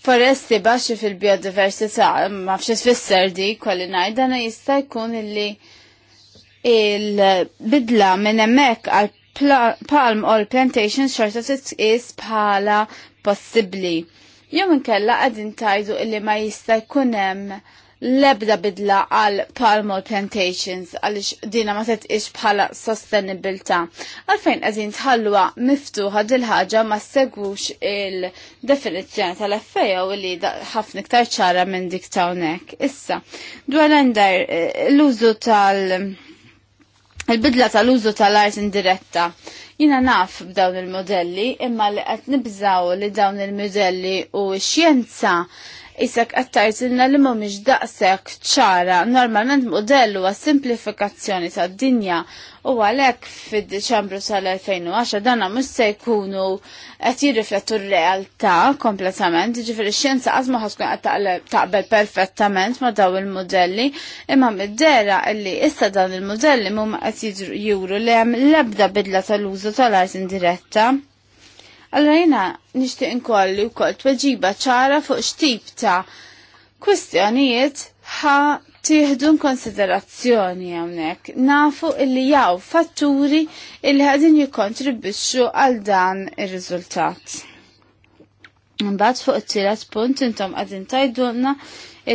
foresti baxi fil-biodiversità, ma fxie fisser di kolli najd, dana jista jkun illi il-bidla minn emmek għal palm oil plantation xorta titqis bħala possibli. Jumin inkella qegħdin tajdu illi ma jista' jkun hemm lebda bidla għal palmal plantations għalix dina ma ix bħala sostenibilta. Għalfejn għazin tħallwa miftuħa dil-ħagġa ma segwux il-definizjoni tal-FAO li ħafna iktar ċara minn dik tawnek. Issa, dwar għandar eh, l-użu tal- il-bidla tal-użu tal-art indiretta. Jina naf b'dawn il-modelli imma li qed nibżaw li dawn il-modelli u x-xjenza Isak għattajtilna li miġ daqsek ċara, normalment modellu għas simplifikazzjoni ta' dinja u għalek fid ċambru tal-2010 danna mus se jkunu għet jirriflettu r-realtà kompletament, ġifiri xienza għazmu ħaskun għat taqbel perfettament ma daw il-modelli, imma mid-dera illi issa dan il-modelli mumma għet juru li għem lebda bidla tal-użu tal-art indiretta. Allora jina nishtiq inkolli u kol tweġiba ċara fuq xtip ta' kwistjonijiet ħa tieħdu konsiderazzjoni hawnhekk. Nafu illi jaw fatturi illi ħadin jikkontribwixxu għal dan ir-riżultat. Mbagħad fuq it-tielet punt intom qegħdin tajdulna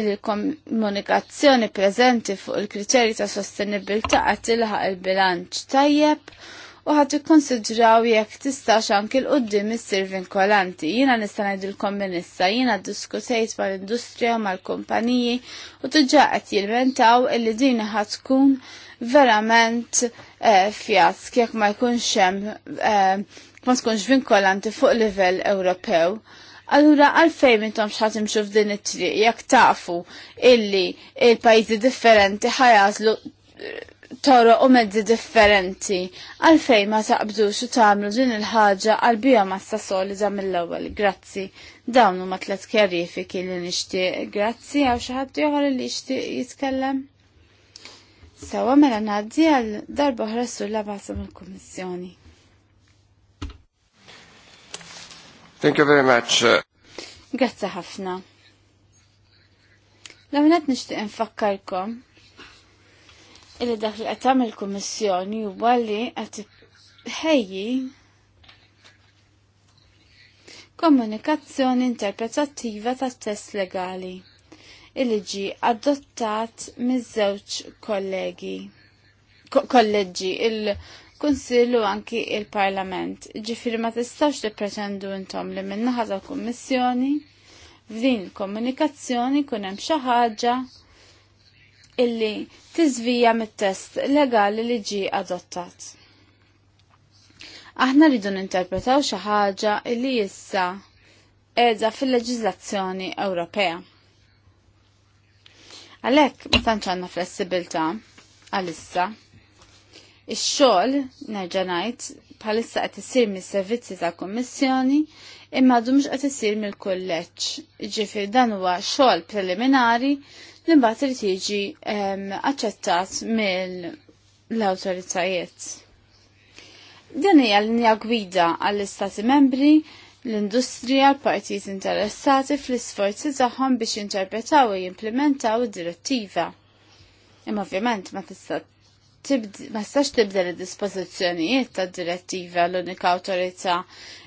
il-komunikazzjoni preżenti fuq il-kriterji ta' sostenibilità qed tilħaq il-bilanċ tajjeb u ħat ikkonsidraw jekk tistax anki l qudiem issir vinkolanti. Jiena nista' ngħidilkom minn issa, jiena ddiskutejt mal-industrija mal-kumpaniji u diġà qed jilmentaw illi din ħad tkun verament eh, fjask jekk ma jkunx hemm eh, ma tkunx vinkolanti fuq livell Ewropew. Allura, għalfej mintom xħat imxu f'din it-triq, jekk tafu illi il-pajzi differenti ħajazlu toro u mezzi differenti. Għalfej ma taqbdux u tagħmlu din il-ħaġa għal biomassa solida mill-ewwel. Grazzi. Dawn ma tliet kjarifiki li nixtieq. Grazzi għaw xi ħadd li jixtieq jitkellem. Sawa mela ngħaddi għal darba oħra la basa mill-Kummissjoni. Thank you very much. Grazzi ħafna. L-għamnet infakkarkom illi dak li qed tagħmel kommissjoni huwa li qed ħejji komunikazzjoni interpretattiva tat-test legali illi ġi adottat miż-żewġ kollegi kolleġi il-Kunsillu anki il-Parlament. Ġifiri ma tistax li pretendu intom li minnaħat tal-Kummissjoni f'din komunikazzjoni kun hemm xi ħaġa illi tiżvija mit-test legali li ġi adottat. Aħna rridu ninterpretaw xi ħaġa illi issa qiegħda fil-leġiżlazzjoni Ewropea. Għalhekk ma tantx għandna flessibilità għalissa. Ix-xogħol nerġa' ngħid bħalissa qed isir mis-servizzi tal-Kummissjoni imma għadu qed isir mill-kulleġġ. Ġifier dan huwa xogħol preliminari li mbagħad irid jiġi aċċettat mill-awtoritajiet. Din hija linja gwida għall-Istati membri l-industrija l-partijiet interessati fl-isforzi tagħhom biex jinterpretaw u jimplementaw id-direttiva. Imma ovvjament ma tista' ma tistax tibdel id-dispożizzjonijiet tad-direttiva l-unika awtorità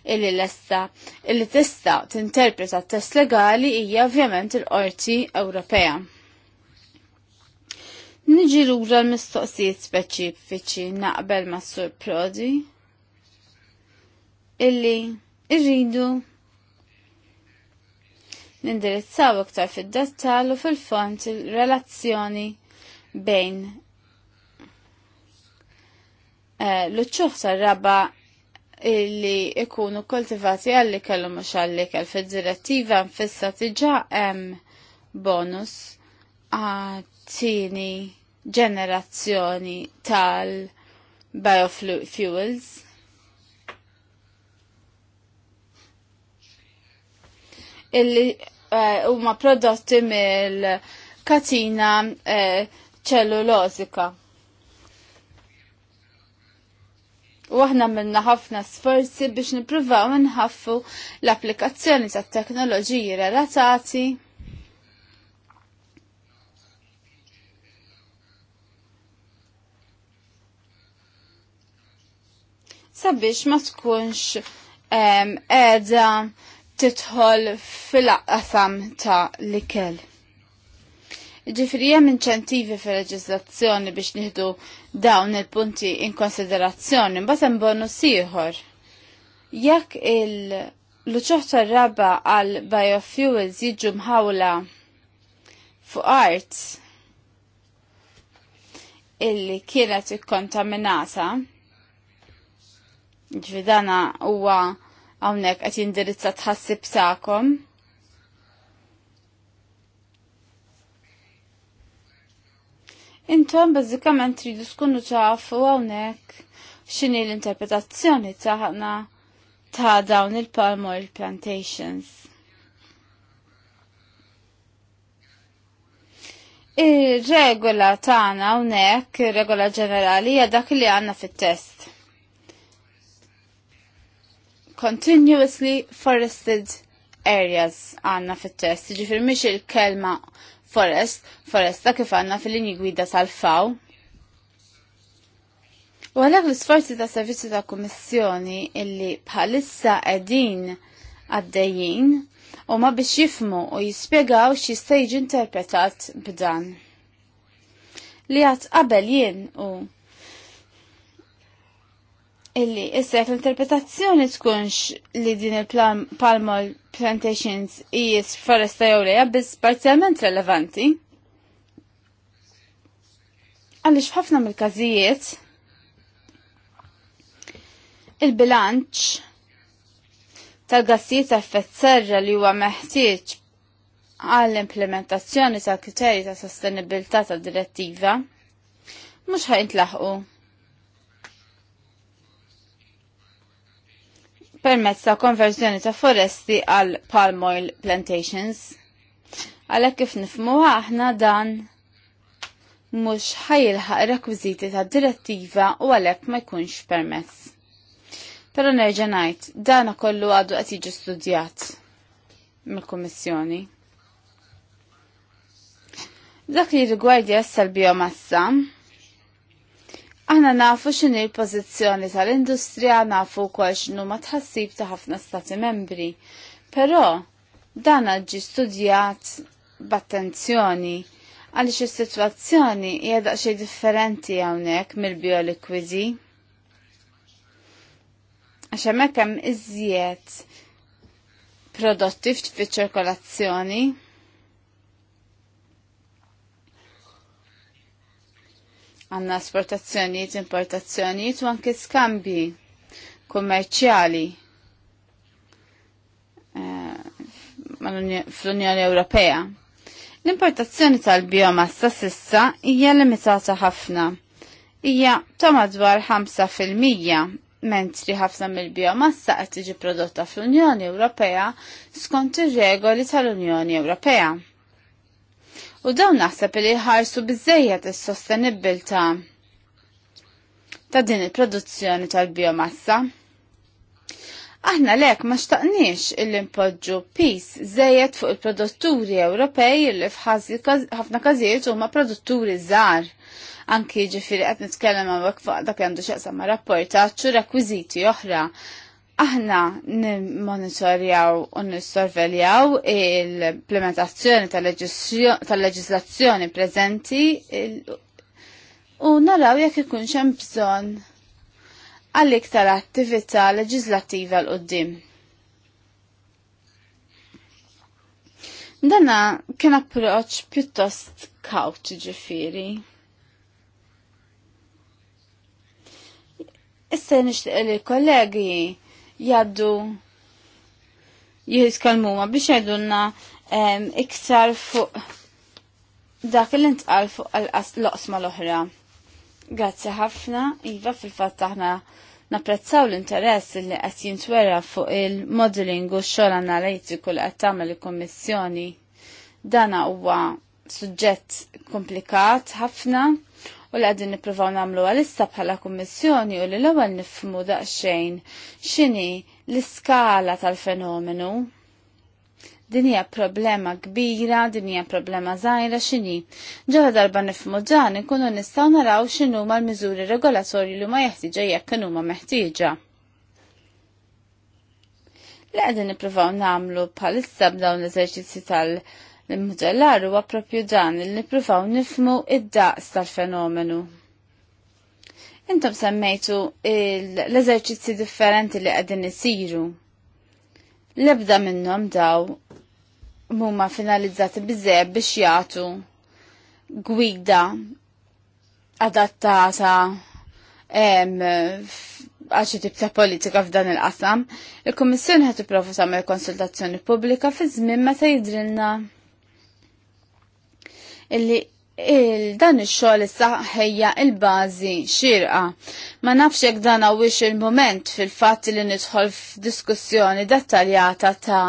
illi lesta illi tista' tinterpreta t-test legali hija ovvjament il-Qorti Ewropea. Niġi lura l-mistoqsijiet speċifiċi naqbel ma' Sur Prodi illi irridu nindirizzaw iktar fid-dettal u fil-font il-relazzjoni bejn eh, l-ċuħ tal raba illi ikunu koltivati għalli kellu mux għalli kell fil-direttiva nfissa tiġa bonus għad tini ġenerazzjoni tal-biofuels. Illi eh, huma uh, prodotti mill-katina uh, eh, ċellulożika. U aħna minna ħafna sforzi biex nipruvaw nħaffu l-applikazzjoni tat teknoloġiji relatati sabiex ma tkunx edha titħol fil-qasam ta' l-ikel. Ġifri jem inċentivi fil-leġizlazzjoni biex nieħdu dawn il-punti in konsiderazzjoni, mbagħad bonus ieħor. Jekk il-luċoħ tar-raba għal biofuels jiġu mħawla fuq art illi kienet ikkontaminata, ġvidana dana huwa hawnhekk qed jindirizza tħassib sakom. Intom bażikament tridu skunnu tafu hawnhekk x'inhi l-interpretazzjoni taħna ta' dawn il-palm oil plantations. Ir-regola tagħna hawnhekk, ir-regola ġenerali hija dak li għandna fit-test continuously forested areas għanna fit-test, ġifir miex il-kelma forest, foresta kif għanna fil-linji gwida tal-faw. U għalek l-sforzi ta' servizzi ta' kommissjoni illi bħalissa edin għaddejjin u ma biex jifmu u jispiegaw xie jiġi interpretat b'dan. Li għat qabel jien u illi issa l-interpretazzjoni tkunx li din il-palm oil plantations ijis foresta jew lejja biss parzjalment relevanti. Għaliex f'ħafna mill-każijiet il-bilanċ tal-gassijiet ta' effett serra li huwa meħtieġ għall-implementazzjoni tal kriterji ta' sostenibilità tad direttiva mhux ħajntlaħqu. permezz ta' konverżjoni ta' foresti għal palm oil plantations. Għalhekk kif nifmuha aħna dan mhux ħajilħaq rekwiżiti ta' direttiva u għalhekk ma jkunx permess. Però nerġa' ngħid, dan kollu għadu qed jiġi mil mill-Kummissjoni. Dak li rigwajdi issa l-biomassa, Aħna nafu x'inhi l-pożizzjoni tal-industrija, nafu wkoll xinu ma tħassib ta' ħafna stati membri. Però dan ġi studijat b'attenzjoni għaliex is-sitwazzjoni hija daqsxejn differenti hawnhekk mill-biolikwidi. Għax hemmhekk hemm iżjed prodotti f'ċirkolazzjoni. Għanna esportazzjonijiet, importazzjonijiet u anke skambi kummerċjali eh, fl-Unjoni Ewropea. L-importazzjoni tal-biomassa sissa hija limitata ħafna. Hija ta' madwar 5% mentri ħafna mill-biomassa qed tiġi prodotta fl-Unjoni Ewropea skont ir-regoli tal-Unjoni Ewropea. U dawn naħseb li ħarsu bizzejja is-sostenibilità ta' din il-produzzjoni tal-biomassa. Aħna lek ma xtaqniex il-impoġġu pis żejjed fuq il-produtturi Ewropej li f'ħafna każijiet huma produtturi żgħar. Anki ġifiri qed nitkellem hawnhekk fuq dak li għandu ma' rapportaċċu rekwiżiti oħra Aħna nimmonitorjaw u nissorveljaw il-implementazzjoni tal-leġislazzjoni preżenti u naraw jekk ikunx hemm bżonn għal iktar attività leġislattiva l qoddim Dana kien approċ pjuttost kawt ġifiri. Issa nixtieq li kollegi jaddu jiskalmuma biex jgħidulna iktar fuq dak li ntqal fuq l-qasma l-oħra. Grazzi ħafna, Iva, fil-fatt aħna napprezzaw l-interess li qed jintwera fuq il-modeling u x-xogħol analitiku li qed tagħmel il-Kummissjoni. Dana huwa suġġett komplikat ħafna u li għadin niprofaw namlu għalissa bħala kummissjoni u li l-ewwel nifmu daqsxejn x'inhi l-iskala tal-fenomenu. Din hija problema kbira, din hija problema żgħira x'inhi. Ġara darba nifmu dan ikunu nistgħu naraw x'inhuma l-miżuri regolatorji li huma jeħtieġa jekk huma meħtieġa li għedin niprofaw namlu bħalissa b'dawn l-eżerċizzi tal- L-modellar huwa propju dan li nippruvaw nifmu id-daqs tal-fenomenu. Intom semmejtu l-eżerċizzi differenti li qegħdin isiru. L-ebda minnhom daw muma finalizzati bizzeb biex jagħtu gwida adattata għal xi tip ta' politika f'dan il-qasam, il-Kummissjoni ħat tipprova tagħmel konsultazzjoni pubblika fi żmien meta jidrilna illi il dan ix-xogħol issa ħejja il-bażi xirqa. Ma nafx jek dan għawix il-moment fil-fatt li nidħol f'diskussjoni dettaljata ta'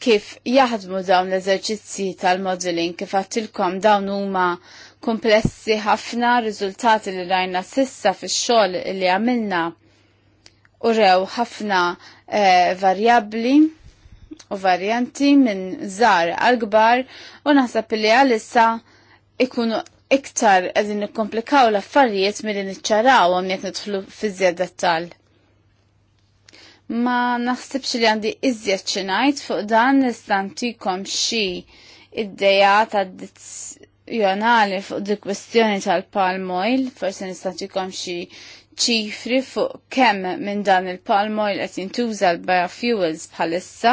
kif jaħdmu dawn l-eżerċizzi tal-modeling kif għattilkom dawn huma komplessi ħafna riżultati li rajna sissa fix-xogħol li għamilna u rew ħafna eh, varjabli u varjanti minn zar għal kbar u naħseb li għalissa ikunu iktar għedin nikkomplikaw l-affarijiet mill-li nitċaraw għom jek nitħlu fizzja dettal. Ma naħsibx li għandi iżjed ċinajt fuq dan nistantikom xi id-deja ta' dizzjonali fuq di kwestjoni tal-palm oil, forse nistantikom xi ċifri fuq kemm minn dan il-palm oil qed jintuża l-biofuels bħalissa.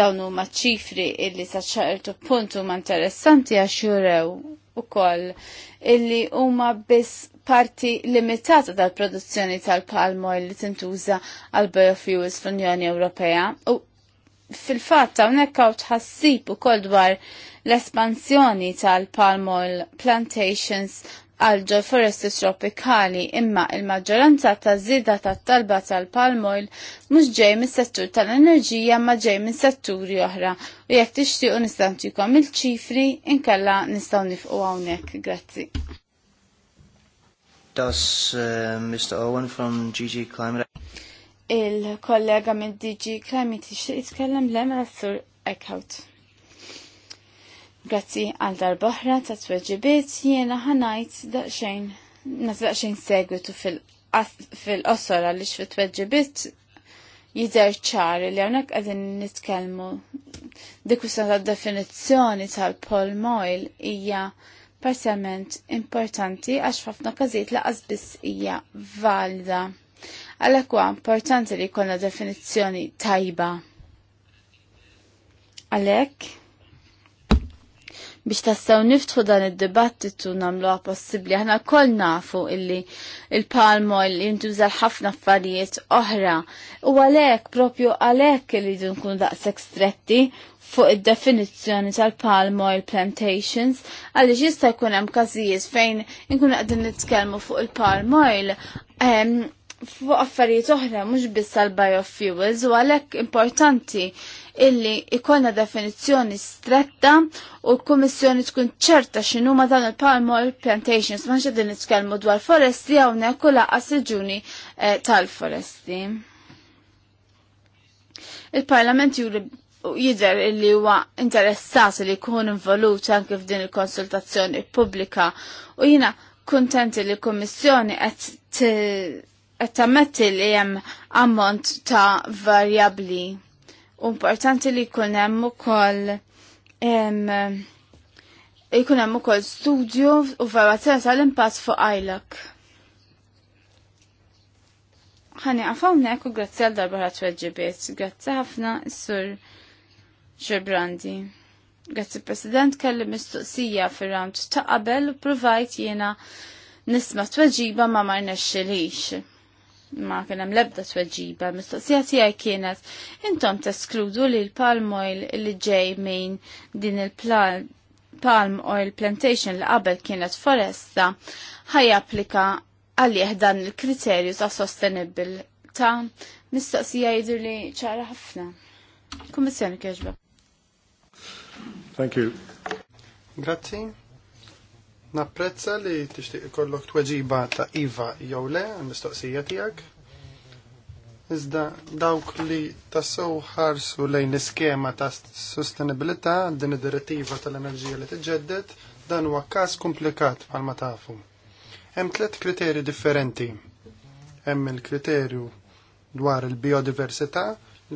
Dawn huma ċifri illi sa ċertu punt huma interessanti għax jurew ukoll illi huma biss parti limitata tal-produzzjoni tal-palm oil li tintuża għal biofuels fl-Unjoni Ewropea u fil-fatt hawnhekk hawn tħassib ukoll dwar l-espansjoni tal-palm oil plantations għal ġol foresti tropikali imma il-maġġoranza ta' zida ta' talba tal-palmoil mhux ġej mis-settur tal-enerġija ma ġej minn setturi oħra u jekk tixtiequ u ntikom il-ċifri inkella nistgħu nifqu hawnhekk. Grazzi. Das uh, eh, Mr. Owen from GG Climate Il-kollega minn DG Climate jitkellem l-emra sur Eckhout. Grazzi għal darboħra ta' tweġibiet jiena ħanajt daqxejn nazdaqxejn segwitu fil li xfit t tweġibiet jider ċar li għonek għadin nitkelmu dikussa ta' definizzjoni tal paul Moyle hija parzjalment importanti għax fafna każijiet laqas biss hija valida. Għalhekk huwa importanti li jkollna definizzjoni tajba. Għalhekk biex tassew niftħu dan id-dibattitu namlu possibli. Aħna koll nafu illi il-palm oil jintużal ħafna affarijiet oħra. U għalhekk propju għalhekk li nkunu daqshekk stretti fuq id-definizzjoni tal-palm oil plantations, għaliex jista' jkun hemm każijiet fejn nkunu qegħdin nitkellmu fuq il-palm oil fuq affarijiet oħra mhux biss għal biofuels u għalhekk importanti illi ikollna definizzjoni stretta u l-Kummissjoni tkun ċerta x'inhu ma dan il-palm oil plantations ma xedin nitkellmu dwar foresti hawnhekk u laqas siġuni eh, tal-foresti. Il-Parlament juri jidher illi huwa interessat li jkun involut anke f'din il-konsultazzjoni pubblika u jiena kuntenti li l-Kummissjoni qed qed li hemm ammont ta' varjabbli. U importanti li jkun hemm ukoll jkun u ukoll studju u valwazzjoni tal-impatt fuq għajlek. Ħani għafawnek u grazzi għal darba ħat weġibiet. Grazzi ħafna s-sur ċerbrandi. Grazzi President kelli mistoqsija fir-round ta' qabel u provajt jena nisma tweġiba ma xilix ma kien hemm l-ebda tweġiba. Mistoqsija tiegħi kienet intom teskludu li l-palm oil li ġej min din il-palm oil plantation li qabel kienet foresta applika għalih dan il-kriterju ta' sostenibilità mistoqsija jidu li ċara ħafna. Kummissjoni kieġba. Thank you. Grazie. Napprezza li tixtieq ikollok tweġiba ta' iva jew le għall-mistoqsija tiegħek. Iżda dawk li tassew ħarsu lejn l-iskema ta' sostenibilità din id-direttiva tal-enerġija li tiġġedded dan huwa każ komplikat ma tafu. Hemm tliet kriterji differenti. Hemm il-kriterju dwar il-biodiversità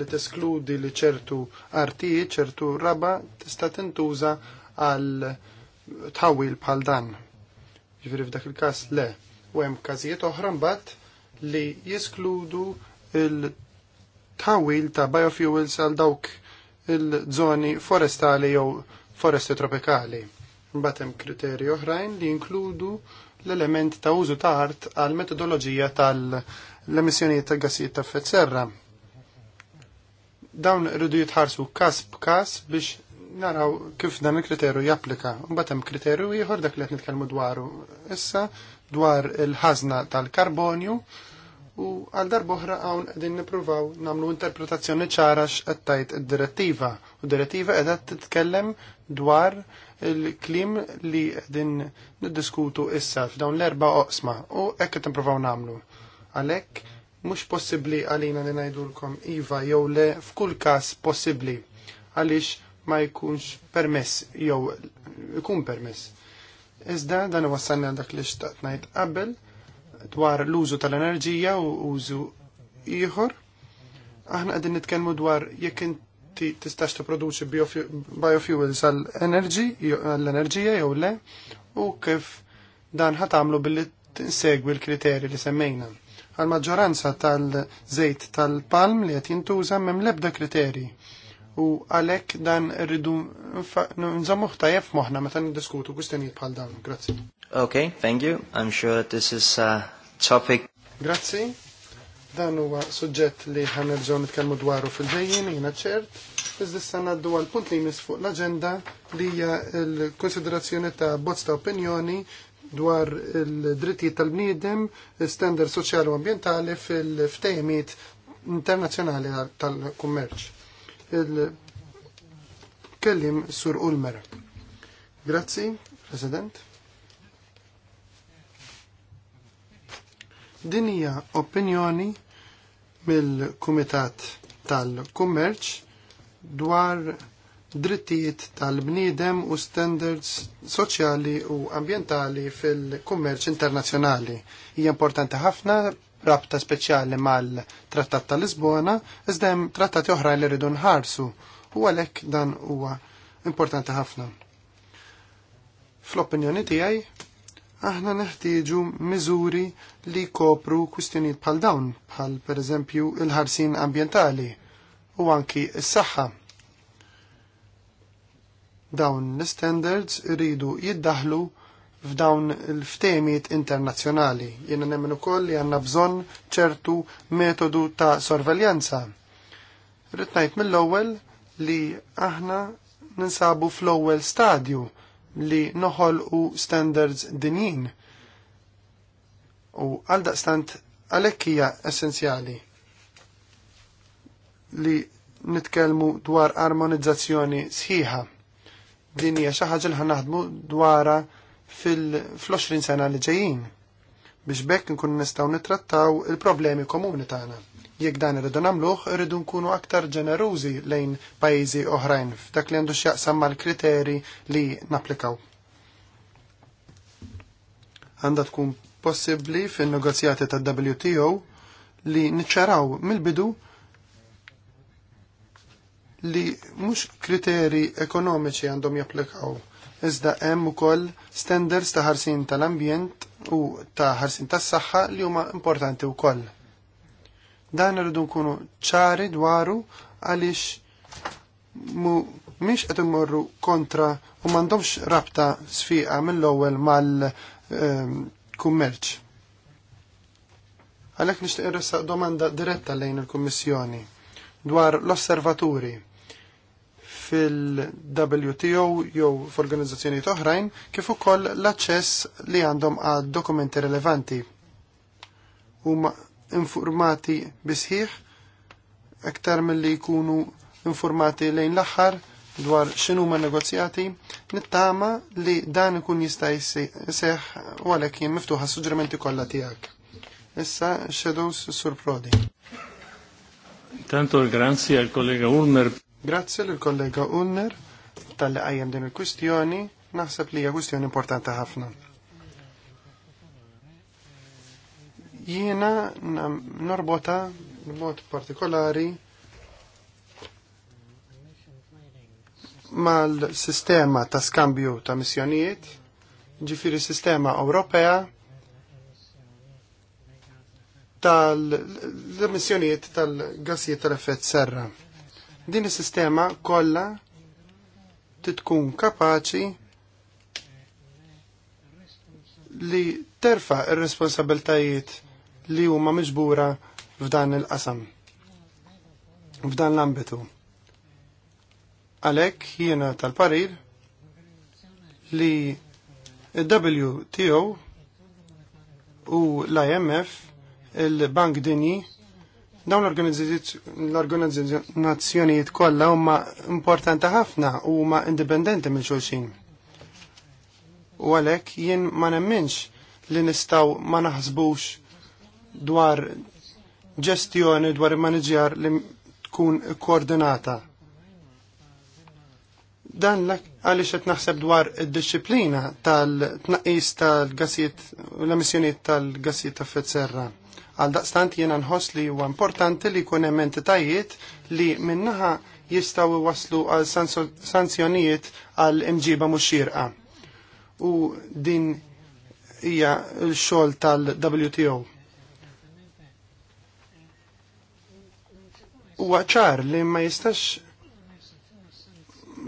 li teskludi li ċertu artijiet, ċertu raba tista' tintuża għal tħawil bħal dan. Ġifiri f'dak il-każ le. U hemm każijiet oħra mbagħad li jiskludu il tawil ta' biofuels għal dawk il-żoni forestali jew foresti tropikali. Mbagħad hemm kriterji oħrajn li jinkludu l-element ta' użu ta' art għal metodoloġija tal-emissjonijiet ta' gassijiet ta' effett serra. Dawn irridu jitħarsu kas b'kas biex naraw kif dan il-kriterju japplika. Mbagħad hemm kriterju ieħor dak li qed nitkellmu dwaru issa dwar il-ħażna tal-karbonju u għal darboħra hawn qegħdin nippruvaw nagħmlu interpretazzjoni ċara x'qed tajt id-direttiva. U direttiva qiegħda titkellem dwar il-klim li qegħdin niddiskutu issa f'dawn l-erba' oqsma u hekk qed nippruvaw nagħmlu. Għalhekk mhux possibbli għalina li ngħidulkom iva jew le f'kull każ possibbli għaliex ma jkunx permess jew jkun permess. Iżda dan wassalna dak li xtaqt ngħid qabel dwar l-użu tal-enerġija u użu ieħor. Aħna qegħdin nitkellmu dwar jekk inti tistax tipproduċi biofuels għall-enerġija jew le u kif dan ħat għamlu billi tinsegwi l-kriterji li semmejna. Għal maġġoranza tal-żejt tal-palm li qed jintuża m'hemm l-ebda kriterji u għalhekk dan rridu nżammuh tajjeb moħħna meta niddiskutu kwistjonijiet bħal dawn. Grazzi. Okay, thank you. I'm sure this is a topic. Grazzi. Dan huwa suġġett li ħanerġgħu nitkellmu dwaru fil-ġejjin, jiena ċert. Iżda issa ngħaddu għal punt li jmiss fuq l-aġenda li hija l-konsiderazzjoni ta' bozz ta' opinjoni dwar il-drittijiet tal-bniedem, standard soċjali u ambjentali fil-ftejmiet internazzjonali tal-kummerċ il-kellim Sur Ulmer. Grazzi, President. Din hija opinjoni mill-Kumitat tal-Kummerċ dwar drittijiet tal-bniedem u standards soċjali u ambientali fil-kummerċ internazzjonali. Hija importanti ħafna rabta speċjali mal-Trattat ta' Lisbona, iżda hemm trattati oħra li rridu nħarsu u għalhekk dan huwa importanti ħafna. Fl-opinjoni tiegħi aħna neħtieġu miżuri li kopru kwistjonijiet bħal dawn, bħal pereżempju il-ħarsin ambjentali u anki s-saħħa. Dawn l-standards rridu jiddaħlu f'dawn il-ftemiet internazzjonali. Jiena nemmen ukoll li għandna bżonn ċertu metodu ta' sorveljanza. Rrid ngħid mill-ewwel li aħna ninsabu fl-ewwel stadju li noħolqu standards dinjin. U għal daqstant għalhekk hija essenzjali li nitkellmu dwar armonizzazzjoni sħiħa. Din hija xi ħaġa li ħanaħdmu dwarha fil-20 sena li ġejjin biex bekk nkun nistgħu nittrattaw il-problemi komuni tagħna. Jekk dan irridu nagħmluh, irridu nkunu aktar ġenerużi lejn pajjiżi oħrajn f'dak li għandu x'jaqsam mal-kriteri li napplikaw. Għandha tkun possibbli fin-negozjati tad-WTO li niċċaraw mill-bidu li mhux kriteri ekonomiċi għandhom japplikaw iżda hemm ukoll standards ta' ħarsin tal-ambjent u ta' ħarsin tas-saħħa li huma importanti wkoll. Dan rridu nkunu ċari dwaru għaliex mhix qed imorru kontra u m'għandhomx rabta sfiqa mill-ewwel mal-kummerċ. Għalhekk nixtieq irressa domanda diretta lejn il-Kummissjoni dwar l-osservaturi fil-WTO jew f'organizzazzjonijiet oħrajn kif ukoll l-aċċess li għandhom għad dokumenti rilevanti. Huma informati bisħiħ aktar mill-li jkunu informati lejn l-aħħar dwar xinu ma negozjati, nittama li dan ikun jista' jseħ u għalhekk jien miftuħa suġġerimenti kollha tiegħek. Issa Shadows Sur Prodi. Tanto grazie al kollega Ulmer Grazzi l-kollega Unner tal-li għajem din il-kwistjoni, naħseb li hija kwistjoni importanti ħafna. Jiena norbota b'mod partikolari mal-sistema ta' skambju ta' missjonijiet, ġifiri sistema Ewropea tal-missjonijiet tal-gassijiet tal-effett serra. Din is-sistema kollha titkun kapaċi li terfa ir-responsabiltajiet li huma miġbura f'dan il-qasam, f'dan l-ambitu. Għalek jiena tal-parir li il-WTO u l-IMF, il-Bank Dinji Dawn l-organizzazzjonijiet kollha huma importanti ħafna u huma indipendenti minn xulxin. U għalhekk jien ma nemminx li nistgħu ma naħsbux dwar ġestjoni dwar il-maniġjar li tkun koordinata. Dan l għaliex qed naħseb dwar id-disciplina tal-tnaqqis tal-gassijiet u l-emissjonijiet tal-gassijiet ta' serra Għal daqstant jena nħoss li huwa importanti li jkun hemm entitajiet li minnaħa jistgħu waslu għal sanzjonijiet għal imġiba mhux xirqa. U din hija l-xogħol tal-WTO. Huwa ċar li ma jistax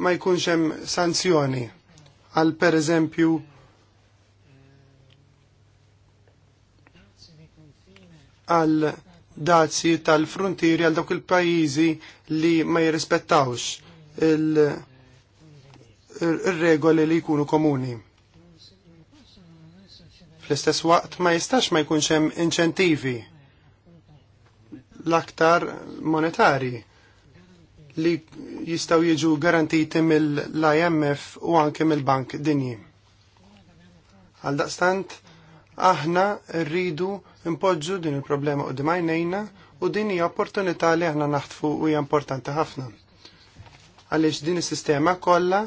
ma jkunx hemm sanzjoni għal pereżempju għal dazzi tal-frontieri għal dawk il-pajjiżi li ma jirrispettawx il-regoli li jkunu komuni. Fl-istess waqt ma jistax ma jkunx hemm inċentivi l-aktar monetari li jistaw jiġu garantiti mill-IMF u anke mill-Bank Dinji. Għal daqstant, aħna rridu impoġġu din il-problema u dimajnejna u din hija opportunità li aħna naħtfu u hija importanti ħafna. Għaliex din is-sistema kollha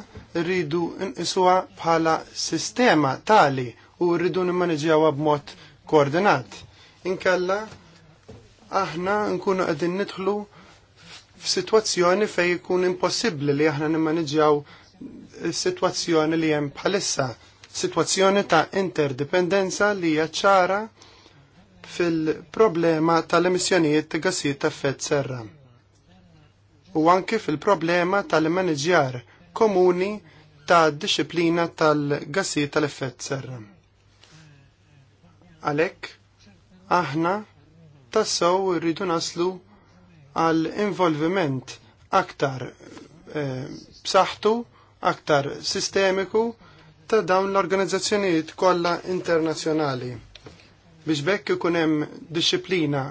rridu nqisuha bħala sistema tali u rridu nimmaniġjawha b'mod koordinat. Inkella aħna nkunu qegħdin nidħlu f'sitwazzjoni fejn jkun impossibbli li aħna nimmaniġjaw is-sitwazzjoni li hemm bħalissa, sitwazzjoni ta' interdipendenza li hija ċara fil-problema tal-emissjonijiet ta' gassijiet ta' effett serra. U anke fil-problema tal-manager komuni ta' disciplina tal-gassijiet tal-effett serra. Alek, aħna tassaw rridu naslu għal involviment aktar eh, b'saħħtu, aktar sistemiku ta' dawn l-organizzazzjonijiet kollha internazzjonali biex bekk ikun hemm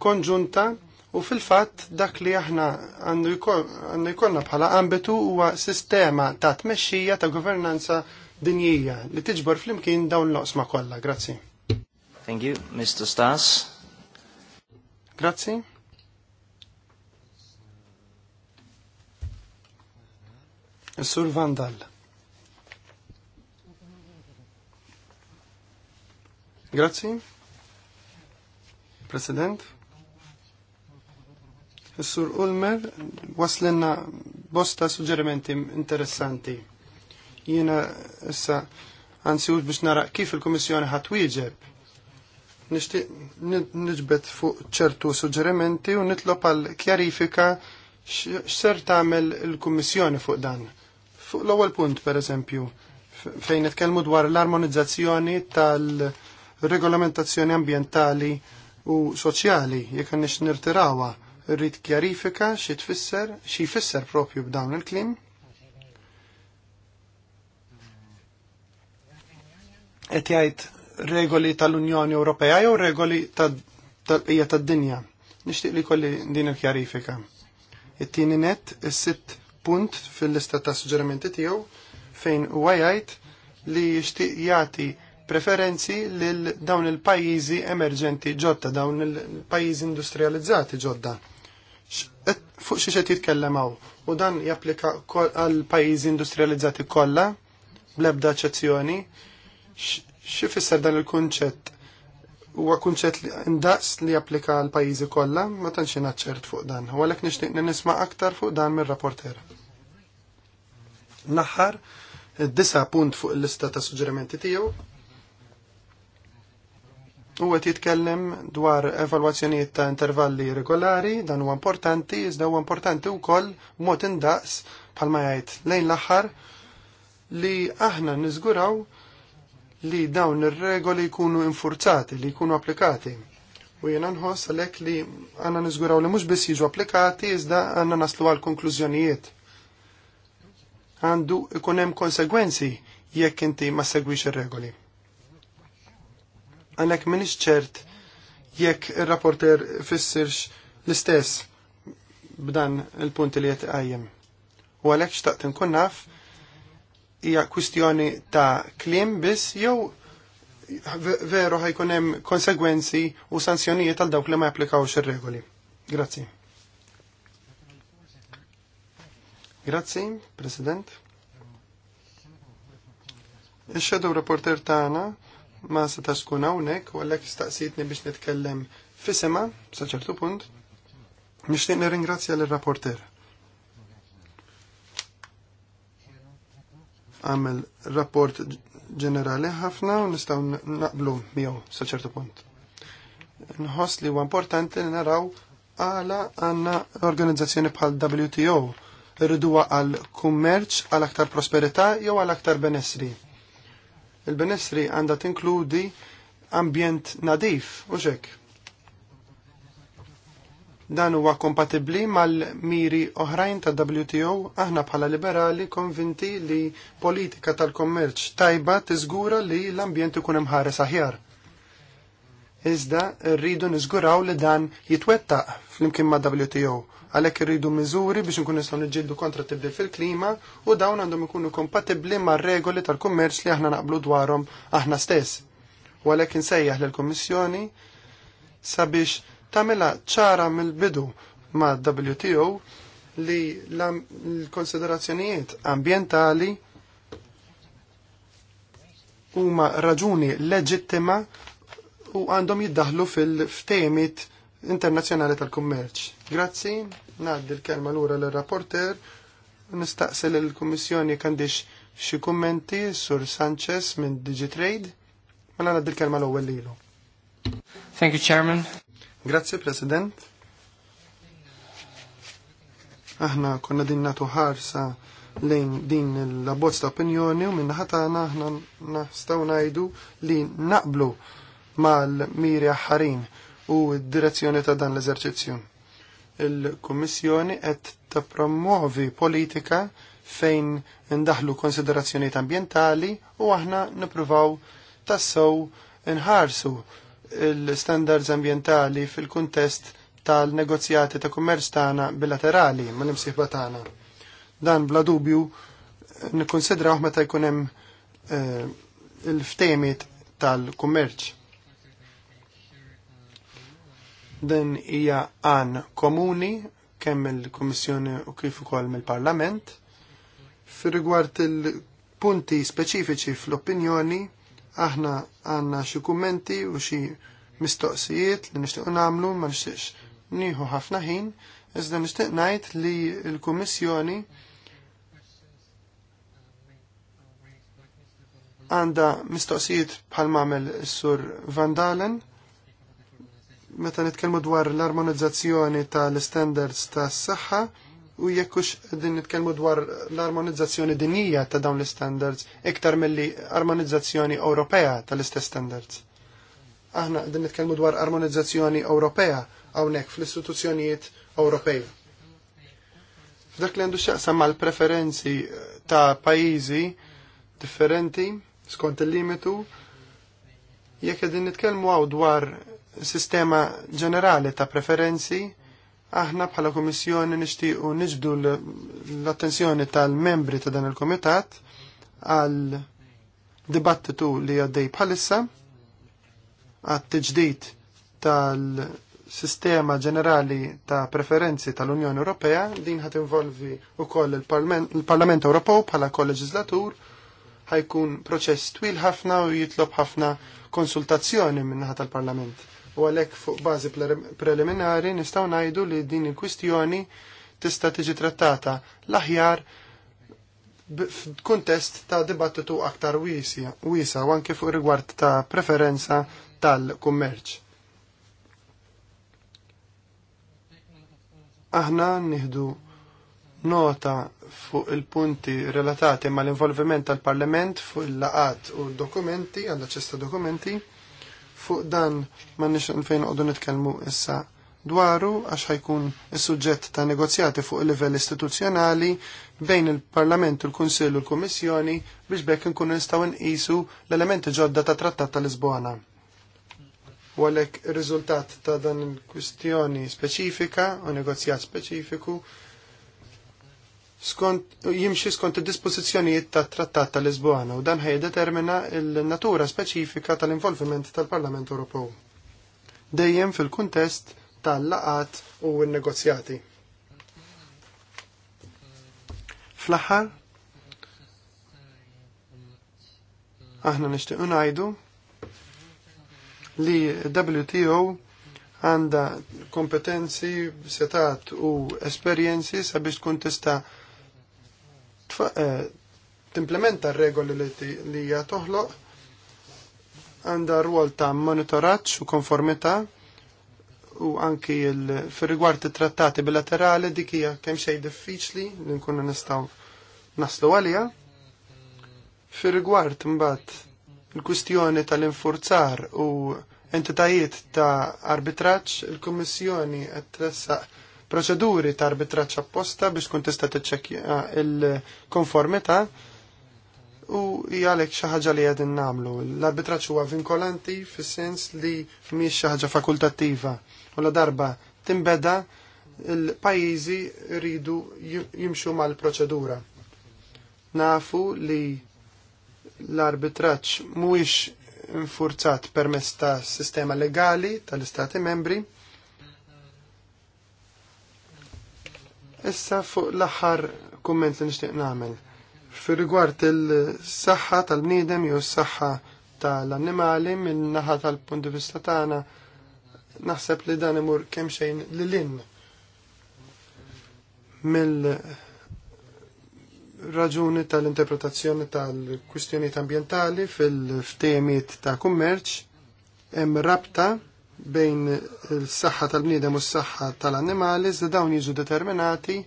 konġunta u fil fat dak li aħna għandu jkollna bħala ambitu huwa sistema ta' tmexxija ta' governanza dinjija li tiġbor flimkien dawn l-oqsma kollha. Grazzi. Thank you, Mr. Stas. Grazzi. Sur Vandal. Grazzi. President. sur Ulmer waslenna bosta suġġerimenti interessanti. Jiena issa uġ biex nara kif il-Kummissjoni ħadd wieġeb. fuq ċertu suġġerimenti u nitlob għal kjarifika x'ser tagħmel il-Kummissjoni fuq dan. Fuq l-ewwel punt pereżempju fejn nitkellmu dwar l-armonizzazzjoni tal-regolamentazzjoni ambjentali u soċjali jekk għandix nirtirawa rrid kjarifika xi tfisser xi jfisser propju b'dawn il-klim. Qed jgħid regoli tal-Unjoni Ewropea jew regoli tal-qija tad-dinja. Nixtieq li kolli din il-kjarifika. It-tieni net is-sitt punt fil-lista ta' suġġerimenti tiegħu fejn huwa jgħid li jixtieq jagħti preferenzi lil dawn il-pajjiżi emerġenti ġodda, dawn il-pajjiżi industrializzati ġodda. Fuq xi qed jitkellem u dan japplika għal pajjiżi industrializzati kollha bl-ebda eċezzjoni. Xi fisser dan il-kunċett huwa kunċett li ndaqs li japplika għal pajjiżi kollha, ma tantx ċert fuq dan. U għalhekk nixtieq nisma' aktar fuq dan mir-rapporter. Naħħar disa punt fuq il-lista ta' suġġerimenti tiegħu u għet jitkellem dwar evalwazzjoniet ta' intervalli regolari, dan huwa importanti, iżda huwa importanti wkoll mod indaqs bħalma jgħid lejn l-aħħar li aħna niżguraw li dawn ir-regoli jkunu infurzati, li jkunu applikati. U jena nħoss għalek li għanna nizguraw li mux biss jiġu applikati, iżda għanna naslu għal konklużjonijiet. Għandu ikunem konsegwenzi jekk inti ma segwix ir-regoli għalhekk minix ċert jekk ir-rapporter fissirx l-istess b'dan il-punt li qed għajem. U għalhekk xtaqt inkun naf hija kwistjoni ta' kliem biss jew veru ħajkun hemm konsegwenzi u sanzjonijiet għal dawk li ma japplikawx ir-regoli. Grazzi. Grazzi, President. Ix-Shadow Reporter tagħna ma seta tkun hawnhekk u għalhekk staqsitni biex nitkellem fisema sa ċertu punt. Nixtieq nirringrazzja lir-rapporter. Għamel rapport ġenerali ħafna u nistgħu naqblu miegħu sa ċertu punt. Nħoss li huwa importanti li naraw għala għandna organizzazzjoni bħal WTO rridu għal kummerċ, għal aktar prosperità jew għal aktar benessri. Il-benessri għandha tinkludi ambjent nadif u xek. Dan huwa kompatibbli mal-miri oħrajn ta' WTO aħna bħala liberali konvinti li politika tal-kommerċ tajba tiżgura li l-ambjent ikun imħares aħjar iżda rridu niżguraw li dan jitwettaq flimkien ma' WTO għalhekk irridu miżuri biex nkun nistgħu niġġieldu kontra tibdil fil-klima u dawn għandhom ikunu kompatibbli mar-regoli tal-kummerċ li aħna naqblu dwarhom aħna stess. U għalhekk insejjaħ lill-Kummissjoni sabiex tagħmilha ċara mill-bidu ma' WTO li l-konsiderazzjonijiet ambientali huma raġuni leġittima u għandhom jiddaħlu fil ftemit internazzjonali tal-kummerċ. Grazzi, naddi l-kelma l-ura l-rapporter, nistaqsel l-Kommissjoni kandix xi kummenti sur Sanchez minn Digitrade, mela naddi l-kelma l-ewwel lilu. Thank you, Chairman. Grazzi, President. Aħna konna din natu ħarsa lejn din l-abbozz ta' opinjoni u minna ħatana aħna nastaw najdu li naqblu mal-miri ħarin u d-direzzjoni ta' dan l-eżerċizzju. Il-Kummissjoni qed tappromuovi politika fejn ndaħlu konsiderazzjonijiet ambjentali u aħna nippruvaw tassew inħarsu l standards ambjentali fil-kuntest tal-negozjati ta' kummerz tagħna bilaterali ma' nimsieħba tagħna. Dan bla dubju nikkonsidraw meta jkun hemm eh, il-ftemiet tal-kummerċ. Din hija għan komuni kemm il-Kummissjoni u kif ukoll mill-Parlament. Fir-rigward il-punti speċifiċi fl-opinjoni, aħna għandna xi kummenti u xi mistoqsijiet li nixtiequ nagħmlu ma nixtieqx nieħu ħafna ħin, iżda nixtieq ngħid li l-Kummissjoni għanda mistoqsijiet bħal mamel sur Van Dalen meta nitkellmu dwar l-armonizzazzjoni tal-standards tas-saħħa u jekk hux din nitkellmu dwar l-armonizzazzjoni dinija ta' dawn l-standards iktar milli armonizzazzjoni Ewropea tal-istess standards. Aħna din nitkellmu dwar armonizzazzjoni Ewropea hawnhekk fl-istituzzjonijiet Ewropej. F'dak li għandu x'aqsam mal-preferenzi ta' pajjiżi differenti skont il-limitu jekk qegħdin nitkellmu għaw dwar sistema ġenerali ta' preferenzi, aħna bħala Komissjoni nixtiequ niġbdu l-attenzjoni tal-membri ta' dan il-Komitat għal dibattitu li għaddej bħalissa għat tiġdid tal-sistema ġenerali ta' preferenzi tal-Unjoni Ewropea din ħat involvi u koll il-Parlament Ewropew bħala kol-leġislatur ħajkun proċess twil ħafna u jitlob ħafna konsultazzjoni minnaħat tal-Parlament u għalhekk fuq bażi preliminari nistgħu ngħidu li din il-kwistjoni tista' tiġi trattata l-aħjar f'kuntest ta' dibattitu aktar wiesa u anke fuq rigward ta' preferenza tal-kummerċ. Aħna nihdu nota fuq il-punti relatati mal involviment tal-Parlament fuq il-laqat u dokumenti, għandha ċesta dokumenti, fuq dan ma nix fejn għodu nitkelmu issa dwaru għax ħajkun is-suġġett ta' negozjati fuq il-livell istituzzjonali bejn il-Parlament, il-Kunsill u l-Kummissjoni biex bekk nkun nistgħu nqisu l-elementi ġodda ta' Trattat ta' Lisbona. U għalhekk ir-riżultat ta' dan il-kwistjoni speċifika u negozjat speċifiku skont, jimxi skont id-dispożizzjonijiet ta' trattat tal Lisbona u dan determina l-natura speċifika tal-involviment tal-Parlament Ewropew. Dejjem fil-kuntest tal-laqat u n-negozjati. Fl-aħħar, aħna nixtiequ ngħidu li WTO għanda kompetenzi, setat u esperienzi sabiex tkun tista' Eh, timplementa r-regoli li hija toħloq għandha rwol ta' monitoraġġ u konformità u anki fir-rigward it-trattati bilaterali dik hija kemm xejn diffiċli li nkunu nistgħu naslu għalija. Fir-rigward imbagħad il-kwistjoni tal-infurzar u entitajiet ta' arbitraġġ, il-Kummissjoni qed tressaq proċeduri ta' arbitraċ apposta biex kun tista' tiċċekkja il-konformità u jgħalek xaħġa li għedin namlu. L-arbitraċ huwa vinkolanti fis-sens li mhix xi ħaġa fakultattiva. U la darba timbeda il-pajjiżi rridu jimxu mal-proċedura. Nafu li l-arbitraċ mhuwiex infurzat permezz ta' sistema legali tal-istati membri Issa fuq l-aħħar kumment li nixtieq nagħmel. Fi rigward il-saħħa tal-bniedem jew s-saħħa tal-annimali minn naħa tal-punt di vista tagħna naħseb li dan imur kemm xejn lilin mill-raġuni tal-interpretazzjoni tal-kwistjonijiet ambjentali fil-ftehimiet ta' kummerċ hemm rabta bejn il-saħħa tal-bniedem u s-saħħa tal-annimali iżda dawn jiġu determinati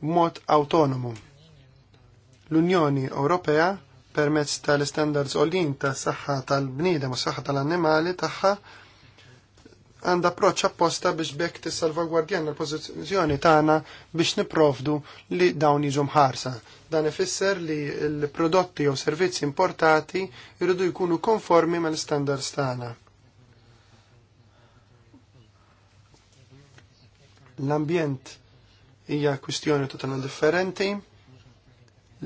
b'mod autonomu. L-Unjoni Ewropea permezz tal-standards olin tas saħħa tal-bniedem u s-saħħa tal-annimali tagħha għandha approċċ apposta biex bekk tissalvagwardjana l-pożizzjoni tagħna biex niprovdu li dawn jiġu mħarsa. Dan ifisser li l-prodotti jew servizzi importati jridu jkunu konformi mal-standards tagħna l-ambjent hija kwistjoni totalment differenti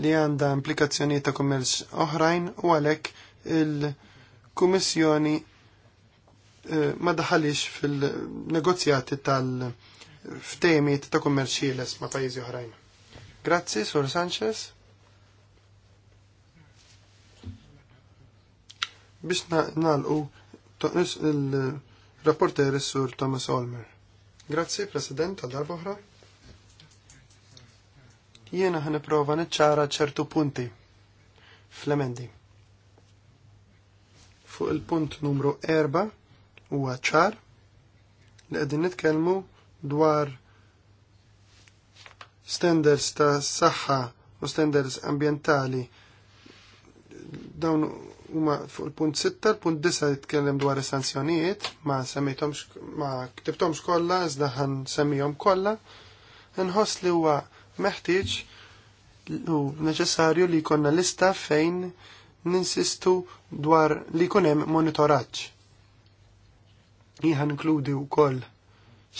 li għandha implikazzjonijiet ta' kummerċ oħrajn u għalhekk il-Kummissjoni eh, ma daħalix fil-negozjati tal-ftejmiet ta' kummerċ ħieles ma' pajjiżi oħrajn. Grazzi, Sur Sanchez. Biex nalqu il-rapporter Sur Thomas Olmer. Grazzi, President, għal darbohra. Jiena ħan prova niċċara ċertu punti flemendi. Fuq il-punt numru 4 huwa ċar li qegħdin nitkellmu dwar standards ta' saħħa u standards ambientali dawn huma fuq il-punt 6, il-punt 9 jitkellem dwar is-sanzjonijiet, ma semmejtomx ma ktibtomx kollha iżda ħan semmihom kollha. Inħoss li huwa meħtieġ u neċessarju li jkollna lista fejn ninsistu dwar li jkun hemm monitoraġġ. Jiha inkludi wkoll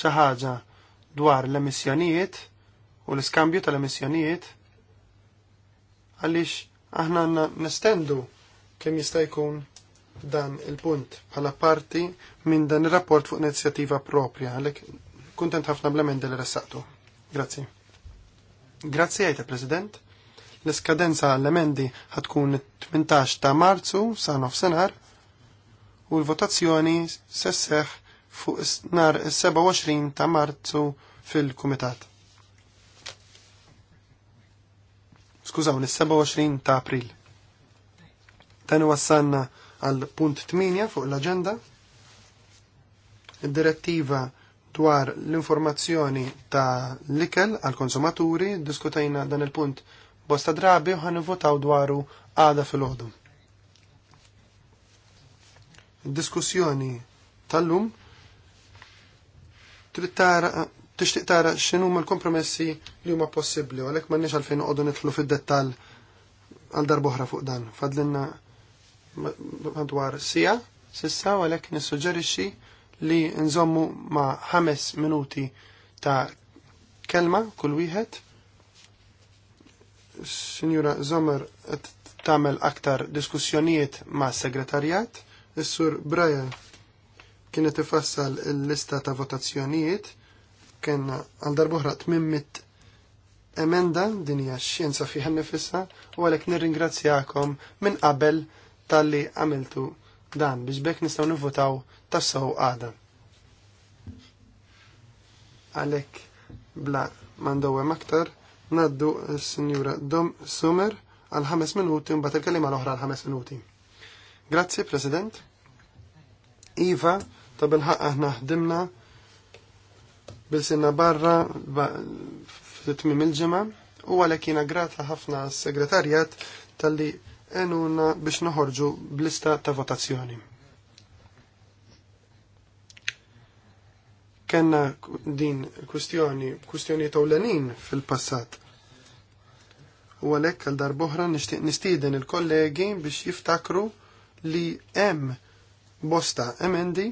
xi ħaġa dwar l-emissjonijiet u l-iskambju tal-emissjonijiet għaliex aħna nestendu kemm jista' jkun dan il-punt bħala parti minn dan ir-rapport fuq inizjattiva propria. għalhekk kuntent ħafna bl-emendi li ressaqtu. Grazzi. Grazzi għajta, President. L-iskadenza għall emendi ħatkun 18 ta' Marzu sa' nofsinhar u l-votazzjoni sesseħ fuq nar 27 ta' Marzu fil-Kumitat. l 27 ta' April. Tani wassanna għal punt 8 fuq l-agenda. Id-direttiva dwar l-informazzjoni ta' l-ikel għal konsumaturi diskutajna dan il-punt bosta drabi u ħan votaw dwaru għada fil-ħodu. Diskussjoni tal-lum tixtiq tara x'inhu l-kompromessi li huma possibbli u għalhekk m'għandniex għalfejn qogħdu nidħlu fid-dettall għal darboħra fuq dan. Fadlinna madwar sija, sissa għalhekk nissuġġerixxi li nżommu ma' ħames minuti ta' kelma kull wieħed. Sinjura Zomer qed tagħmel aktar diskussjonijiet ma' segretarjat, is-sur Brian kienet ifassal il-lista ta' votazzjonijiet kien għal darbohra tmimmit emenda din hija xjenza fiha nifissa u għalhekk nirringrazzjakom minn qabel tal-li għamiltu dan biex bekk nistaw nivvotaw tassaw għada. Għalek bla mandowem aktar naddu s-Sinjura Dom Sumer għal ħames minuti mbagħad il-kelima l-oħra għal ħames minuti. Grazzi, President. Iva, ta' bil-ħaqqa aħna ħdimna bil-sinna barra f tmim il-ġimgħa u għalhekk jiena grata ħafna s-segretarjat tal-li enuna biex noħorġu blista ta' votazzjoni. Kenna din kustjoni, kustjoni tawlenin fil-passat. U għalek għal darboħra nistiden il-kollegi biex jiftakru li hemm bosta emendi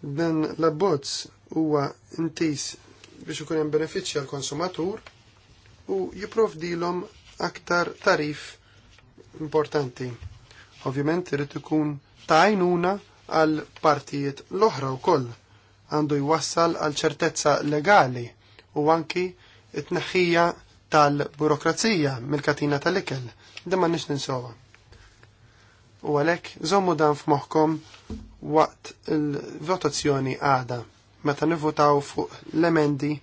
dan l bozz huwa intis biex ikun hemm benefiċċji għal konsumatur u jipprovdilhom aktar tarif importanti. Ovvjament irid ikun ta' għajnuna għal partijiet l-oħra wkoll għandu jwassal għal ċertezza legali u anki it-tneħħija tal-burokrazija mill-katina tal-ikel. Dimma ma nix ninsowa. U għalek, zommu dan f'moħkom waqt il-votazzjoni għada, meta nivvotaw fuq l-emendi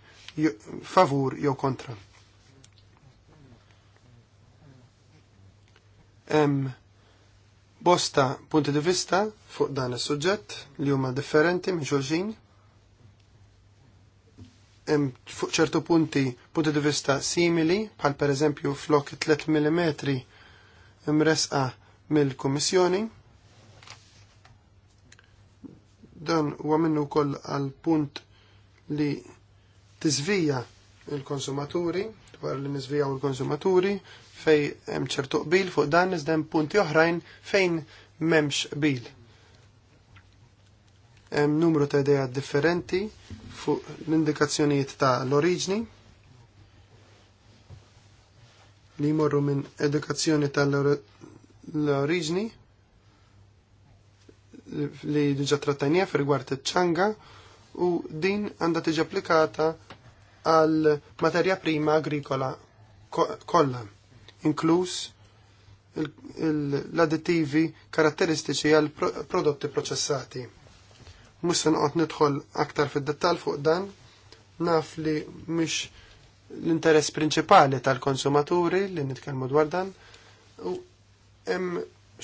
favur jew kontra. hemm bosta punti di vista fuq dan is-suġġett li huma differenti minn xulxin. Hemm fuq ċertu punti punti di vista simili, bħal pereżempju flok 3 mm imresqa mill-Kummissjoni. Dan huwa minnu wkoll għal punt li tiżvija il-konsumaturi, dwar li niżvijaw il-konsumaturi, fej hemm ċertu qbil fuq dan iżda hemm punti oħrajn fejn m'hemmx qbil. Hemm numru ta' idea differenti fuq l-indikazzjonijiet ta' l-oriġni li jmorru minn edukazzjoni tal-oriġni li diġa trattajnija f'rigward iċ-ċanga u din għandha tiġi applikata għal materja prima agrikola kollha inkluż l-additivi karatteristiċi għal prodotti proċessati. Mux se noqgħod nidħol aktar fid-dettall fuq dan, naf li mhix l-interess prinċipali tal-konsumaturi li nitkellmu dwar dan, u hemm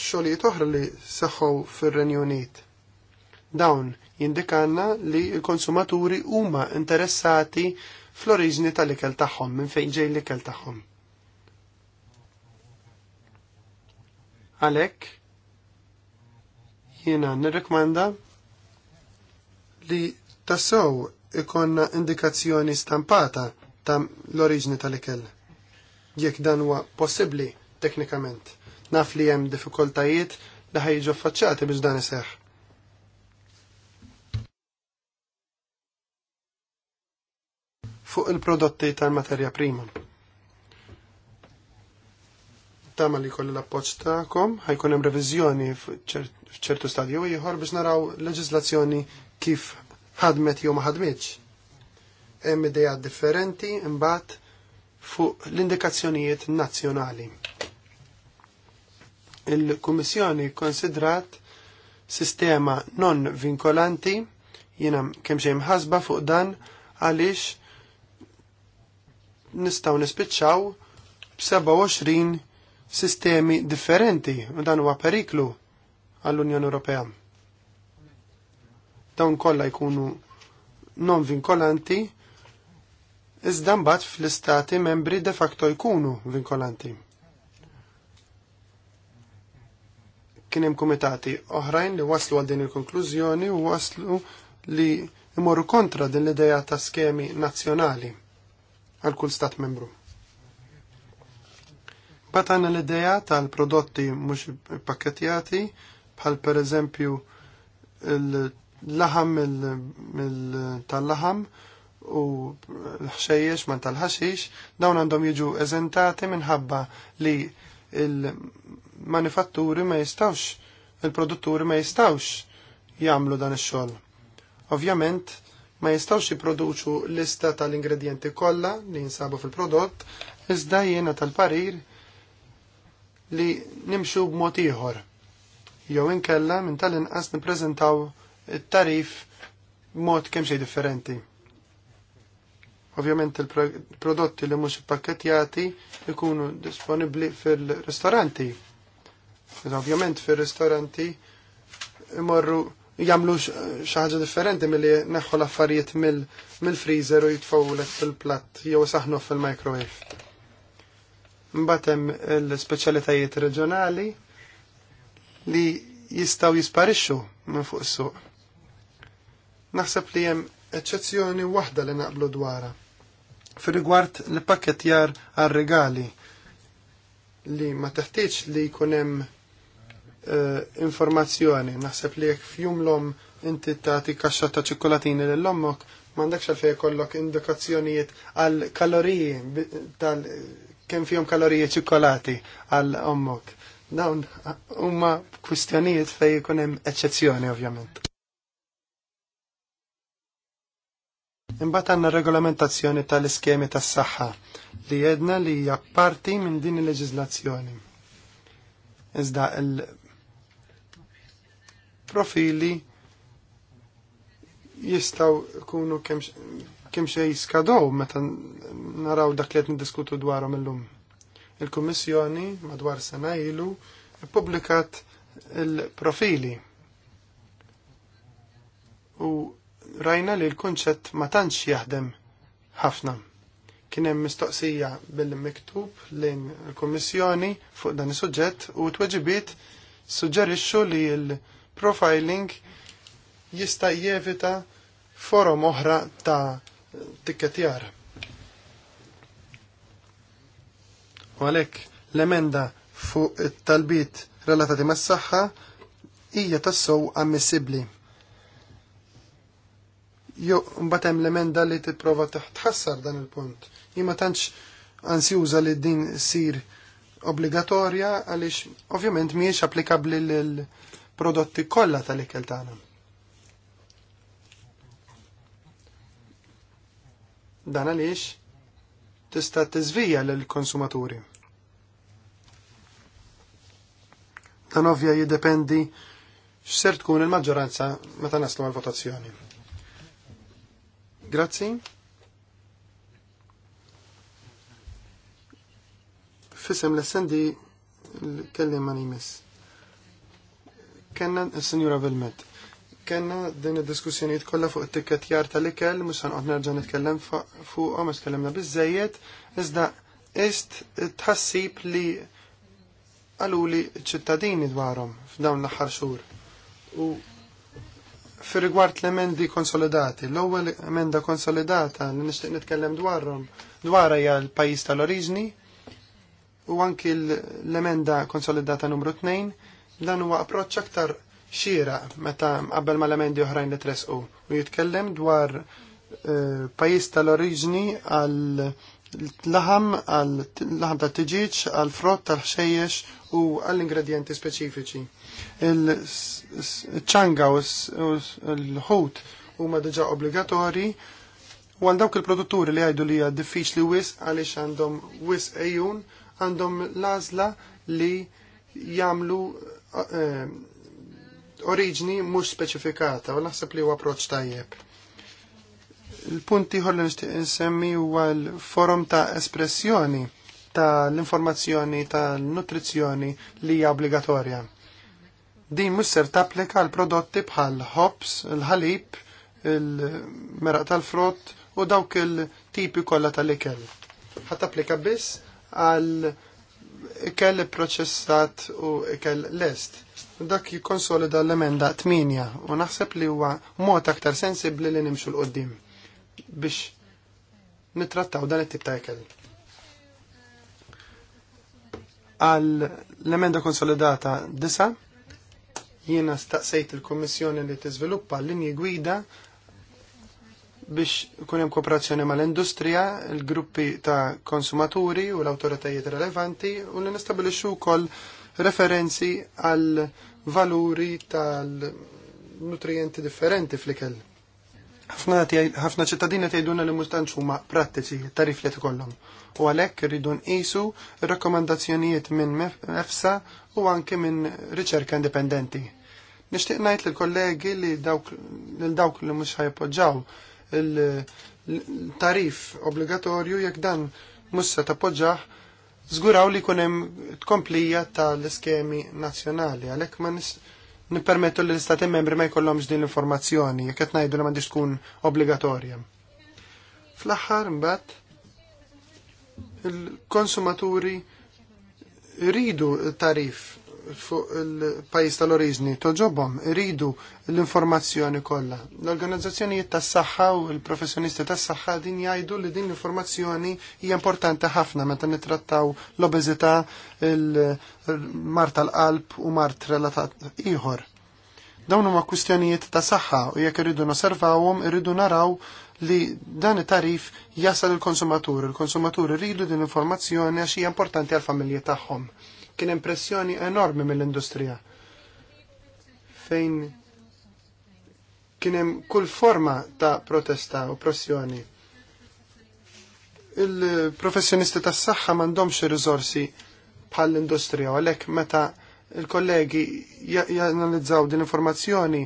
xogħlijiet oħra li seħħu fir-Renju Unit. Dawn jindikanna li l-konsumaturi huma interessati fl-oriġini tal-ikel tagħhom minn fejn ġej l-ikel tagħhom Għalek, jiena nirrekmanda li tassow ikonna indikazzjoni stampata ta' l-oriġni tal-ikel. Jekk dan huwa possibbli teknikament. Naf li hemm diffikultajiet li ħajġu affaċċati biex dan iseħħ. Fuq il-prodotti tal-materja prima nittama li kolli l-appoċ ta'kom, ħajkun hemm reviżjoni f'ċertu stadju ieħor biex naraw leġislazzjoni kif ħadmet jew ma ħadmitx. Hemm idea differenti imbagħad fuq l-indikazzjonijiet nazzjonali. Il-Kummissjoni konsidrat sistema non vinkolanti jiena kemm xejn ħasba fuq dan għaliex nistgħu nispiċċaw b'27 sistemi differenti u dan huwa periklu għall-Unjoni Ewropea. Dawn kollha jkunu non vinkolanti iżda mbagħad fl-istati membri de facto jkunu vinkolanti. Kien hemm kumitati oħrajn li waslu għal din il-konklużjoni u waslu li imorru kontra din l-idea ta' skemi nazzjonali għal kull stat membru. Batana l-ideja tal-prodotti mux pakketjati, bħal per eżempju l-laħam tal-laħam u l-ħxejjex man tal-ħaxix, dawn għandhom jiġu eżentati minħabba li il-manifatturi ma jistawx, il-produtturi ma jistawx jamlu dan ix-xogħol. Ovvjament, ma jistawx jipproduċu lista tal-ingredienti kollha li jinsabu fil-prodott, iżda jiena tal-parir li nimxu b'mod ieħor. Jew inkella minn tal-inqas nippreżentaw it-tarif b'mod kemm xejn differenti. Ovvjament il-prodotti li mhux ippakketjati ikunu disponibbli fil-ristoranti. Ovvjament fil-ristoranti imorru jamlu xaħġa differenti mill-li neħħu l-affarijiet mill-freezer u jitfawlek fil-platt jew saħnu fil-microwave. Mbagħad hemm l-speċjalitajiet reġjonali li jistgħu jisparixxu minn fuq is-suq. Naħseb li hemm eċċezzjoni waħda li naqblu dwarha. Fir-rigward l-pakketjar għar-regali li ma teħtieġ li jkun hemm eh, informazzjoni. Naħseb li jekk fjumlhom inti tagħti kaxxa ta' ċikkolatini lil ommok m'għandekx għalfejn jkollok indikazzjonijiet għal kaloriji tal kemm fihom kalorija ċikolati għal ommok. Dawn huma kwistjonijiet fejn ikun hemm eċċezzjoni ovvjament. Imbagħad għandna regolamentazzjoni tal-iskemi tas-saħħa li jedna li hija parti minn din il-leġiżlazzjoni. Iżda il-profili jistaw kunu kemx kemm xej skadow meta naraw dak li qed niddiskutu dwarhom illum. Il-Kummissjoni madwar sena ilu ippubblikat il-profili u rajna li l-kunċett ma tantx jaħdem ħafna. Kien hemm mistoqsija bil-miktub lejn il-Kummissjoni fuq dan is-suġġett u t suġġerixxu li l-profiling jista' jevita forum oħra ta' tikketjar. U għalhekk l-emenda fuq it-talbit relatati mas-saħħa hija tassew ammissibbli. Jo, mbagħad hemm l-emenda li tipprova tħassar dan il-punt. Jien ma tantx ansjuża li din sir obbligatorja għaliex ovvjament mhijiex applikabbli l prodotti kollha tal-ikel tagħna. Dan għaliex tista' tiżvija lill-konsumaturi. Dan ovvja jiddependi x'ser tkun il-maġġoranza meta naslu mal votazzjoni Grazzi. Fisem l-essendi l-kellim ma' nimis. Kenna s-Sinjura Vilmet kena din id-diskussjonijiet kollha fuq it jar tal-ikel mhux ħanqod nerġa' nitkellem fuqhom għax tkellimna biżejjed, iżda ist tħassib li għaluli ċittadini dwarhom f'dawn l-aħħar xhur. U fir-rigward l-emendi konsolidati, l-ewwel emenda konsolidata li nixtieq nitkellem dwarhom dwar hija l-pajjiż tal-oriġni u anki l-emenda konsolidata numru 2 dan huwa approċċ aktar xira meta qabel ma l-emendi oħrajn li tresqu u jitkellem dwar eh, pajis tal-oriġni għal laħam għal laħam tal tiġiġ għal frott tal-ħxejjex u għall ingredienti speċifiċi. Il-ċanga u l-ħut huma diġà obbligatori u għal dawk il-produtturi li għajdu li hija diffiċli wis għaliex għandhom wis ejjun għandhom l-għażla li jagħmlu eh, oriġni mhux speċifikata u naħseb li huwa approċċ tajjeb. Il-punt ieħor li nixtieq insemmi huwa l-forum ta' espressjoni ta' l-informazzjoni ta' nutrizzjoni li hija obbligatorja. Din mhux ser tapplika għal prodotti bħal hops, il-ħalib, il-meraq tal-frott u dawk il-tipi kollha tal-ikel. Ħat applika biss għal ikel ipproċessat u ikel lest dak jikonsolida l-emenda 8 u naħseb li huwa mod aktar sensibli li nimxu l-qoddim biex nitrattaw dan it-tip ta' ikel. Għal l-emenda konsolidata 9 jiena staqsejt il-Kommissjoni li tiżviluppa linji gwida biex ikun hemm kooperazzjoni mal-industrija, il-gruppi ta' konsumaturi u l-awtoritajiet relevanti u li nistabilixxu wkoll referenzi għal valuri tal-nutrienti differenti fl-ikel. Ħafna ċittadini tgħiduna li mhux tantx huma prattiċi tarif li tkollhom. U għalhekk irridu nqisu rakkomandazzjonijiet minn EFSA u anke minn riċerka indipendenti. Nixtieq ngħid lill-kollegi li dawk lil dawk li mhux ħajpoġġaw il-tarif obbligatorju jekk dan mhux se tappoġġah Zguraw li jkun hemm tkomplija tal-iskemi nazzjonali għalhekk ma nippermettu li l-istati membri ma jkollhomx din l-informazzjoni jekk qed ngħidu li ma tkun obbligatorja. Fl-aħħar mbagħad il-konsumaturi ridu tarif fuq il-pajis tal-oriġni toġobom, iridu l-informazzjoni kollha. L-organizzazzjonijiet tas-saħħa u l-professjonisti tas-saħħa din jgħidu li din l-informazzjoni hija importanti ħafna meta nittrattaw l-obeżità, il-mar tal-qalb u mart relatat ieħor. Dawn huma kwistjonijiet ta' saħħa u jekk irridu nosservawhom irridu naraw li dan it-tarif jasal il-konsumatur. Il-konsumatur irridu din l-informazzjoni għax hija importanti għall-familji tagħhom kien impressjoni enormi mill-industrija fejn kien hemm kull forma ta' protesta u pressjoni. Il-professjonisti tas-saħħa m'għandhomx ir-riżorsi bħall-industrija u għalhekk meta il-kollegi janalizzaw din informazzjoni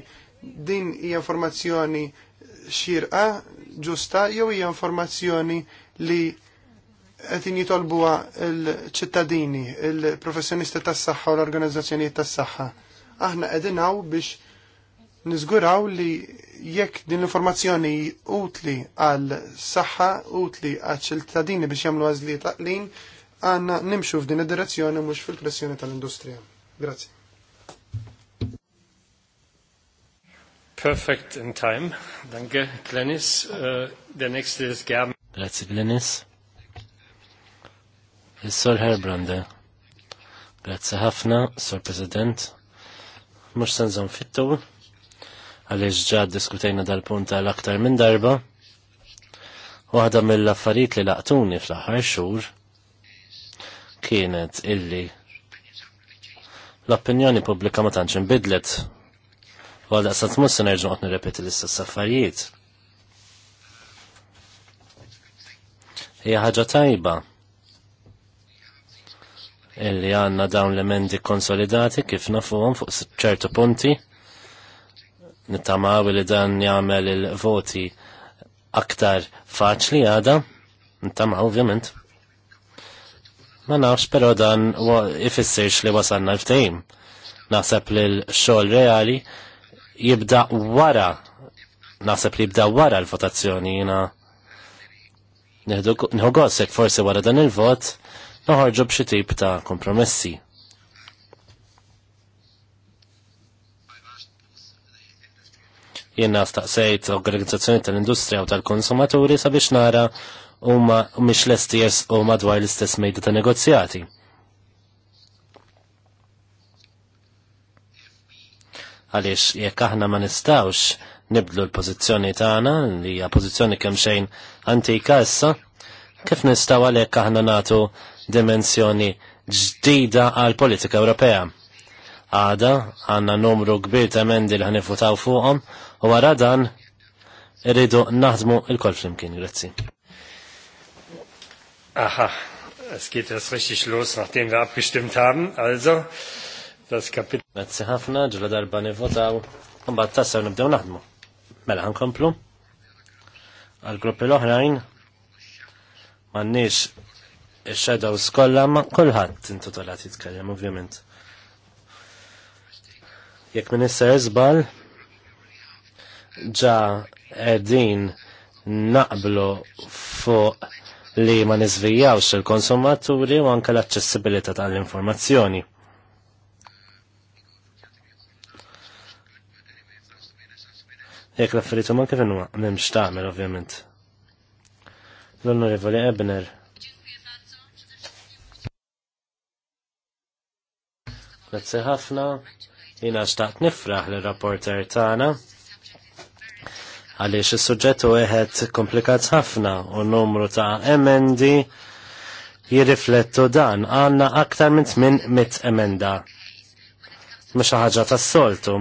din hija informazzjoni xirqa ġusta jew hija informazzjoni li qegħdin jitolbuha l-ċittadini, il-professjonisti tas-saħħa u l-organizzazzjonijiet tas-saħħa. Aħna qegħdin biex niżguraw li jekk din l-informazzjoni utli għal saħħa utli għal ċittadini biex jagħmlu għazli taqlin, għandna nimxu f'din id-direzzjoni mhux fil-pressjoni tal-industrija. Grazzi. Perfect in time. Danke, Glenis. Uh, äh, the next is Gab. Grazie, Glenis. Is-Sur Herbrande. Grazzi ħafna, Sur President. Mux sanżon fit-tul, għaliex ġa dal-punt l aktar minn darba. Waħda mill-affarijiet li laqtuni fl-aħħar xhur kienet illi l-opinjoni pubblika ma tantx inbidlet. Għal daqsat mus nerġgħu qed nirrepeti l-istess affarijiet. Hija ħaġa tajba illi għanna dawn l-emendi konsolidati kif nafuhom fuq ċertu punti. Nittamaw li dan jagħmel il-voti aktar faċli għada, nittamaw ovvjament. Ma nafx però dan ifissirx li wasanna l-ftehim. Naħseb li l-xogħol reali jibda wara naħseb li jibda wara l-votazzjoni jina. Nħu għosek forsi wara dan il-vot, noħarġu b'xi tip ta' kompromessi. Jena staqsejt organizzazzjoni tal-industrija u tal-konsumaturi sabiex nara huma mhix l-estiers u madwar l-istess mejda ta' negozjati. Għaliex jekk aħna ma nistawx nibdlu l-pozizjoni tagħna li hija pożizzjoni kemm xejn antika issa, kif nistaw għalhekk aħna nagħtu dimensjoni ġdida għal politika Ewropea. Għada għanna numru kbir ta' emendi li ħanifutaw fuqhom u wara dan irridu naħdmu il-kol flimkien, grazzi. Aha, es geht erst richtig los, nachdem wir abgestimmt haben, also das Kapitel. Grazzi ħafna, ġla darba nivvotaw, bat tassew nibdew naħdmu. Mela komplu, Għal-gruppi l-oħrajn, m'għandniex il-shadow skolla ma kullħat intotolat jitkellem, ovvjament. Jekk minister Izbal ġa edin naqblu fuq li ma nizvijawx il-konsumaturi u anke l-aċċessibilità tal-informazzjoni. Jekk l-affarijiet ma kif inwa m'hemmx tagħmel ovvjament. L-Onorevoli Ebner. Grazzi ħafna. Jina xtaqt nifraħ li rapporter tagħna għaliex is-suġġett u wieħed komplikat ħafna u numru ta' emendi jirriflettu dan għandna aktar minn tmien mit emenda. Mhux ħaġa tas-soltu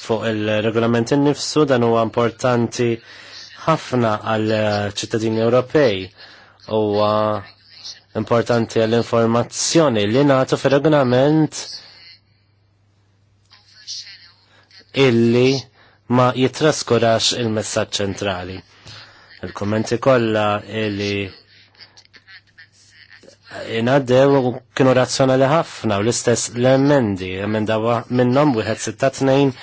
fuq il-regolament innifsu dan huwa importanti ħafna għal ċittadini Ewropej. u importanti għall-informazzjoni li natu fi regolament illi ma jitraskurax il-messaġġ ċentrali. Il-kommenti kollha illi inaddew kienu razzjonali ħafna u l-istess l-emendi minnhom wieħed sitta tnejn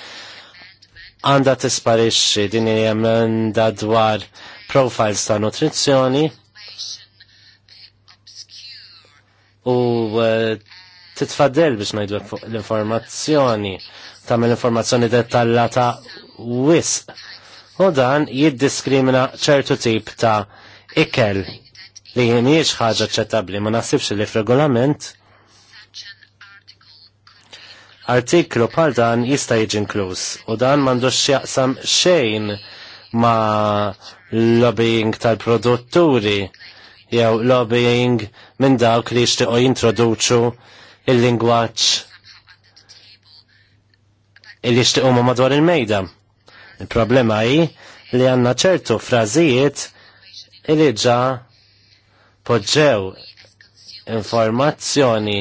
għandha tisparixxi din hija emenda dwar profiles ta' nutrizzjoni u uh, titfadel biex najdu l-informazzjoni, l informazzjoni dettallata wisq. U dan jiddiskrimina ċertu tip ta' ikel li jimiex ħaġa ċettabli, ma nasibx li f-regolament artiklu bħal dan jista' jiġi inkluż u dan m'għandux jaqsam xejn ma' lobbying tal-produtturi jew lobbying minn dawk li jixtiequ jintroduċu il-lingwaġġ li jixtiequ ma madwar il-mejda. Il-problema hi li għandna ċertu frażijiet li ġa poġġew informazzjoni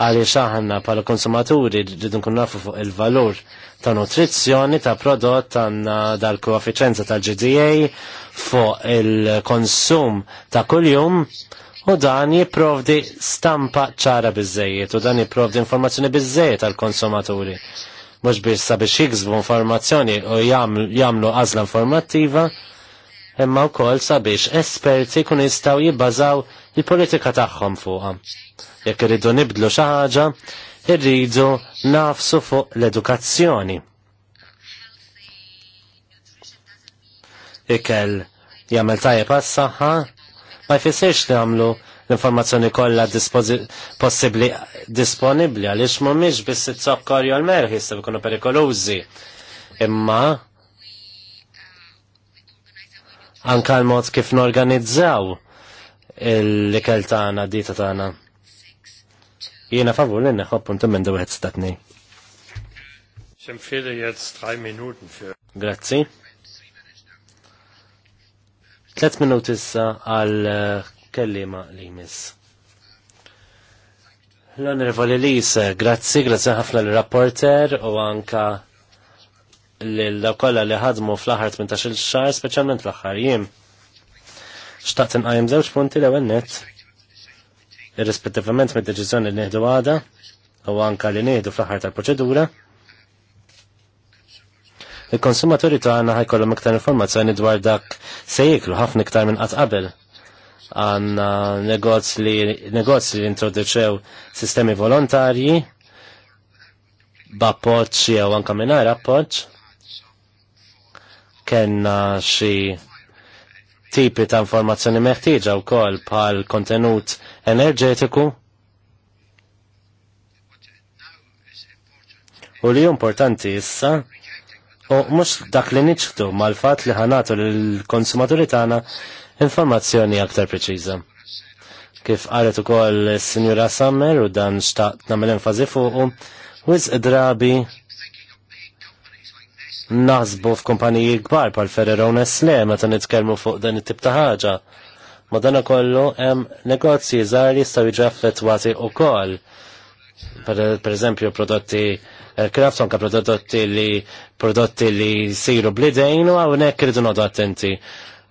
għaliex aħna pala konsumaturi rridu nkun nafu fuq il-valur ta' nutrizzjoni ta' prodott għandna dal-koeffiċenza tal-GDA fuq il-konsum ta' kuljum u dan jipprovdi stampa ċara bizzejiet, u dan jipprovdi informazzjoni bizzejiet għal konsumaturi mhux biex sabiex jiksbu informazzjoni u jagħmlu għażla informattiva imma wkoll sabiex esperti kun jistgħu jibbażaw il-politika tagħhom fuqha. Jekk irridu nibdlu xi ħaġa, irridu nafsu fuq l-edukazzjoni. Ikel jagħmel tajjeb għas-saħħa, ma jfissirx li għamlu l-informazzjoni kollha possibbli disponibbli għaliex mhumiex biss it-sokkor jew l-merħ jistgħu jkunu perikolużi. Imma anka l-mod kif norganizzaw l-ikel tagħna dita tagħna. Jiena favur li neħob punt minn dewħed statni. Grazzi. Tlet minuti issa għal eh, kellima li jmiss. L-onorevoli Lis, grazzi, grazzi ħafna l-rapporter u anka l-kolla li ħadmu fl-ħar 18 xar, specialment fl-ħar jiem. Xtaqt nqajem zewċ punti l net irrispettivament d deċiżjoni li nieħdu għada u anka li nieħdu fl-ħar tal-proċedura il-konsumaturi tagħna ħajkollhom iktar informazzjoni dwar dak se jiklu ħafna iktar minn qatt qabel għanna negozji li li introduċew sistemi volontarji b'appoġġ jew anke mingħajr appoġġ kellna xi tipi ta' informazzjoni meħtieġa wkoll bħal kontenut enerġetiku U li importanti issa u mux dak li niċtu mal-fat li ħanatu l-konsumaturi tagħna informazzjoni aktar preċiża. Kif qalet ukoll is-Sinjura Summer u dan xtaqt nagħmel enfasi fuq wis drabi naħsbu f'kumpaniji kbar pal Ferrero ma meta nitkellmu fuq dan it-tip ta' ħaġa. Madonna kollu hemm negozji żgħar jistgħu jiġu affettwati wkoll. Per, per eżempju prodotti aircraft, eh, anka prodotti li prodotti li siru blidejn u għawnek rridu nodu attenti.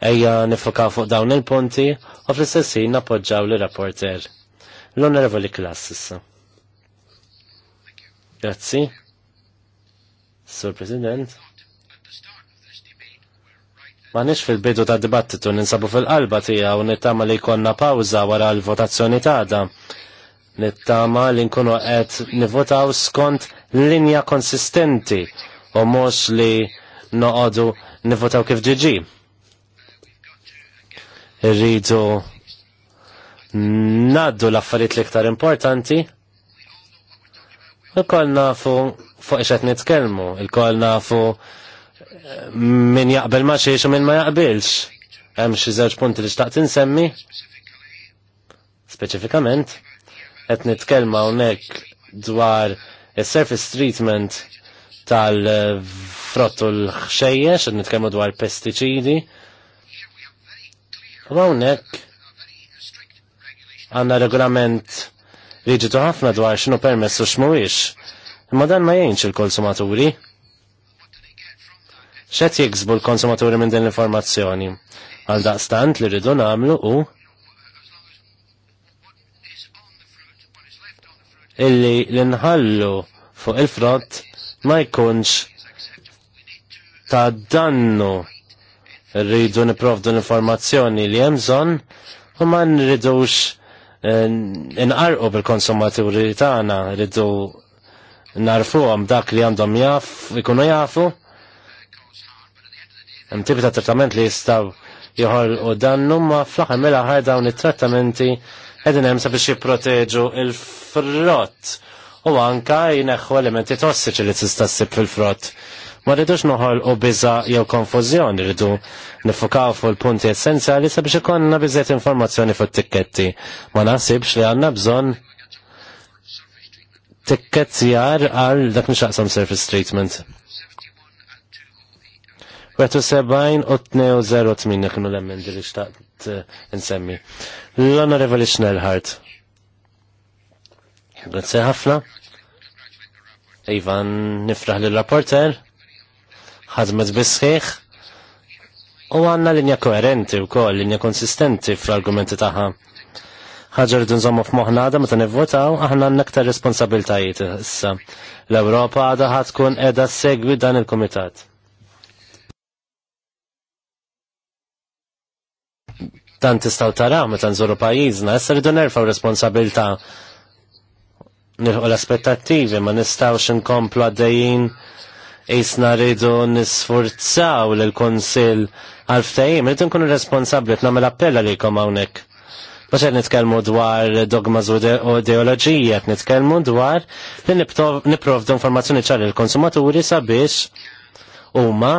Ejja nifokaw fuq dawn il-punti u fl-istessin napoġġaw li rapporter. L-onorevoli klass Grazzi. Sur President. Ma nix fil-bidu ta' dibattitu ninsabu fil-qalba tija u nittama li konna pawza wara l-votazzjoni ta' da nittama li nkunu qed nivotaw skont linja konsistenti u mhux li noqogħdu nivotaw kif ġiġi. Irridu naddu l-affarijiet l-iktar importanti il-koll nafu fuq iċet nitkellmu, il-koll nafu eh, min jaqbel ma u min ma jaqbilx. Hemm xi żewġ punti li xtaqt insemmi? Speċifikament qed nitkellma hawnhekk dwar is-surface treatment tal-frottu l-ħxejjex, qed nitkellmu dwar pestiċidi. U hawnhekk għandna regolament riġitu ħafna dwar x'inhu permess u x'mhuwiex. Imma dan ma jgħinx il-konsumaturi. X'qed jiksbu l-konsumaturi minn din l-informazzjoni? Għal daqstant li rridu nagħmlu u illi l-inħallu fuq il-frott ma jkunx ta' dannu rridu niprofdu l-informazzjoni li jemżon u ma nridux eh, inqarqu bil-konsumaturi tagħna rridu narfuhom dak li għandhom jaf ikunu jafu. Hemm tipi ta' trattament li jistgħu joħolqu dannu ma fl-aħħar mela aħħar dawn it-trattamenti edin hemm sabiex jipproteġu il-frott u anka jneħħu elementi tossiċi li tista' ssib fil-frott. Ma rridux noħol u biża jew konfużjoni rridu nifukaw fuq il-punti essenzjali sabiex ikonna biżiet informazzjoni fuq tikketti. Ma naħsibx li għandna bżonn tikkettjar għal dak nixaqsam surface treatment. Wetu 71 u 208 kienu l-emmendi li xtaqt xtaqt eh, insemmi. L-Honorable Schnellhardt. Grazie ħafna. Ivan nifraħ l-rapporter. Ħadmet bisħiħ. U għanna linja koerenti u kol, linja konsistenti fl-argumenti taħħa. ħagġar dunżommu f'moħna għada meta nivvotaw, aħna għandna ktar responsabiltajiet issa. l għadha għada ħatkun edha segwi dan il-komitat. Dan tistaw taraw meta nżuru pajjiżna, issa rridu nerfaw responsabilità nilħu l-aspettattivi, ma nistawx nkomplu għaddejjin jisna rridu nisforzaw l-Konsil għal ftehim rridu nkunu responsabli, t-namel appella li hawnhekk. għawnek. Baċet nitkelmu dwar dogmas u ideologija, nitkelmu dwar li niprovdu informazzjoni ċar il konsumaturi sabiex huma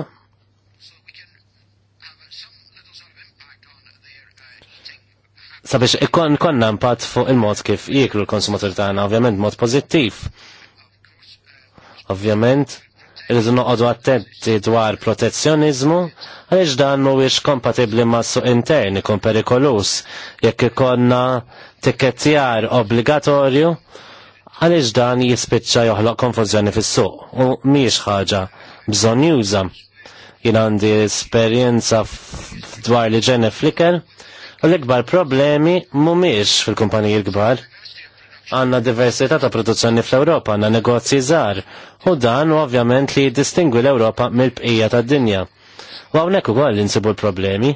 sabiex ikon konna impatt fuq il-mod kif jiklu l-konsumatur tagħna, ovvjament mod pożittiv. Ovvjament, irridu noqogħdu attenti dwar protezzjonizmu għaliex dan mhuwiex kompatibbli ma' suq intern ikun perikolus jekk ikonna tikkettjar obbligatorju għaliex dan jispiċċa joħloq konfużjoni fis-suq u mhijiex ħaġa bżonn juża. Jien għandi esperjenza dwar li ġene flikker, L-ikbar problemi mumiex fil-kumpaniji l-kbar. Għanna diversità ta' produzzjoni fl-Ewropa, għanna negozji żgħar u dan ovvjament li distingwi l-Ewropa mill-bqija tad-dinja. U hawnhekk ukoll insibu l-problemi.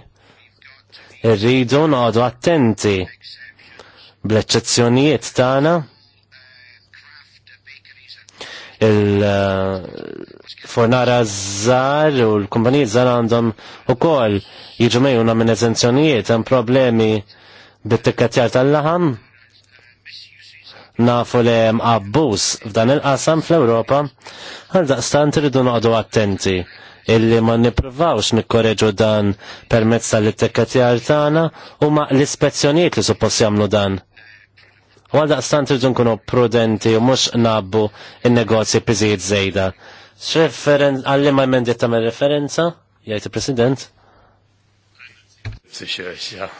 Irridu noqogħdu attenti bl-eċċezzjonijiet tagħna il-fornara uh, żar u l kumpanijiet żar għandhom ukoll jiġu jġumejuna minn eżenzjonijiet hemm problemi bit-tikkatjar tal-laħam nafu li hemm abbuż f'dan il-qasam fl-Ewropa għal daqstant irridu noqogħdu attenti illi ma nippruvawx nikkoreġu dan permezz tal-tikkatjar tagħna u ma l-ispezzjonijiet li suppost jagħmlu dan U għal daqstant irdu nkunu prudenti u mux nabbu il-negozji pizijiet zejda. Xreferen, Għalli ma jmendi tamer referenza, jgħajt il-President? Ah.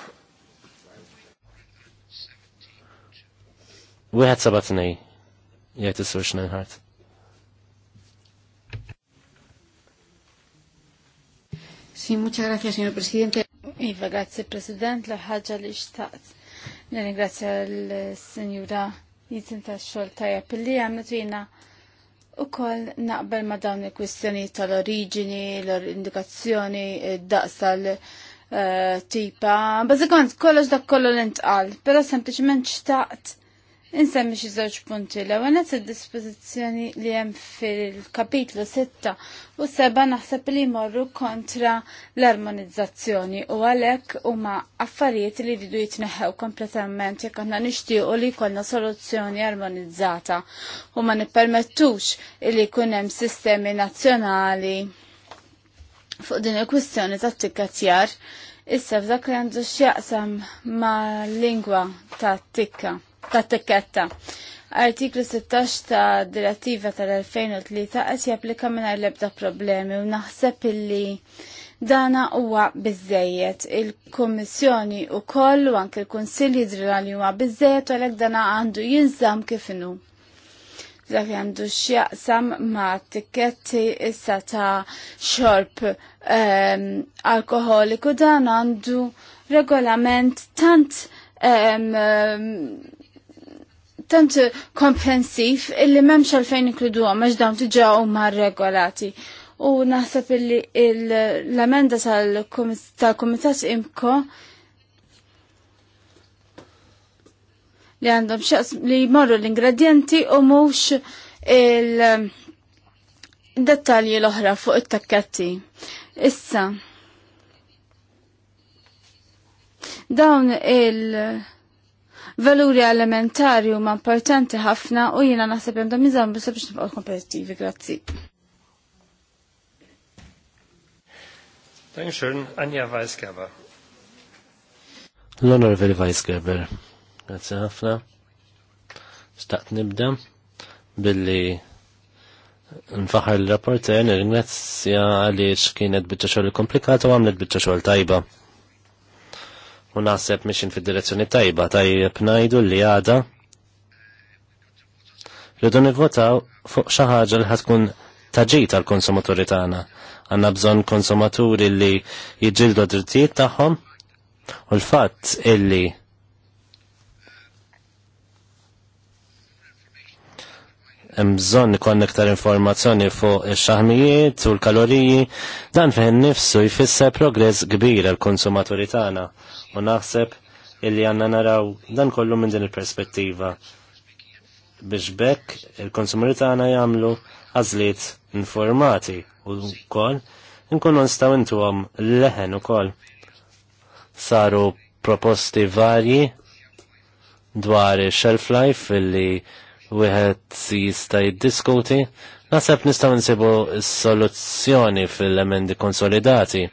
Wieħed sabat nej, jgħajt il-Sur ħart. Sì, muchas gracias, signor Presidente. Iva, grazie President, la ħagġa li xtaqt Nirringrazzja l-Sinjura jitim tax xol tajab li għamlet jina u koll naqbel ma dawn il-kwistjoni tal-oriġini, l-indikazzjoni, id-daqs tal-tipa. Bazzikant, kollox dak kollu l-intqal, pero sempliciment xtaqt Insemmi xi żewġ punti l-ewwel id-dispożizzjoni li hemm fil-kapitlu 6 u 7 naħseb li jmorru kontra l-armonizzazzjoni u għalhekk huma affarijiet li jridu jitneħħew kompletament jekk aħna nixtiequ li jkollna soluzzjoni armonizzata u ma nippermettux li jkun hemm sistemi nazzjonali fuq din il-kwistjoni tat-tikkatjar issa f'dak li għandu x'jaqsam ma' lingwa tat-tikka ta' tikketta. Artiklu 16 ta' direttiva tal-2003 qed japplika mingħajr l-ebda problemi u naħseb illi dana huwa biżejjed. Il-Kummissjoni wkoll u anke l-Kunsill jidrilha li huwa biżejjed u għalhekk dana għandu jinżamm kif inhu. Dak għandu x'jaqsam ma' tikketti issa ta' xorb um, alkoholiku dan għandu regolament tant um, um, tant komprensif illi memx għalfejn ikludu għom, għax dawn tiġa u regolati. U naħseb illi l-amenda tal-komitat imko li għandhom xaqs li jmorru l-ingredienti u mux il-dettalji l-oħra fuq it-takketti. Issa, dawn il- valuri elementari u importanti ħafna u jina naħseb għandhom iżgħu biss biex nibqgħu kompetittivi. Grazzi. Dankeschön, Anja Weisgerber. L-Honorable Weisgerber, grazie ħafna. Staqt nibda billi nfaħar l-rapporter, n-ringrazzja għaliex kienet bitċa xogħol komplikata u għamlet bitċa xogħol tajba u naħseb mixin fid-direzzjoni tajba tajjeb najdu li għada rridu nivvotaw fuq xi ħaġa li ħatkun taġit għal konsumaturi tagħna. Għanna bżonn konsumaturi li jġildu drittijiet tagħhom u l-fatt illi hemm bżonn ikun iktar informazzjoni fuq ix-xaħmijiet u l-kaloriji dan fejn nifsu jfisser progress kbir għal konsumaturi tagħna U naħseb illi għanna naraw dan kollu minn din il-perspettiva biex bekk il-konsumeri tagħna jagħmlu għażliet informati u wkoll nkunu nistgħu għom leħen ukoll. Saru proposti varji dwar shelf life illi wieħed jista' jiddiskuti, naħseb nistgħu nsibu s-soluzzjoni fil-emendi konsolidati.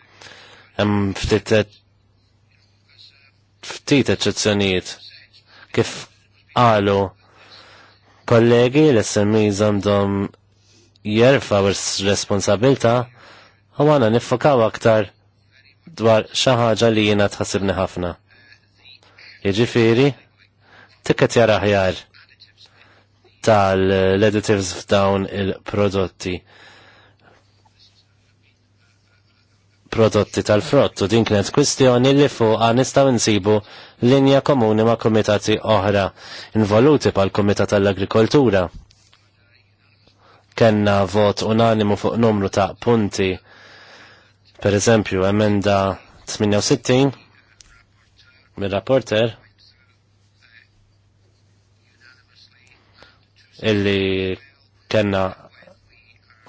Hemm ftit ftit eċċezzjonijiet kif qalu kollegi l-SMEs għandhom jerfaw responsabilta u għana nifokaw aktar dwar xaħġa li jena tħassibni ħafna. Jiġifiri, tikket jara ħjar tal editives f'dawn il-prodotti prodotti tal-frott u din kienet kwistjoni li fuqa nistgħu nsibu linja komuni ma' komitati oħra involuti pal komitat tal-agrikoltura. Kenna vot unanimu fuq numru ta' punti per eżempju emenda 68 mir-rapporter illi kena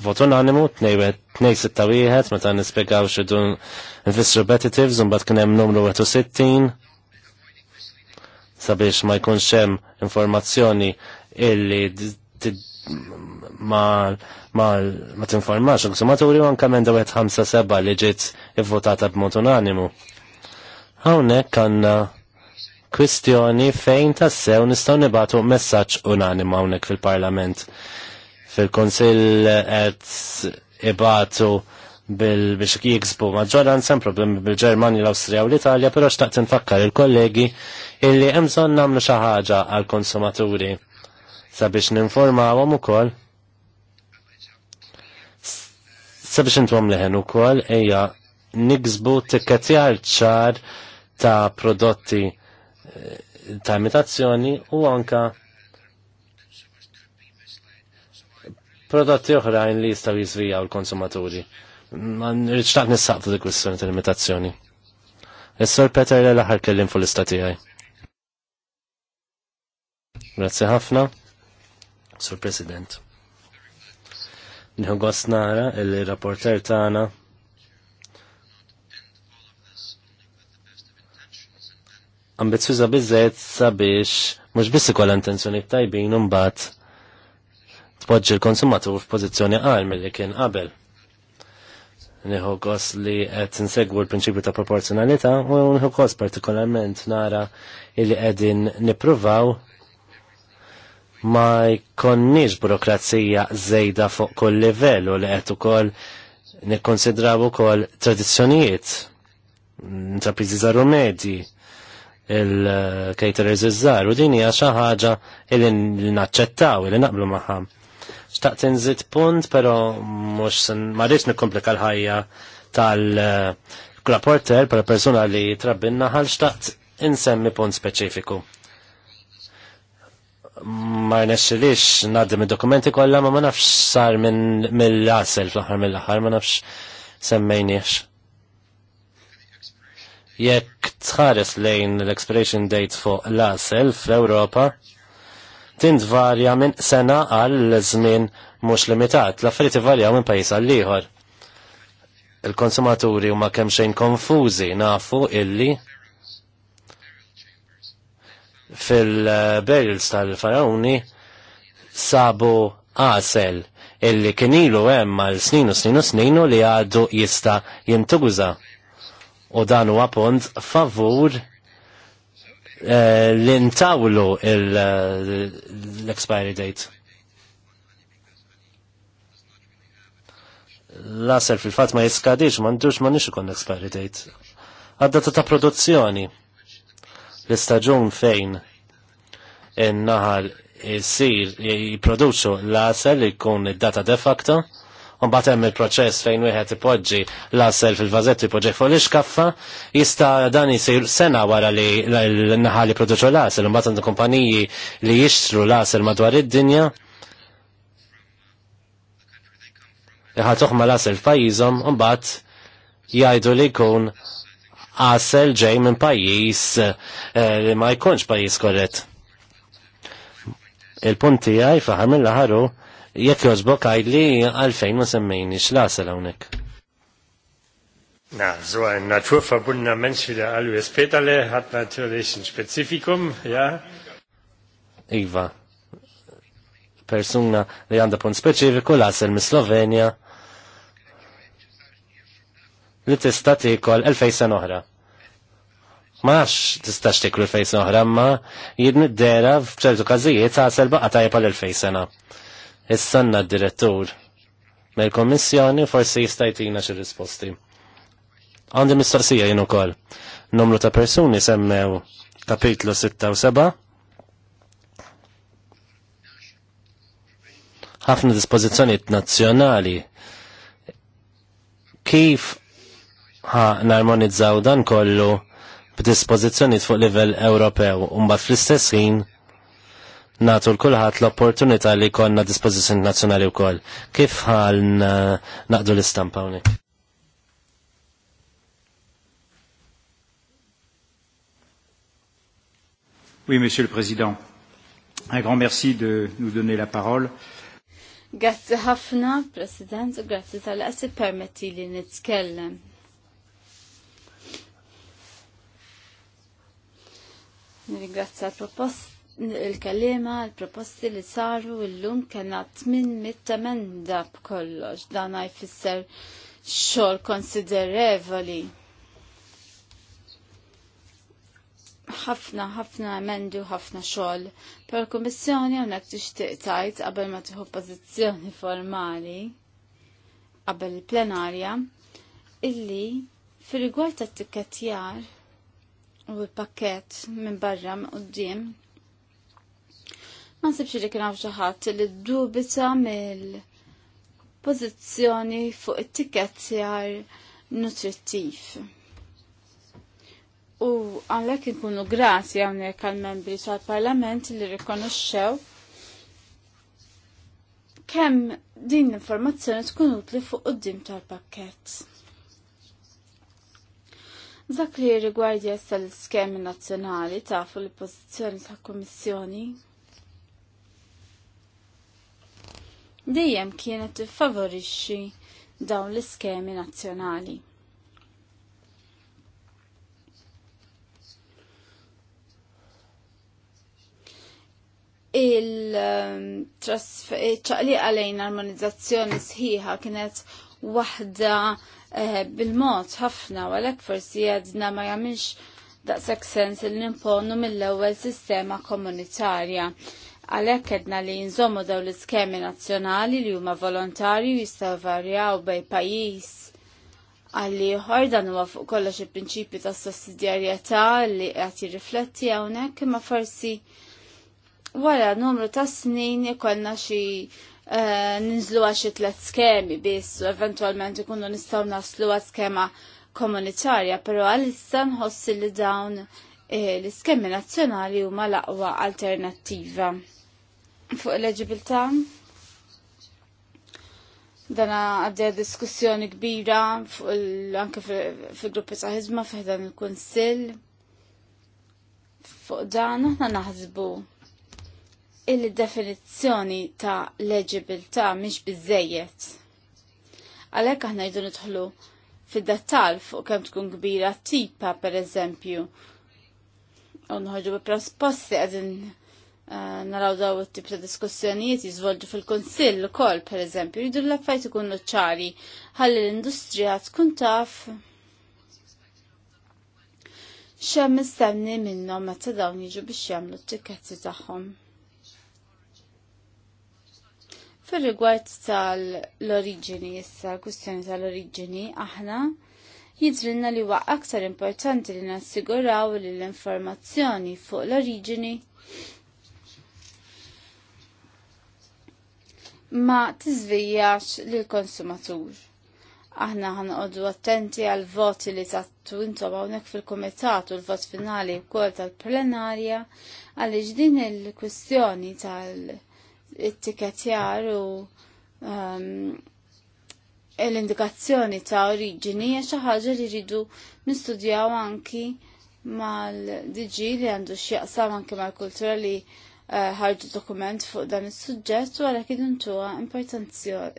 vot unanimu wieħed meta nispjegaw x'idu nfissru repetitives u mbagħad kien hemm numru 60 sabiex ma jkunx hemm informazzjoni illi ma ma tinformax il-konsumaturi u anka minn dawet 5-7 li ġiet ivvotata b'mod unanimu. Hawnhekk għandna kwistjoni fejn tassew nistgħu nibatu messaġġ unanimu hawnhekk fil-Parlament fil-konsil qed ibatu bil biex jiksbu sem problemi bil-Ġermani, l austria u l-Italja, però xtaqt nfakkar il-kollegi illi hemm namlu nagħmlu xi ħaġa għall konsumaturi sabiex u ukoll sabiex intom leħen ukoll ejja niksbu tikketjar ċar ta' prodotti eh, ta' imitazzjoni u anka prodotti oħrajn li jistaw jizvijaw l-konsumaturi. Ma nirriċ taqt nissaqtu dik kwistjoni ta' limitazzjoni. Is-sor Peter l-aħħar kellim fuq l-istati għaj. Grazzi ħafna, Sur President. Nħu nara il-rapporter tagħna ambizjuża biżejt sabiex mhux biss ikolla intenzjoni tajbin u tpoġġi l-konsumatur f'pożizzjoni qal milli kien qabel. Nieħu gost li qed insegwu l-prinċipju ta' proporzjonalità u nieħu gost partikolarment nara illi qegħdin nippruvaw ma jkonniex burokrazija żejda fuq kull livell u li qed ukoll nikkonsidraw ukoll tradizzjonijiet intrapriżi żaru medji il-caterers iż-żar u din hija xi ħaġa li naċċettaw illi naqblu magħha. Xtaqt inżid punt, pero mux ma rridx nikkomplika l-ħajja tal-rapporter, per persuna li trabbinna ħal xtaqt insemmi punt speċifiku. Ma rnexxilix naddim id-dokumenti kollha ma ma nafx sar minn mill-asel fl-aħħar mill-aħħar ma nafx semmejniex jekk tħares lejn l-expiration date fuq l-asel fl-Europa, tintvarja minn sena għal żmien mhux limitat. L-affarijiet ivarjaw minn pajjiż għal ieħor. Il-konsumaturi huma kemm xejn konfużi nafu illi fil barrels tal-farawni sabu għasel illi kienilu hemm għal snin u snin u snin li għadu jista jintuguza. U dan huwa punt favur li ntawlu l-expiry date. Laser fil-fat ma jiskadix, mandux ma nix ikon expiry date. Għaddata ta' produzzjoni. L-istagġun fejn in-naħal jisir jiproduċu laser li jkun id-data de facto bat hemm il-proċess fejn wieħed ipoġġi l-asel fil-vażett ipoġġi fuq l-iskaffa, jista' dan jsir sena wara li l-naħa li produċu l-asel, imbagħad għandu kumpaniji li jixtru l-asel madwar id-dinja. Iħatuh ma l-asel f'pajjiżhom, imbagħad jgħidu li jkun asel ġej minn pajjiż eh, li ma jkunx pajjiż korrett. Il-punti għaj faħam il-ħaru jekk jogħġbok għajli għalfejn ma semmejniex l-asel Na, so ein naturverbundener Mensch wie der Alois Peterle hat natürlich ein Spezifikum, ja? Iva, persuna li għanda punt speċifiku l-asel mis Slovenja li tista' tikol elfej sena oħra. Max tistax tiklu l-fejn oħra, ma jidmiddera f'ċertu każijiet għasel baqa tajba l-elfej sena. Issanna d-direttur mill-Kommissjoni forsi jistajtina xi risposti. Għandi mistoqsija jien ukoll. Numru ta' persuni semmew kapitlu 6 u 7. Ħafna dispożizzjonijiet nazzjonali kif ħa narmonizzaw dan kollu b'dispożizzjonijiet fuq livell Ewropew u mbagħad fl-istess ħin natu l-kulħat l-opportunità li konna dispozizjon nazjonali u koll. Kif għal naqdu l-istampa unik? Oui, Monsieur le Président. Un grand merci de nous donner la parole. Grazie ħafna, President, u grazie tal-qasi permetti li nitkellem. Nirringrazzja proposta il-kalima, il-proposti li saru il-lum kena mit emenda b'kollox, dan jfisser xol konsiderevoli. ħafna ħafna emendi u ħafna xogħol. Per kummissjoni hawnhekk tixtieq tajt qabel ma tieħu pożizzjoni formali qabel il-plenarja illi fir-rigward tat-tikketjar u l-pakkett minn barra qudiem ma nsibx li kien hawn xi ħadd li ddubita mill-pożizzjoni fuq it-tikketjar nutrittiv. U għalhekk inkunu grazi hawnhekk għall-membri tal-Parlament li rikonoxxew kemm din l-informazzjoni tkun utli fuq qudiem tal-pakkett. Dak li rigwardja issa l-iskemi nazzjonali tafu l-pożizzjoni tal komissjoni dejjem kienet tiffavorixxi dawn l-iskemi nazzjonali. il-ċaqli ehm, eh, għalejn armonizzazzjoni sħiħa kienet waħda eh, bil-mod ħafna għalek forsi għedna ma jamilx daqsak sens il-nimponu mill-ewel sistema komunitarja. Għalhekk edna li nżommu daw l-iskemi nazzjonali li huma volontarju jistgħu varjaw bej pajjiż għalli ieħor dan huwa fuq kollox il-prinċipju ta' sussidjarjetà li qed jirrifletti hawnhekk imma forsi wara numru ta' snin ikollna xi eh, ninżluha xi tliet skemi biss u eventwalment ikunu nistgħu naslu skema komunitarja, però għalissa nħossi li dawn E, l-iskemmi nazzjonali huma l-aqwa alternattiva. Fuq l-eġibilta dana għaddeja diskussjoni kbira anke fil-gruppi saħizma ħizma fiħdan il-Kunsill. Fuq dan aħna naħsbu il-definizzjoni ta' leġibilta mhix biżejjed. Għalhekk aħna jdu nidħlu fid-dettal fuq kemm tkun kbira tipa per eżempju unħoġu bi prasposti għadin eh, naraw daw it-tip ta' diskussjonijiet jizvolġu fil-konsill ukoll, per eżempju, jridu l-affajt ikunu ċari, ħalli l-industrija tkun taf xem mistenni minnhom meta dawn jiġu biex jagħmlu t-tikketti tagħhom. fil rigward tal-oriġini issa, l tal-oriġini, aħna jidrilna li huwa aktar importanti li nassiguraw li l-informazzjoni fuq l-oriġini ma tiżvijax l konsumatur. Aħna ħanqodu attenti għal voti li tattu intom hawnhekk fil-kumitat u l-vot finali wkoll tal-plenarja għaliex din il-kwistjoni tal-ittiketjar u um, l-indikazzjoni ta' oriġini hija xi ħaġa li jridu nistudjaw anki mal-diġi li għandu x'jaqsam anki mal-kultura li eh, ħarġu dokument fuq dan is-suġġett u għalhekk iduntuha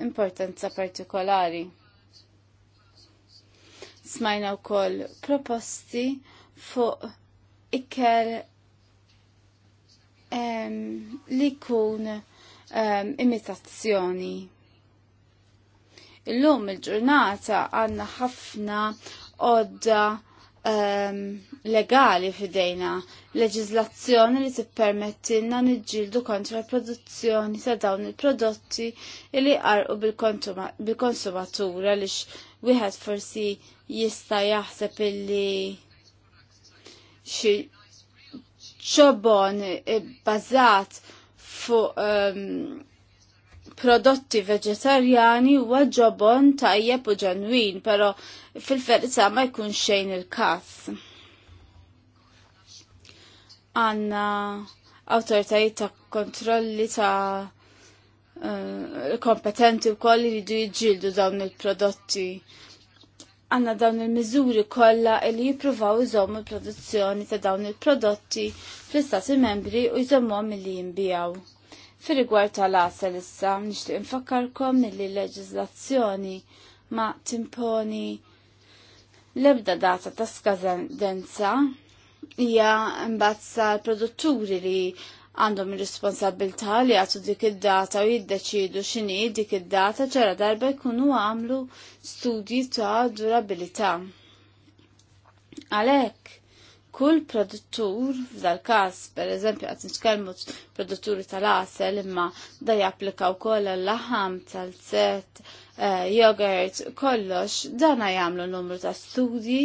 importanza partikolari. Smajna wkoll proposti fuq ikel li jkun um, imitazzjoni Illum il-ġurnata għanna ħafna odda um, ehm, legali fidejna, leġizlazzjoni li tippermettilna niġġieldu kontra l-produzzjoni ta' dawn il-prodotti li għarqu bil-konsumatura bil lix wieħed forsi jista' jaħseb illi xi ċobon bbażat fuq um, prodotti veġetarjani huwa ġobon tajjeb u ġenwin, pero fil-verità ma jkun xejn il-każ. Għanna autoritajiet ta' kontrolli ta' eh, kompetenti u koll li jġildu dawn il-prodotti. Għanna dawn il-mizuri kolla li jipruvaw jżommu il produzzjoni ta' dawn il-prodotti fl-istati membri u jżommom li jimbijaw fir rigward tal-asel issa, nixtieq infakkarkom li l-leġiżlazzjoni ma timponi l-ebda data ta' skadenza hija mbagħad sal-produtturi li għandhom ir-responsabilità li għatu dik id-data u jiddeċidu x'inhi dik id-data ġara darba jkunu għamlu studji ta' durabilità. Għalhekk kull produttur, f'dal każ per eżempju qed nitkellmu produtturi tal-asel imma da japplika wkoll għall-laħam tal-set, jogurt, eh, kollox, dana jagħmlu numru ta' studji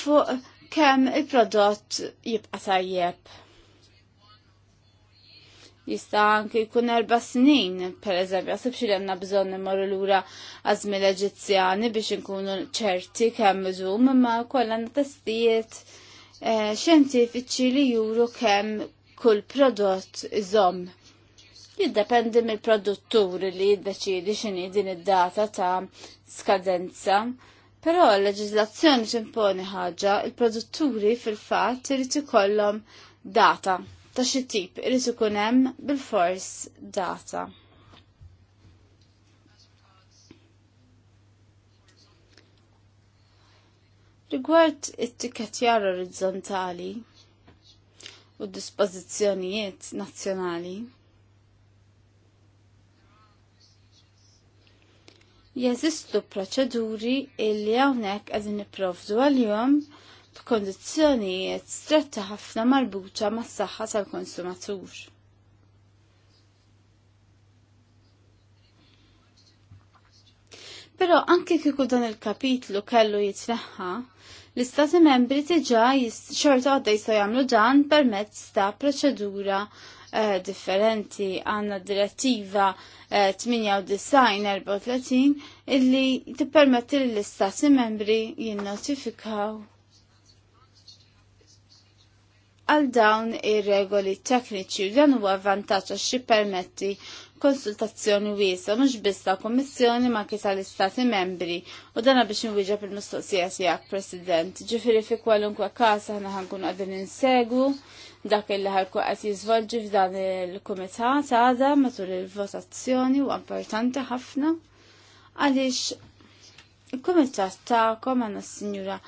fuq kemm il-prodott jibqa' tajjeb jista' anke jkun erba' snin, pereżempju, għasib xi għandna bżonn immorru lura għażmil Eġizzjani biex inkunu ċerti kemm iżum, imma kollha testijiet eh, xjentifiċi li juru kemm kull prodott iżomm. Jiddependi mill-produttur li jiddeċidi x'inhi din id-data ta' skadenza. Però l-leġizlazzjoni timponi ħaġa, il-produtturi fil-fatt irid ikollhom data ta' xi tip irid ikun hemm bil-fors data. Rigward it-tikketjar orizzontali u d dispożizzjonijiet nazzjonali, jeżistu proċeduri illi hawnhekk qegħdin nipprovdu għalihom b'kondizzjonijiet stretta ħafna marbuta mas-saħħa tal-konsumatur. Però anke kieku dan il-kapitlu kellu jitreħħa, l-istati membri tiġa xorta għadda jistaw jagħmlu dan permezz ta' proċedura eh, differenti għanna direttiva eh, 98-34 illi tippermetti l-istati membri jinnotifikaw għal dawn ir-regoli tekniċi u dan huwa vantaġġ għax permetti konsultazzjoni wiesa mhux biss ta' kummissjoni ma kisa l-istati membri u dana biex nwieġeb il-mistoqsija tiegħek President. Ġifieri fi kwalunkwe każ aħna ħankun qegħdin insegwu dak il ħarku qed jiżvolġi f'dan il-kumitat għada matul il-votazzjoni u importanti ħafna għaliex il-kumitat tagħkom għandna s-Sinjura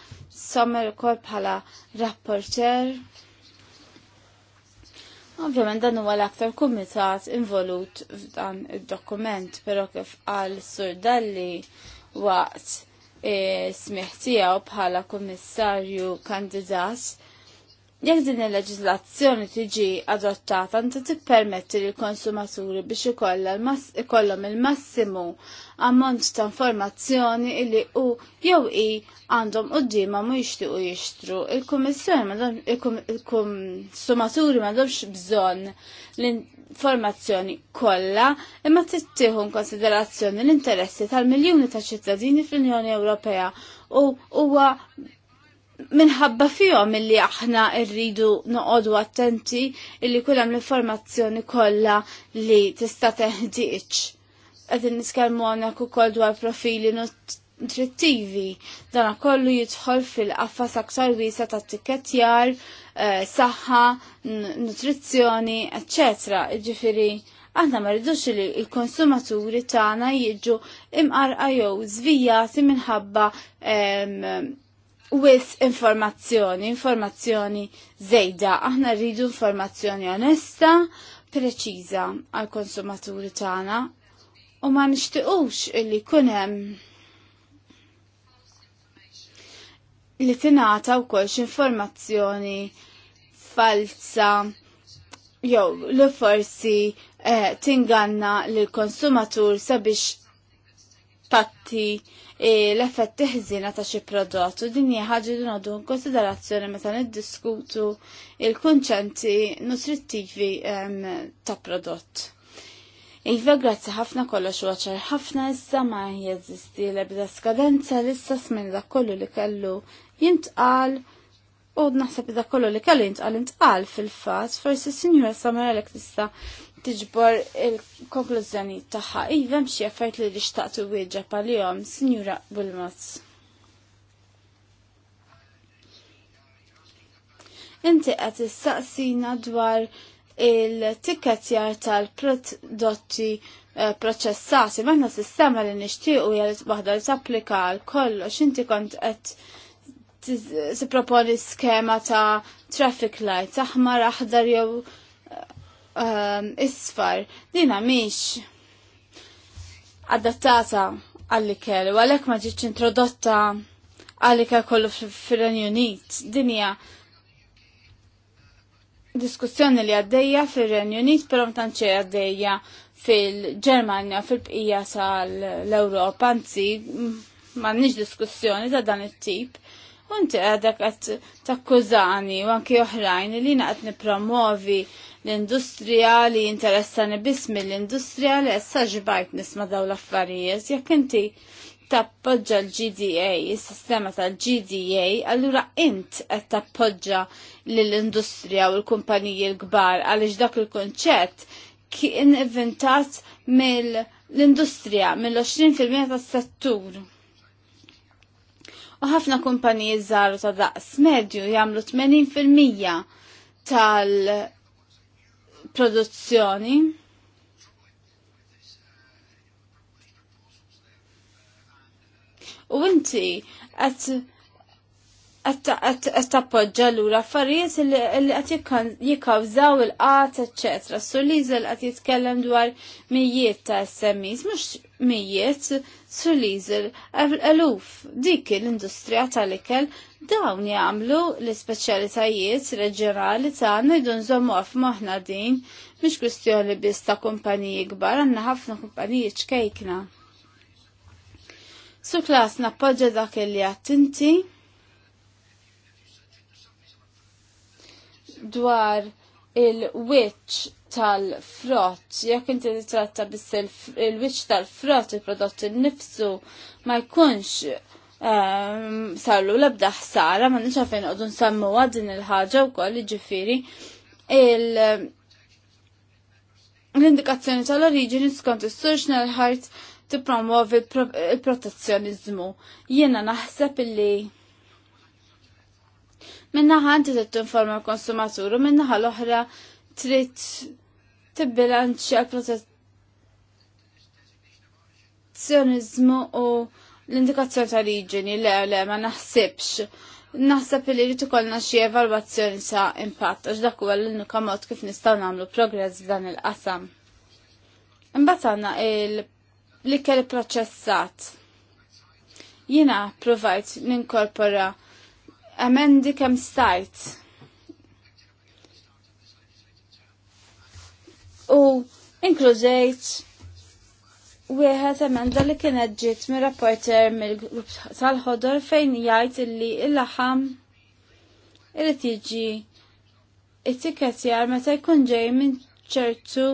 Sommer ukoll bħala rapporter Ovvjament dan huwa l-aktar kumitat involut f'dan id-dokument, però kif qal Sur Dalli waqt e, tiegħu bħala kummissarju kandidat Jekk din il-leġislazzjoni tiġi adottata, inti tippermetti lill konsumaturi biex ikollhom il-massimu ammont ta' informazzjoni li u jew i għandhom qudiema mu jixtiequ jixtru. Il-kummissjoni il-konsumaturi m'għandhomx bżonn l-informazzjoni kollha, imma tittieħu konsiderazzjoni l-interessi tal-miljuni ta' ċittadini fl-Unjoni Ewropea u huwa minħabba fihom illi aħna rridu noqogħdu attenti illi kull hemm l-informazzjoni kollha li tista' teħdiġ. Qegħdin niskellmu hawnhekk ukoll dwar profili nutrittivi. Dan kollu jidħol fil-qafas aktar wiesa ta' tikketjar, eh, saħħa, nutrizzjoni, eċċetera. Jiġifieri aħna ma rridux li l-konsumaturi tagħna jiġu imqarqa jew żvijati minħabba wis informazzjoni, informazzjoni zejda, aħna rridu informazzjoni onesta, preċiża għal konsumaturi tagħna u ma nixtiqux illi hemm li tingħata wkoll informazzjoni falsa jew li forsi eh, tinganna lill konsumatur sabiex patti E, l-effett tiħżina ta' xi prodott u din hija ħaġa li nagħdu konsiderazzjoni meta niddiskutu il-kunċenti nutrittivi ta' prodott. Iva, grazzi ħafna kollox waċar ħafna issa ma jeżisti l-ebda skadenza l-issa smin da kollu li kellu jintqal u naħseb da kollu li kellu jintqal jintqal fil-fat forsi sinjura Samarelek tista tiġbor il-konklużjoni tagħha. Iva xi affajt li rixtaqt wieġa pal-jom, Sinjura Bulmaz. Inti qed issaqsina dwar il-tikketjar tal-prodotti eh, proċessati, maħna sistema li u jgħal waħda li tapplika għal kollox, inti kont qed tipproponi skema ta' traffic lights aħmar aħdar jew Um, isfar. Dina miex adattata għall-ikel, u għalek ma ġiċ introdotta għall-ikel kollu fil-Renjunit. Dinja diskussjoni li għaddeja fil-Renjunit, pero mtanċe għaddeja fil-Germania, fil-bqija tal europa anzi, ma nix diskussjoni ta' dan it-tip. Unti għadek għat takkużani u anki oħrajn li naqt nipromovi promovi l-industrija li interessani biss mill-industrija li jessa ġibajt nisma daw l-affarijiet jekk inti tappoġġa l-GDA, il-sistema tal-GDA, allura int qed tappoġġa lill-industrija u l-kumpaniji l-kbar għaliex dak il-konċett kien inventat mill-industrija mill-20% tas-settur. U ħafna kumpaniji żaru ta' daqs medju jagħmlu 80% tal- produzzjoni. U inti qed għattappoġġa l-ura affarijiet li għat jikawżaw il-qat, etc. Sur Lizel għat jitkellem dwar mijiet ta' SMEs, mux mijiet, Sur Lizel, eluf, dik l-industrija tal-ikel, dawn jgħamlu l ispeċjalitajiet reġjonali ta' najdun zomu għaf maħna din, mux kwistjoni biss ta' kumpaniji gbar, għanna ħafna kumpaniji ċkejkna. Su klas nappoġġa dak li għattinti, dwar il-witch tal-frott, jekk inti titratta biss il-witch tal-frott il-prodott il-nifsu ma jkunx um, sarlu labda ħsara, ma nix għafin għodun sammu għadin il-ħagġa u koll ġifiri l-indikazzjoni tal-oriġini skont il-Social ti promuovi il-protezzjonizmu. Jiena naħseb illi Minnaħa inti trid tinforma l-konsumatur u minnaħa l-oħra trid tibbilanċja l-protezzjonizmu u l-indikazzjoni ta' riġini, le, le, ma naħsibx. Naħseb li rritu ikollna xi evalwazzjoni sa' impatt għax dakku huwa l-unika mod kif nistgħu nagħmlu progress f'dan il-qasam. Imbagħad għandna l-ikel proċessat. Jiena provajt ninkorpora emendi kem stajt. U inklużejt wieħed emenda li kienet ġiet mir rapporter mill-grupp tal-ħodor fejn jgħid illi il-laħam irid jiġi it-tikketjar meta jkun ġej minn ċertu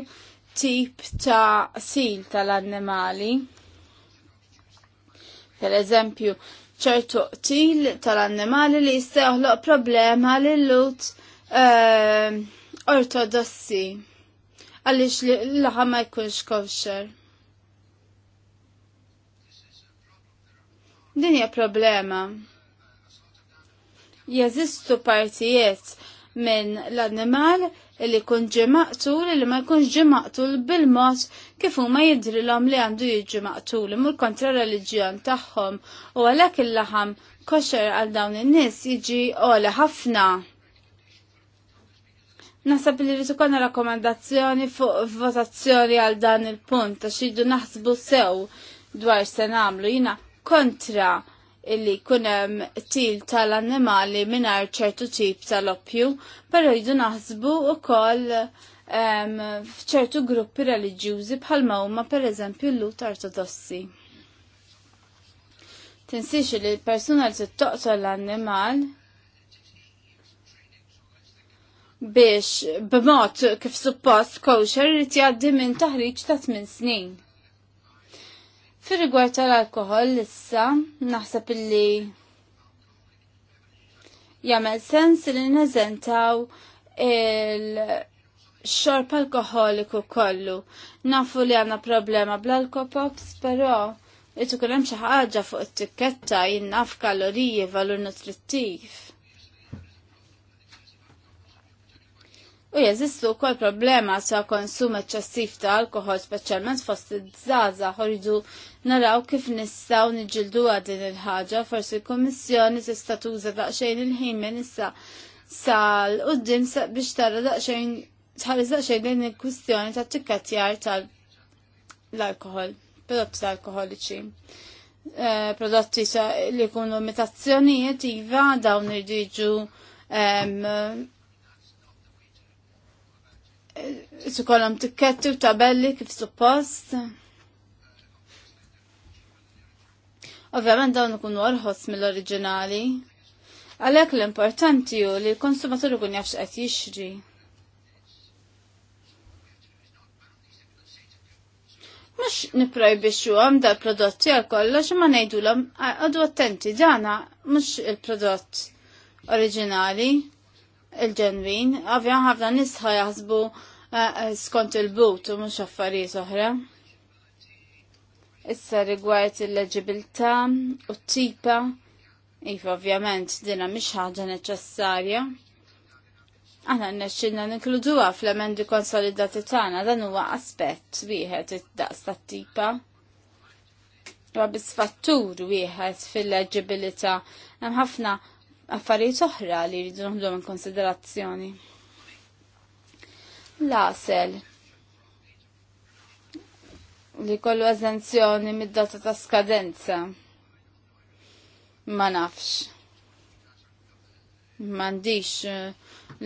tip ta' sil tal-annimali. Per eżempju, ċertu qtil tal-annimali li jistgħu problema l lut ehm, ortodossi għalix l-laħa ma jkunx kosher. Din hija problema. Jeżistu partijiet minn l annimali illi kun ġemaqtul illi ma jkunx ġemaqtul bil-mod kif huma jidrilhom li għandu jiġi maqtul imur kontra reliġjon tagħhom u għalhekk il-laħam koxer għal dawn in-nies jiġi ola ħafna. Nasab li rritu konna rakkomandazzjoni fuq votazzjoni għal dan il-punt għax jidu naħsbu sew dwar se nagħmlu jina kontra illi kunem til tal-annimali minar ċertu tip tal-oppju, pero jidu naħsbu u koll um, fċertu gruppi religjużi bħal mawma per eżempju l-lut ortodossi. Tinsiex li l-persuna li t-toqtol l-annimal biex b'mod kif suppost kosher li jgħaddi minn taħriġ ta' 8 snin. Fir rigward tal-alkohol issa naħseb illi jagħmel sens li neżentaw il-xorb alkoholiku kollu. Nafu li għandna problema bl-alkopops, però Irtu hemm xi ħaġa fuq it-tikketta jinnaf kaloriji valur nutrittiv. U jeżistu kol problema sa konsum eċċessiv ta' alkohol speċjalment fost id żaza ħorridu naraw kif nistaw nġildu din il-ħaġa forsi l-Kummissjoni tista' tuża daqsxejn il-ħin minn issa sal qudiem biex tara daqsxejn tħares daqsxejn din il-kwistjoni ta' tikkattjar tal-alkohol, prodotti alkoholiċi eh, prodotti li kunu imitazzjonijiet iva dawn irridu Tukollom tikketti u tabelli kif suppost. Ovvjament dawn ikunu orħos mill-oriġinali. Għalhekk l-importanti hu li l-konsumatur ikun jafx qed jixri. Mux niprojbixu għam dal prodotti għal kollox ma nejdu l għadu attenti dana mux il-prodott oriġinali il-ġenwin, għavjan ħafna nisħa jazbu eh, eh, skont il-but u mux affarijiet oħra. Issa rigward il-leġibilta u t-tipa, iva ovvjament dina mux ħaġa neċessarja. Aħna nnexxilna ninkluduha fl-emendi konsolidati tagħna dan huwa aspett wieħed id-daqs tat-tipa. Huwa biss fattur wieħed fil-leġibilità hemm ħafna affarijiet oħra li jridu nħdhom in konsiderazzjoni. L-asel li kollu eżenzjoni mid-data ta' skadenza. Ma nafx. Mandiċ eh,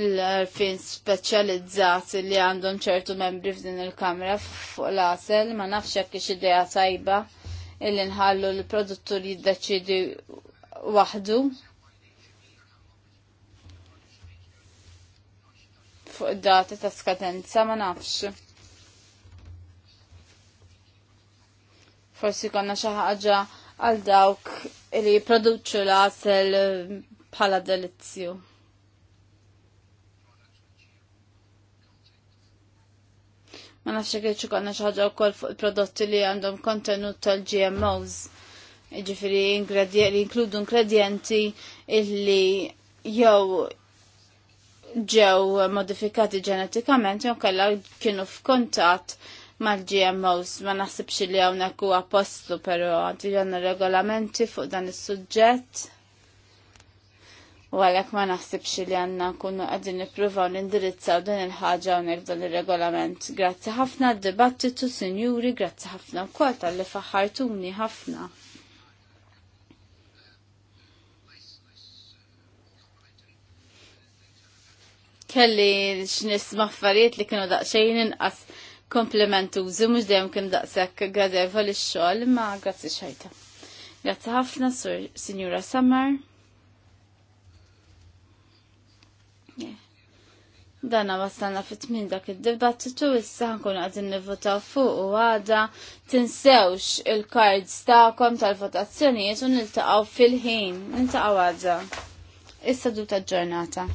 l-arfin specializzati li għandhom ċertu membri f'din il-kamra fuq l-asel, ma nafx jekk ix idea tajba illi nħallu l-produttur jiddeċidi waħdu fuq dati ta' skadenza ma nafx. Forsi konna xi ħaġa għal dawk li jipproduċu l asel bħala delizzju. Ma nafx jekk konna xi ħaġa wkoll fuq il-prodotti li għandhom kontenut tal-GMOs. Iġifiri, li inkludu ingredienti illi jew ġew modifikati ġenetikament jew kellha kienu f'kuntatt mal-GMOs. Ma naħsibx li hawnhekk huwa postu però għandi għandna regolamenti fuq dan is-suġġett. U għalhekk ma naħsibx li għandna nkunu qegħdin nippruvaw nindirizzaw din il-ħaġa hawnhekk dan ir-regolament. Grazzi ħafna d-dibattitu, sinjuri, grazzi ħafna wkoll tal-li faħħartuni ħafna. kelli xnis affarijiet li kienu daqsxejn inqas komplementużi mhux dejjem kien daqshekk gradeva lix xogħol imma grazzi xajta. Grazzi ħafna signora Samar. Dana wasalna fit tmin dak id-dibattitu issa ħankun qegħdin nivvotaw fuq u għada tinsewx il-kards stakom tal-votazzjonijiet u niltaqgħu fil-ħin, nil-taqaw għada. Issa duta ġurnata.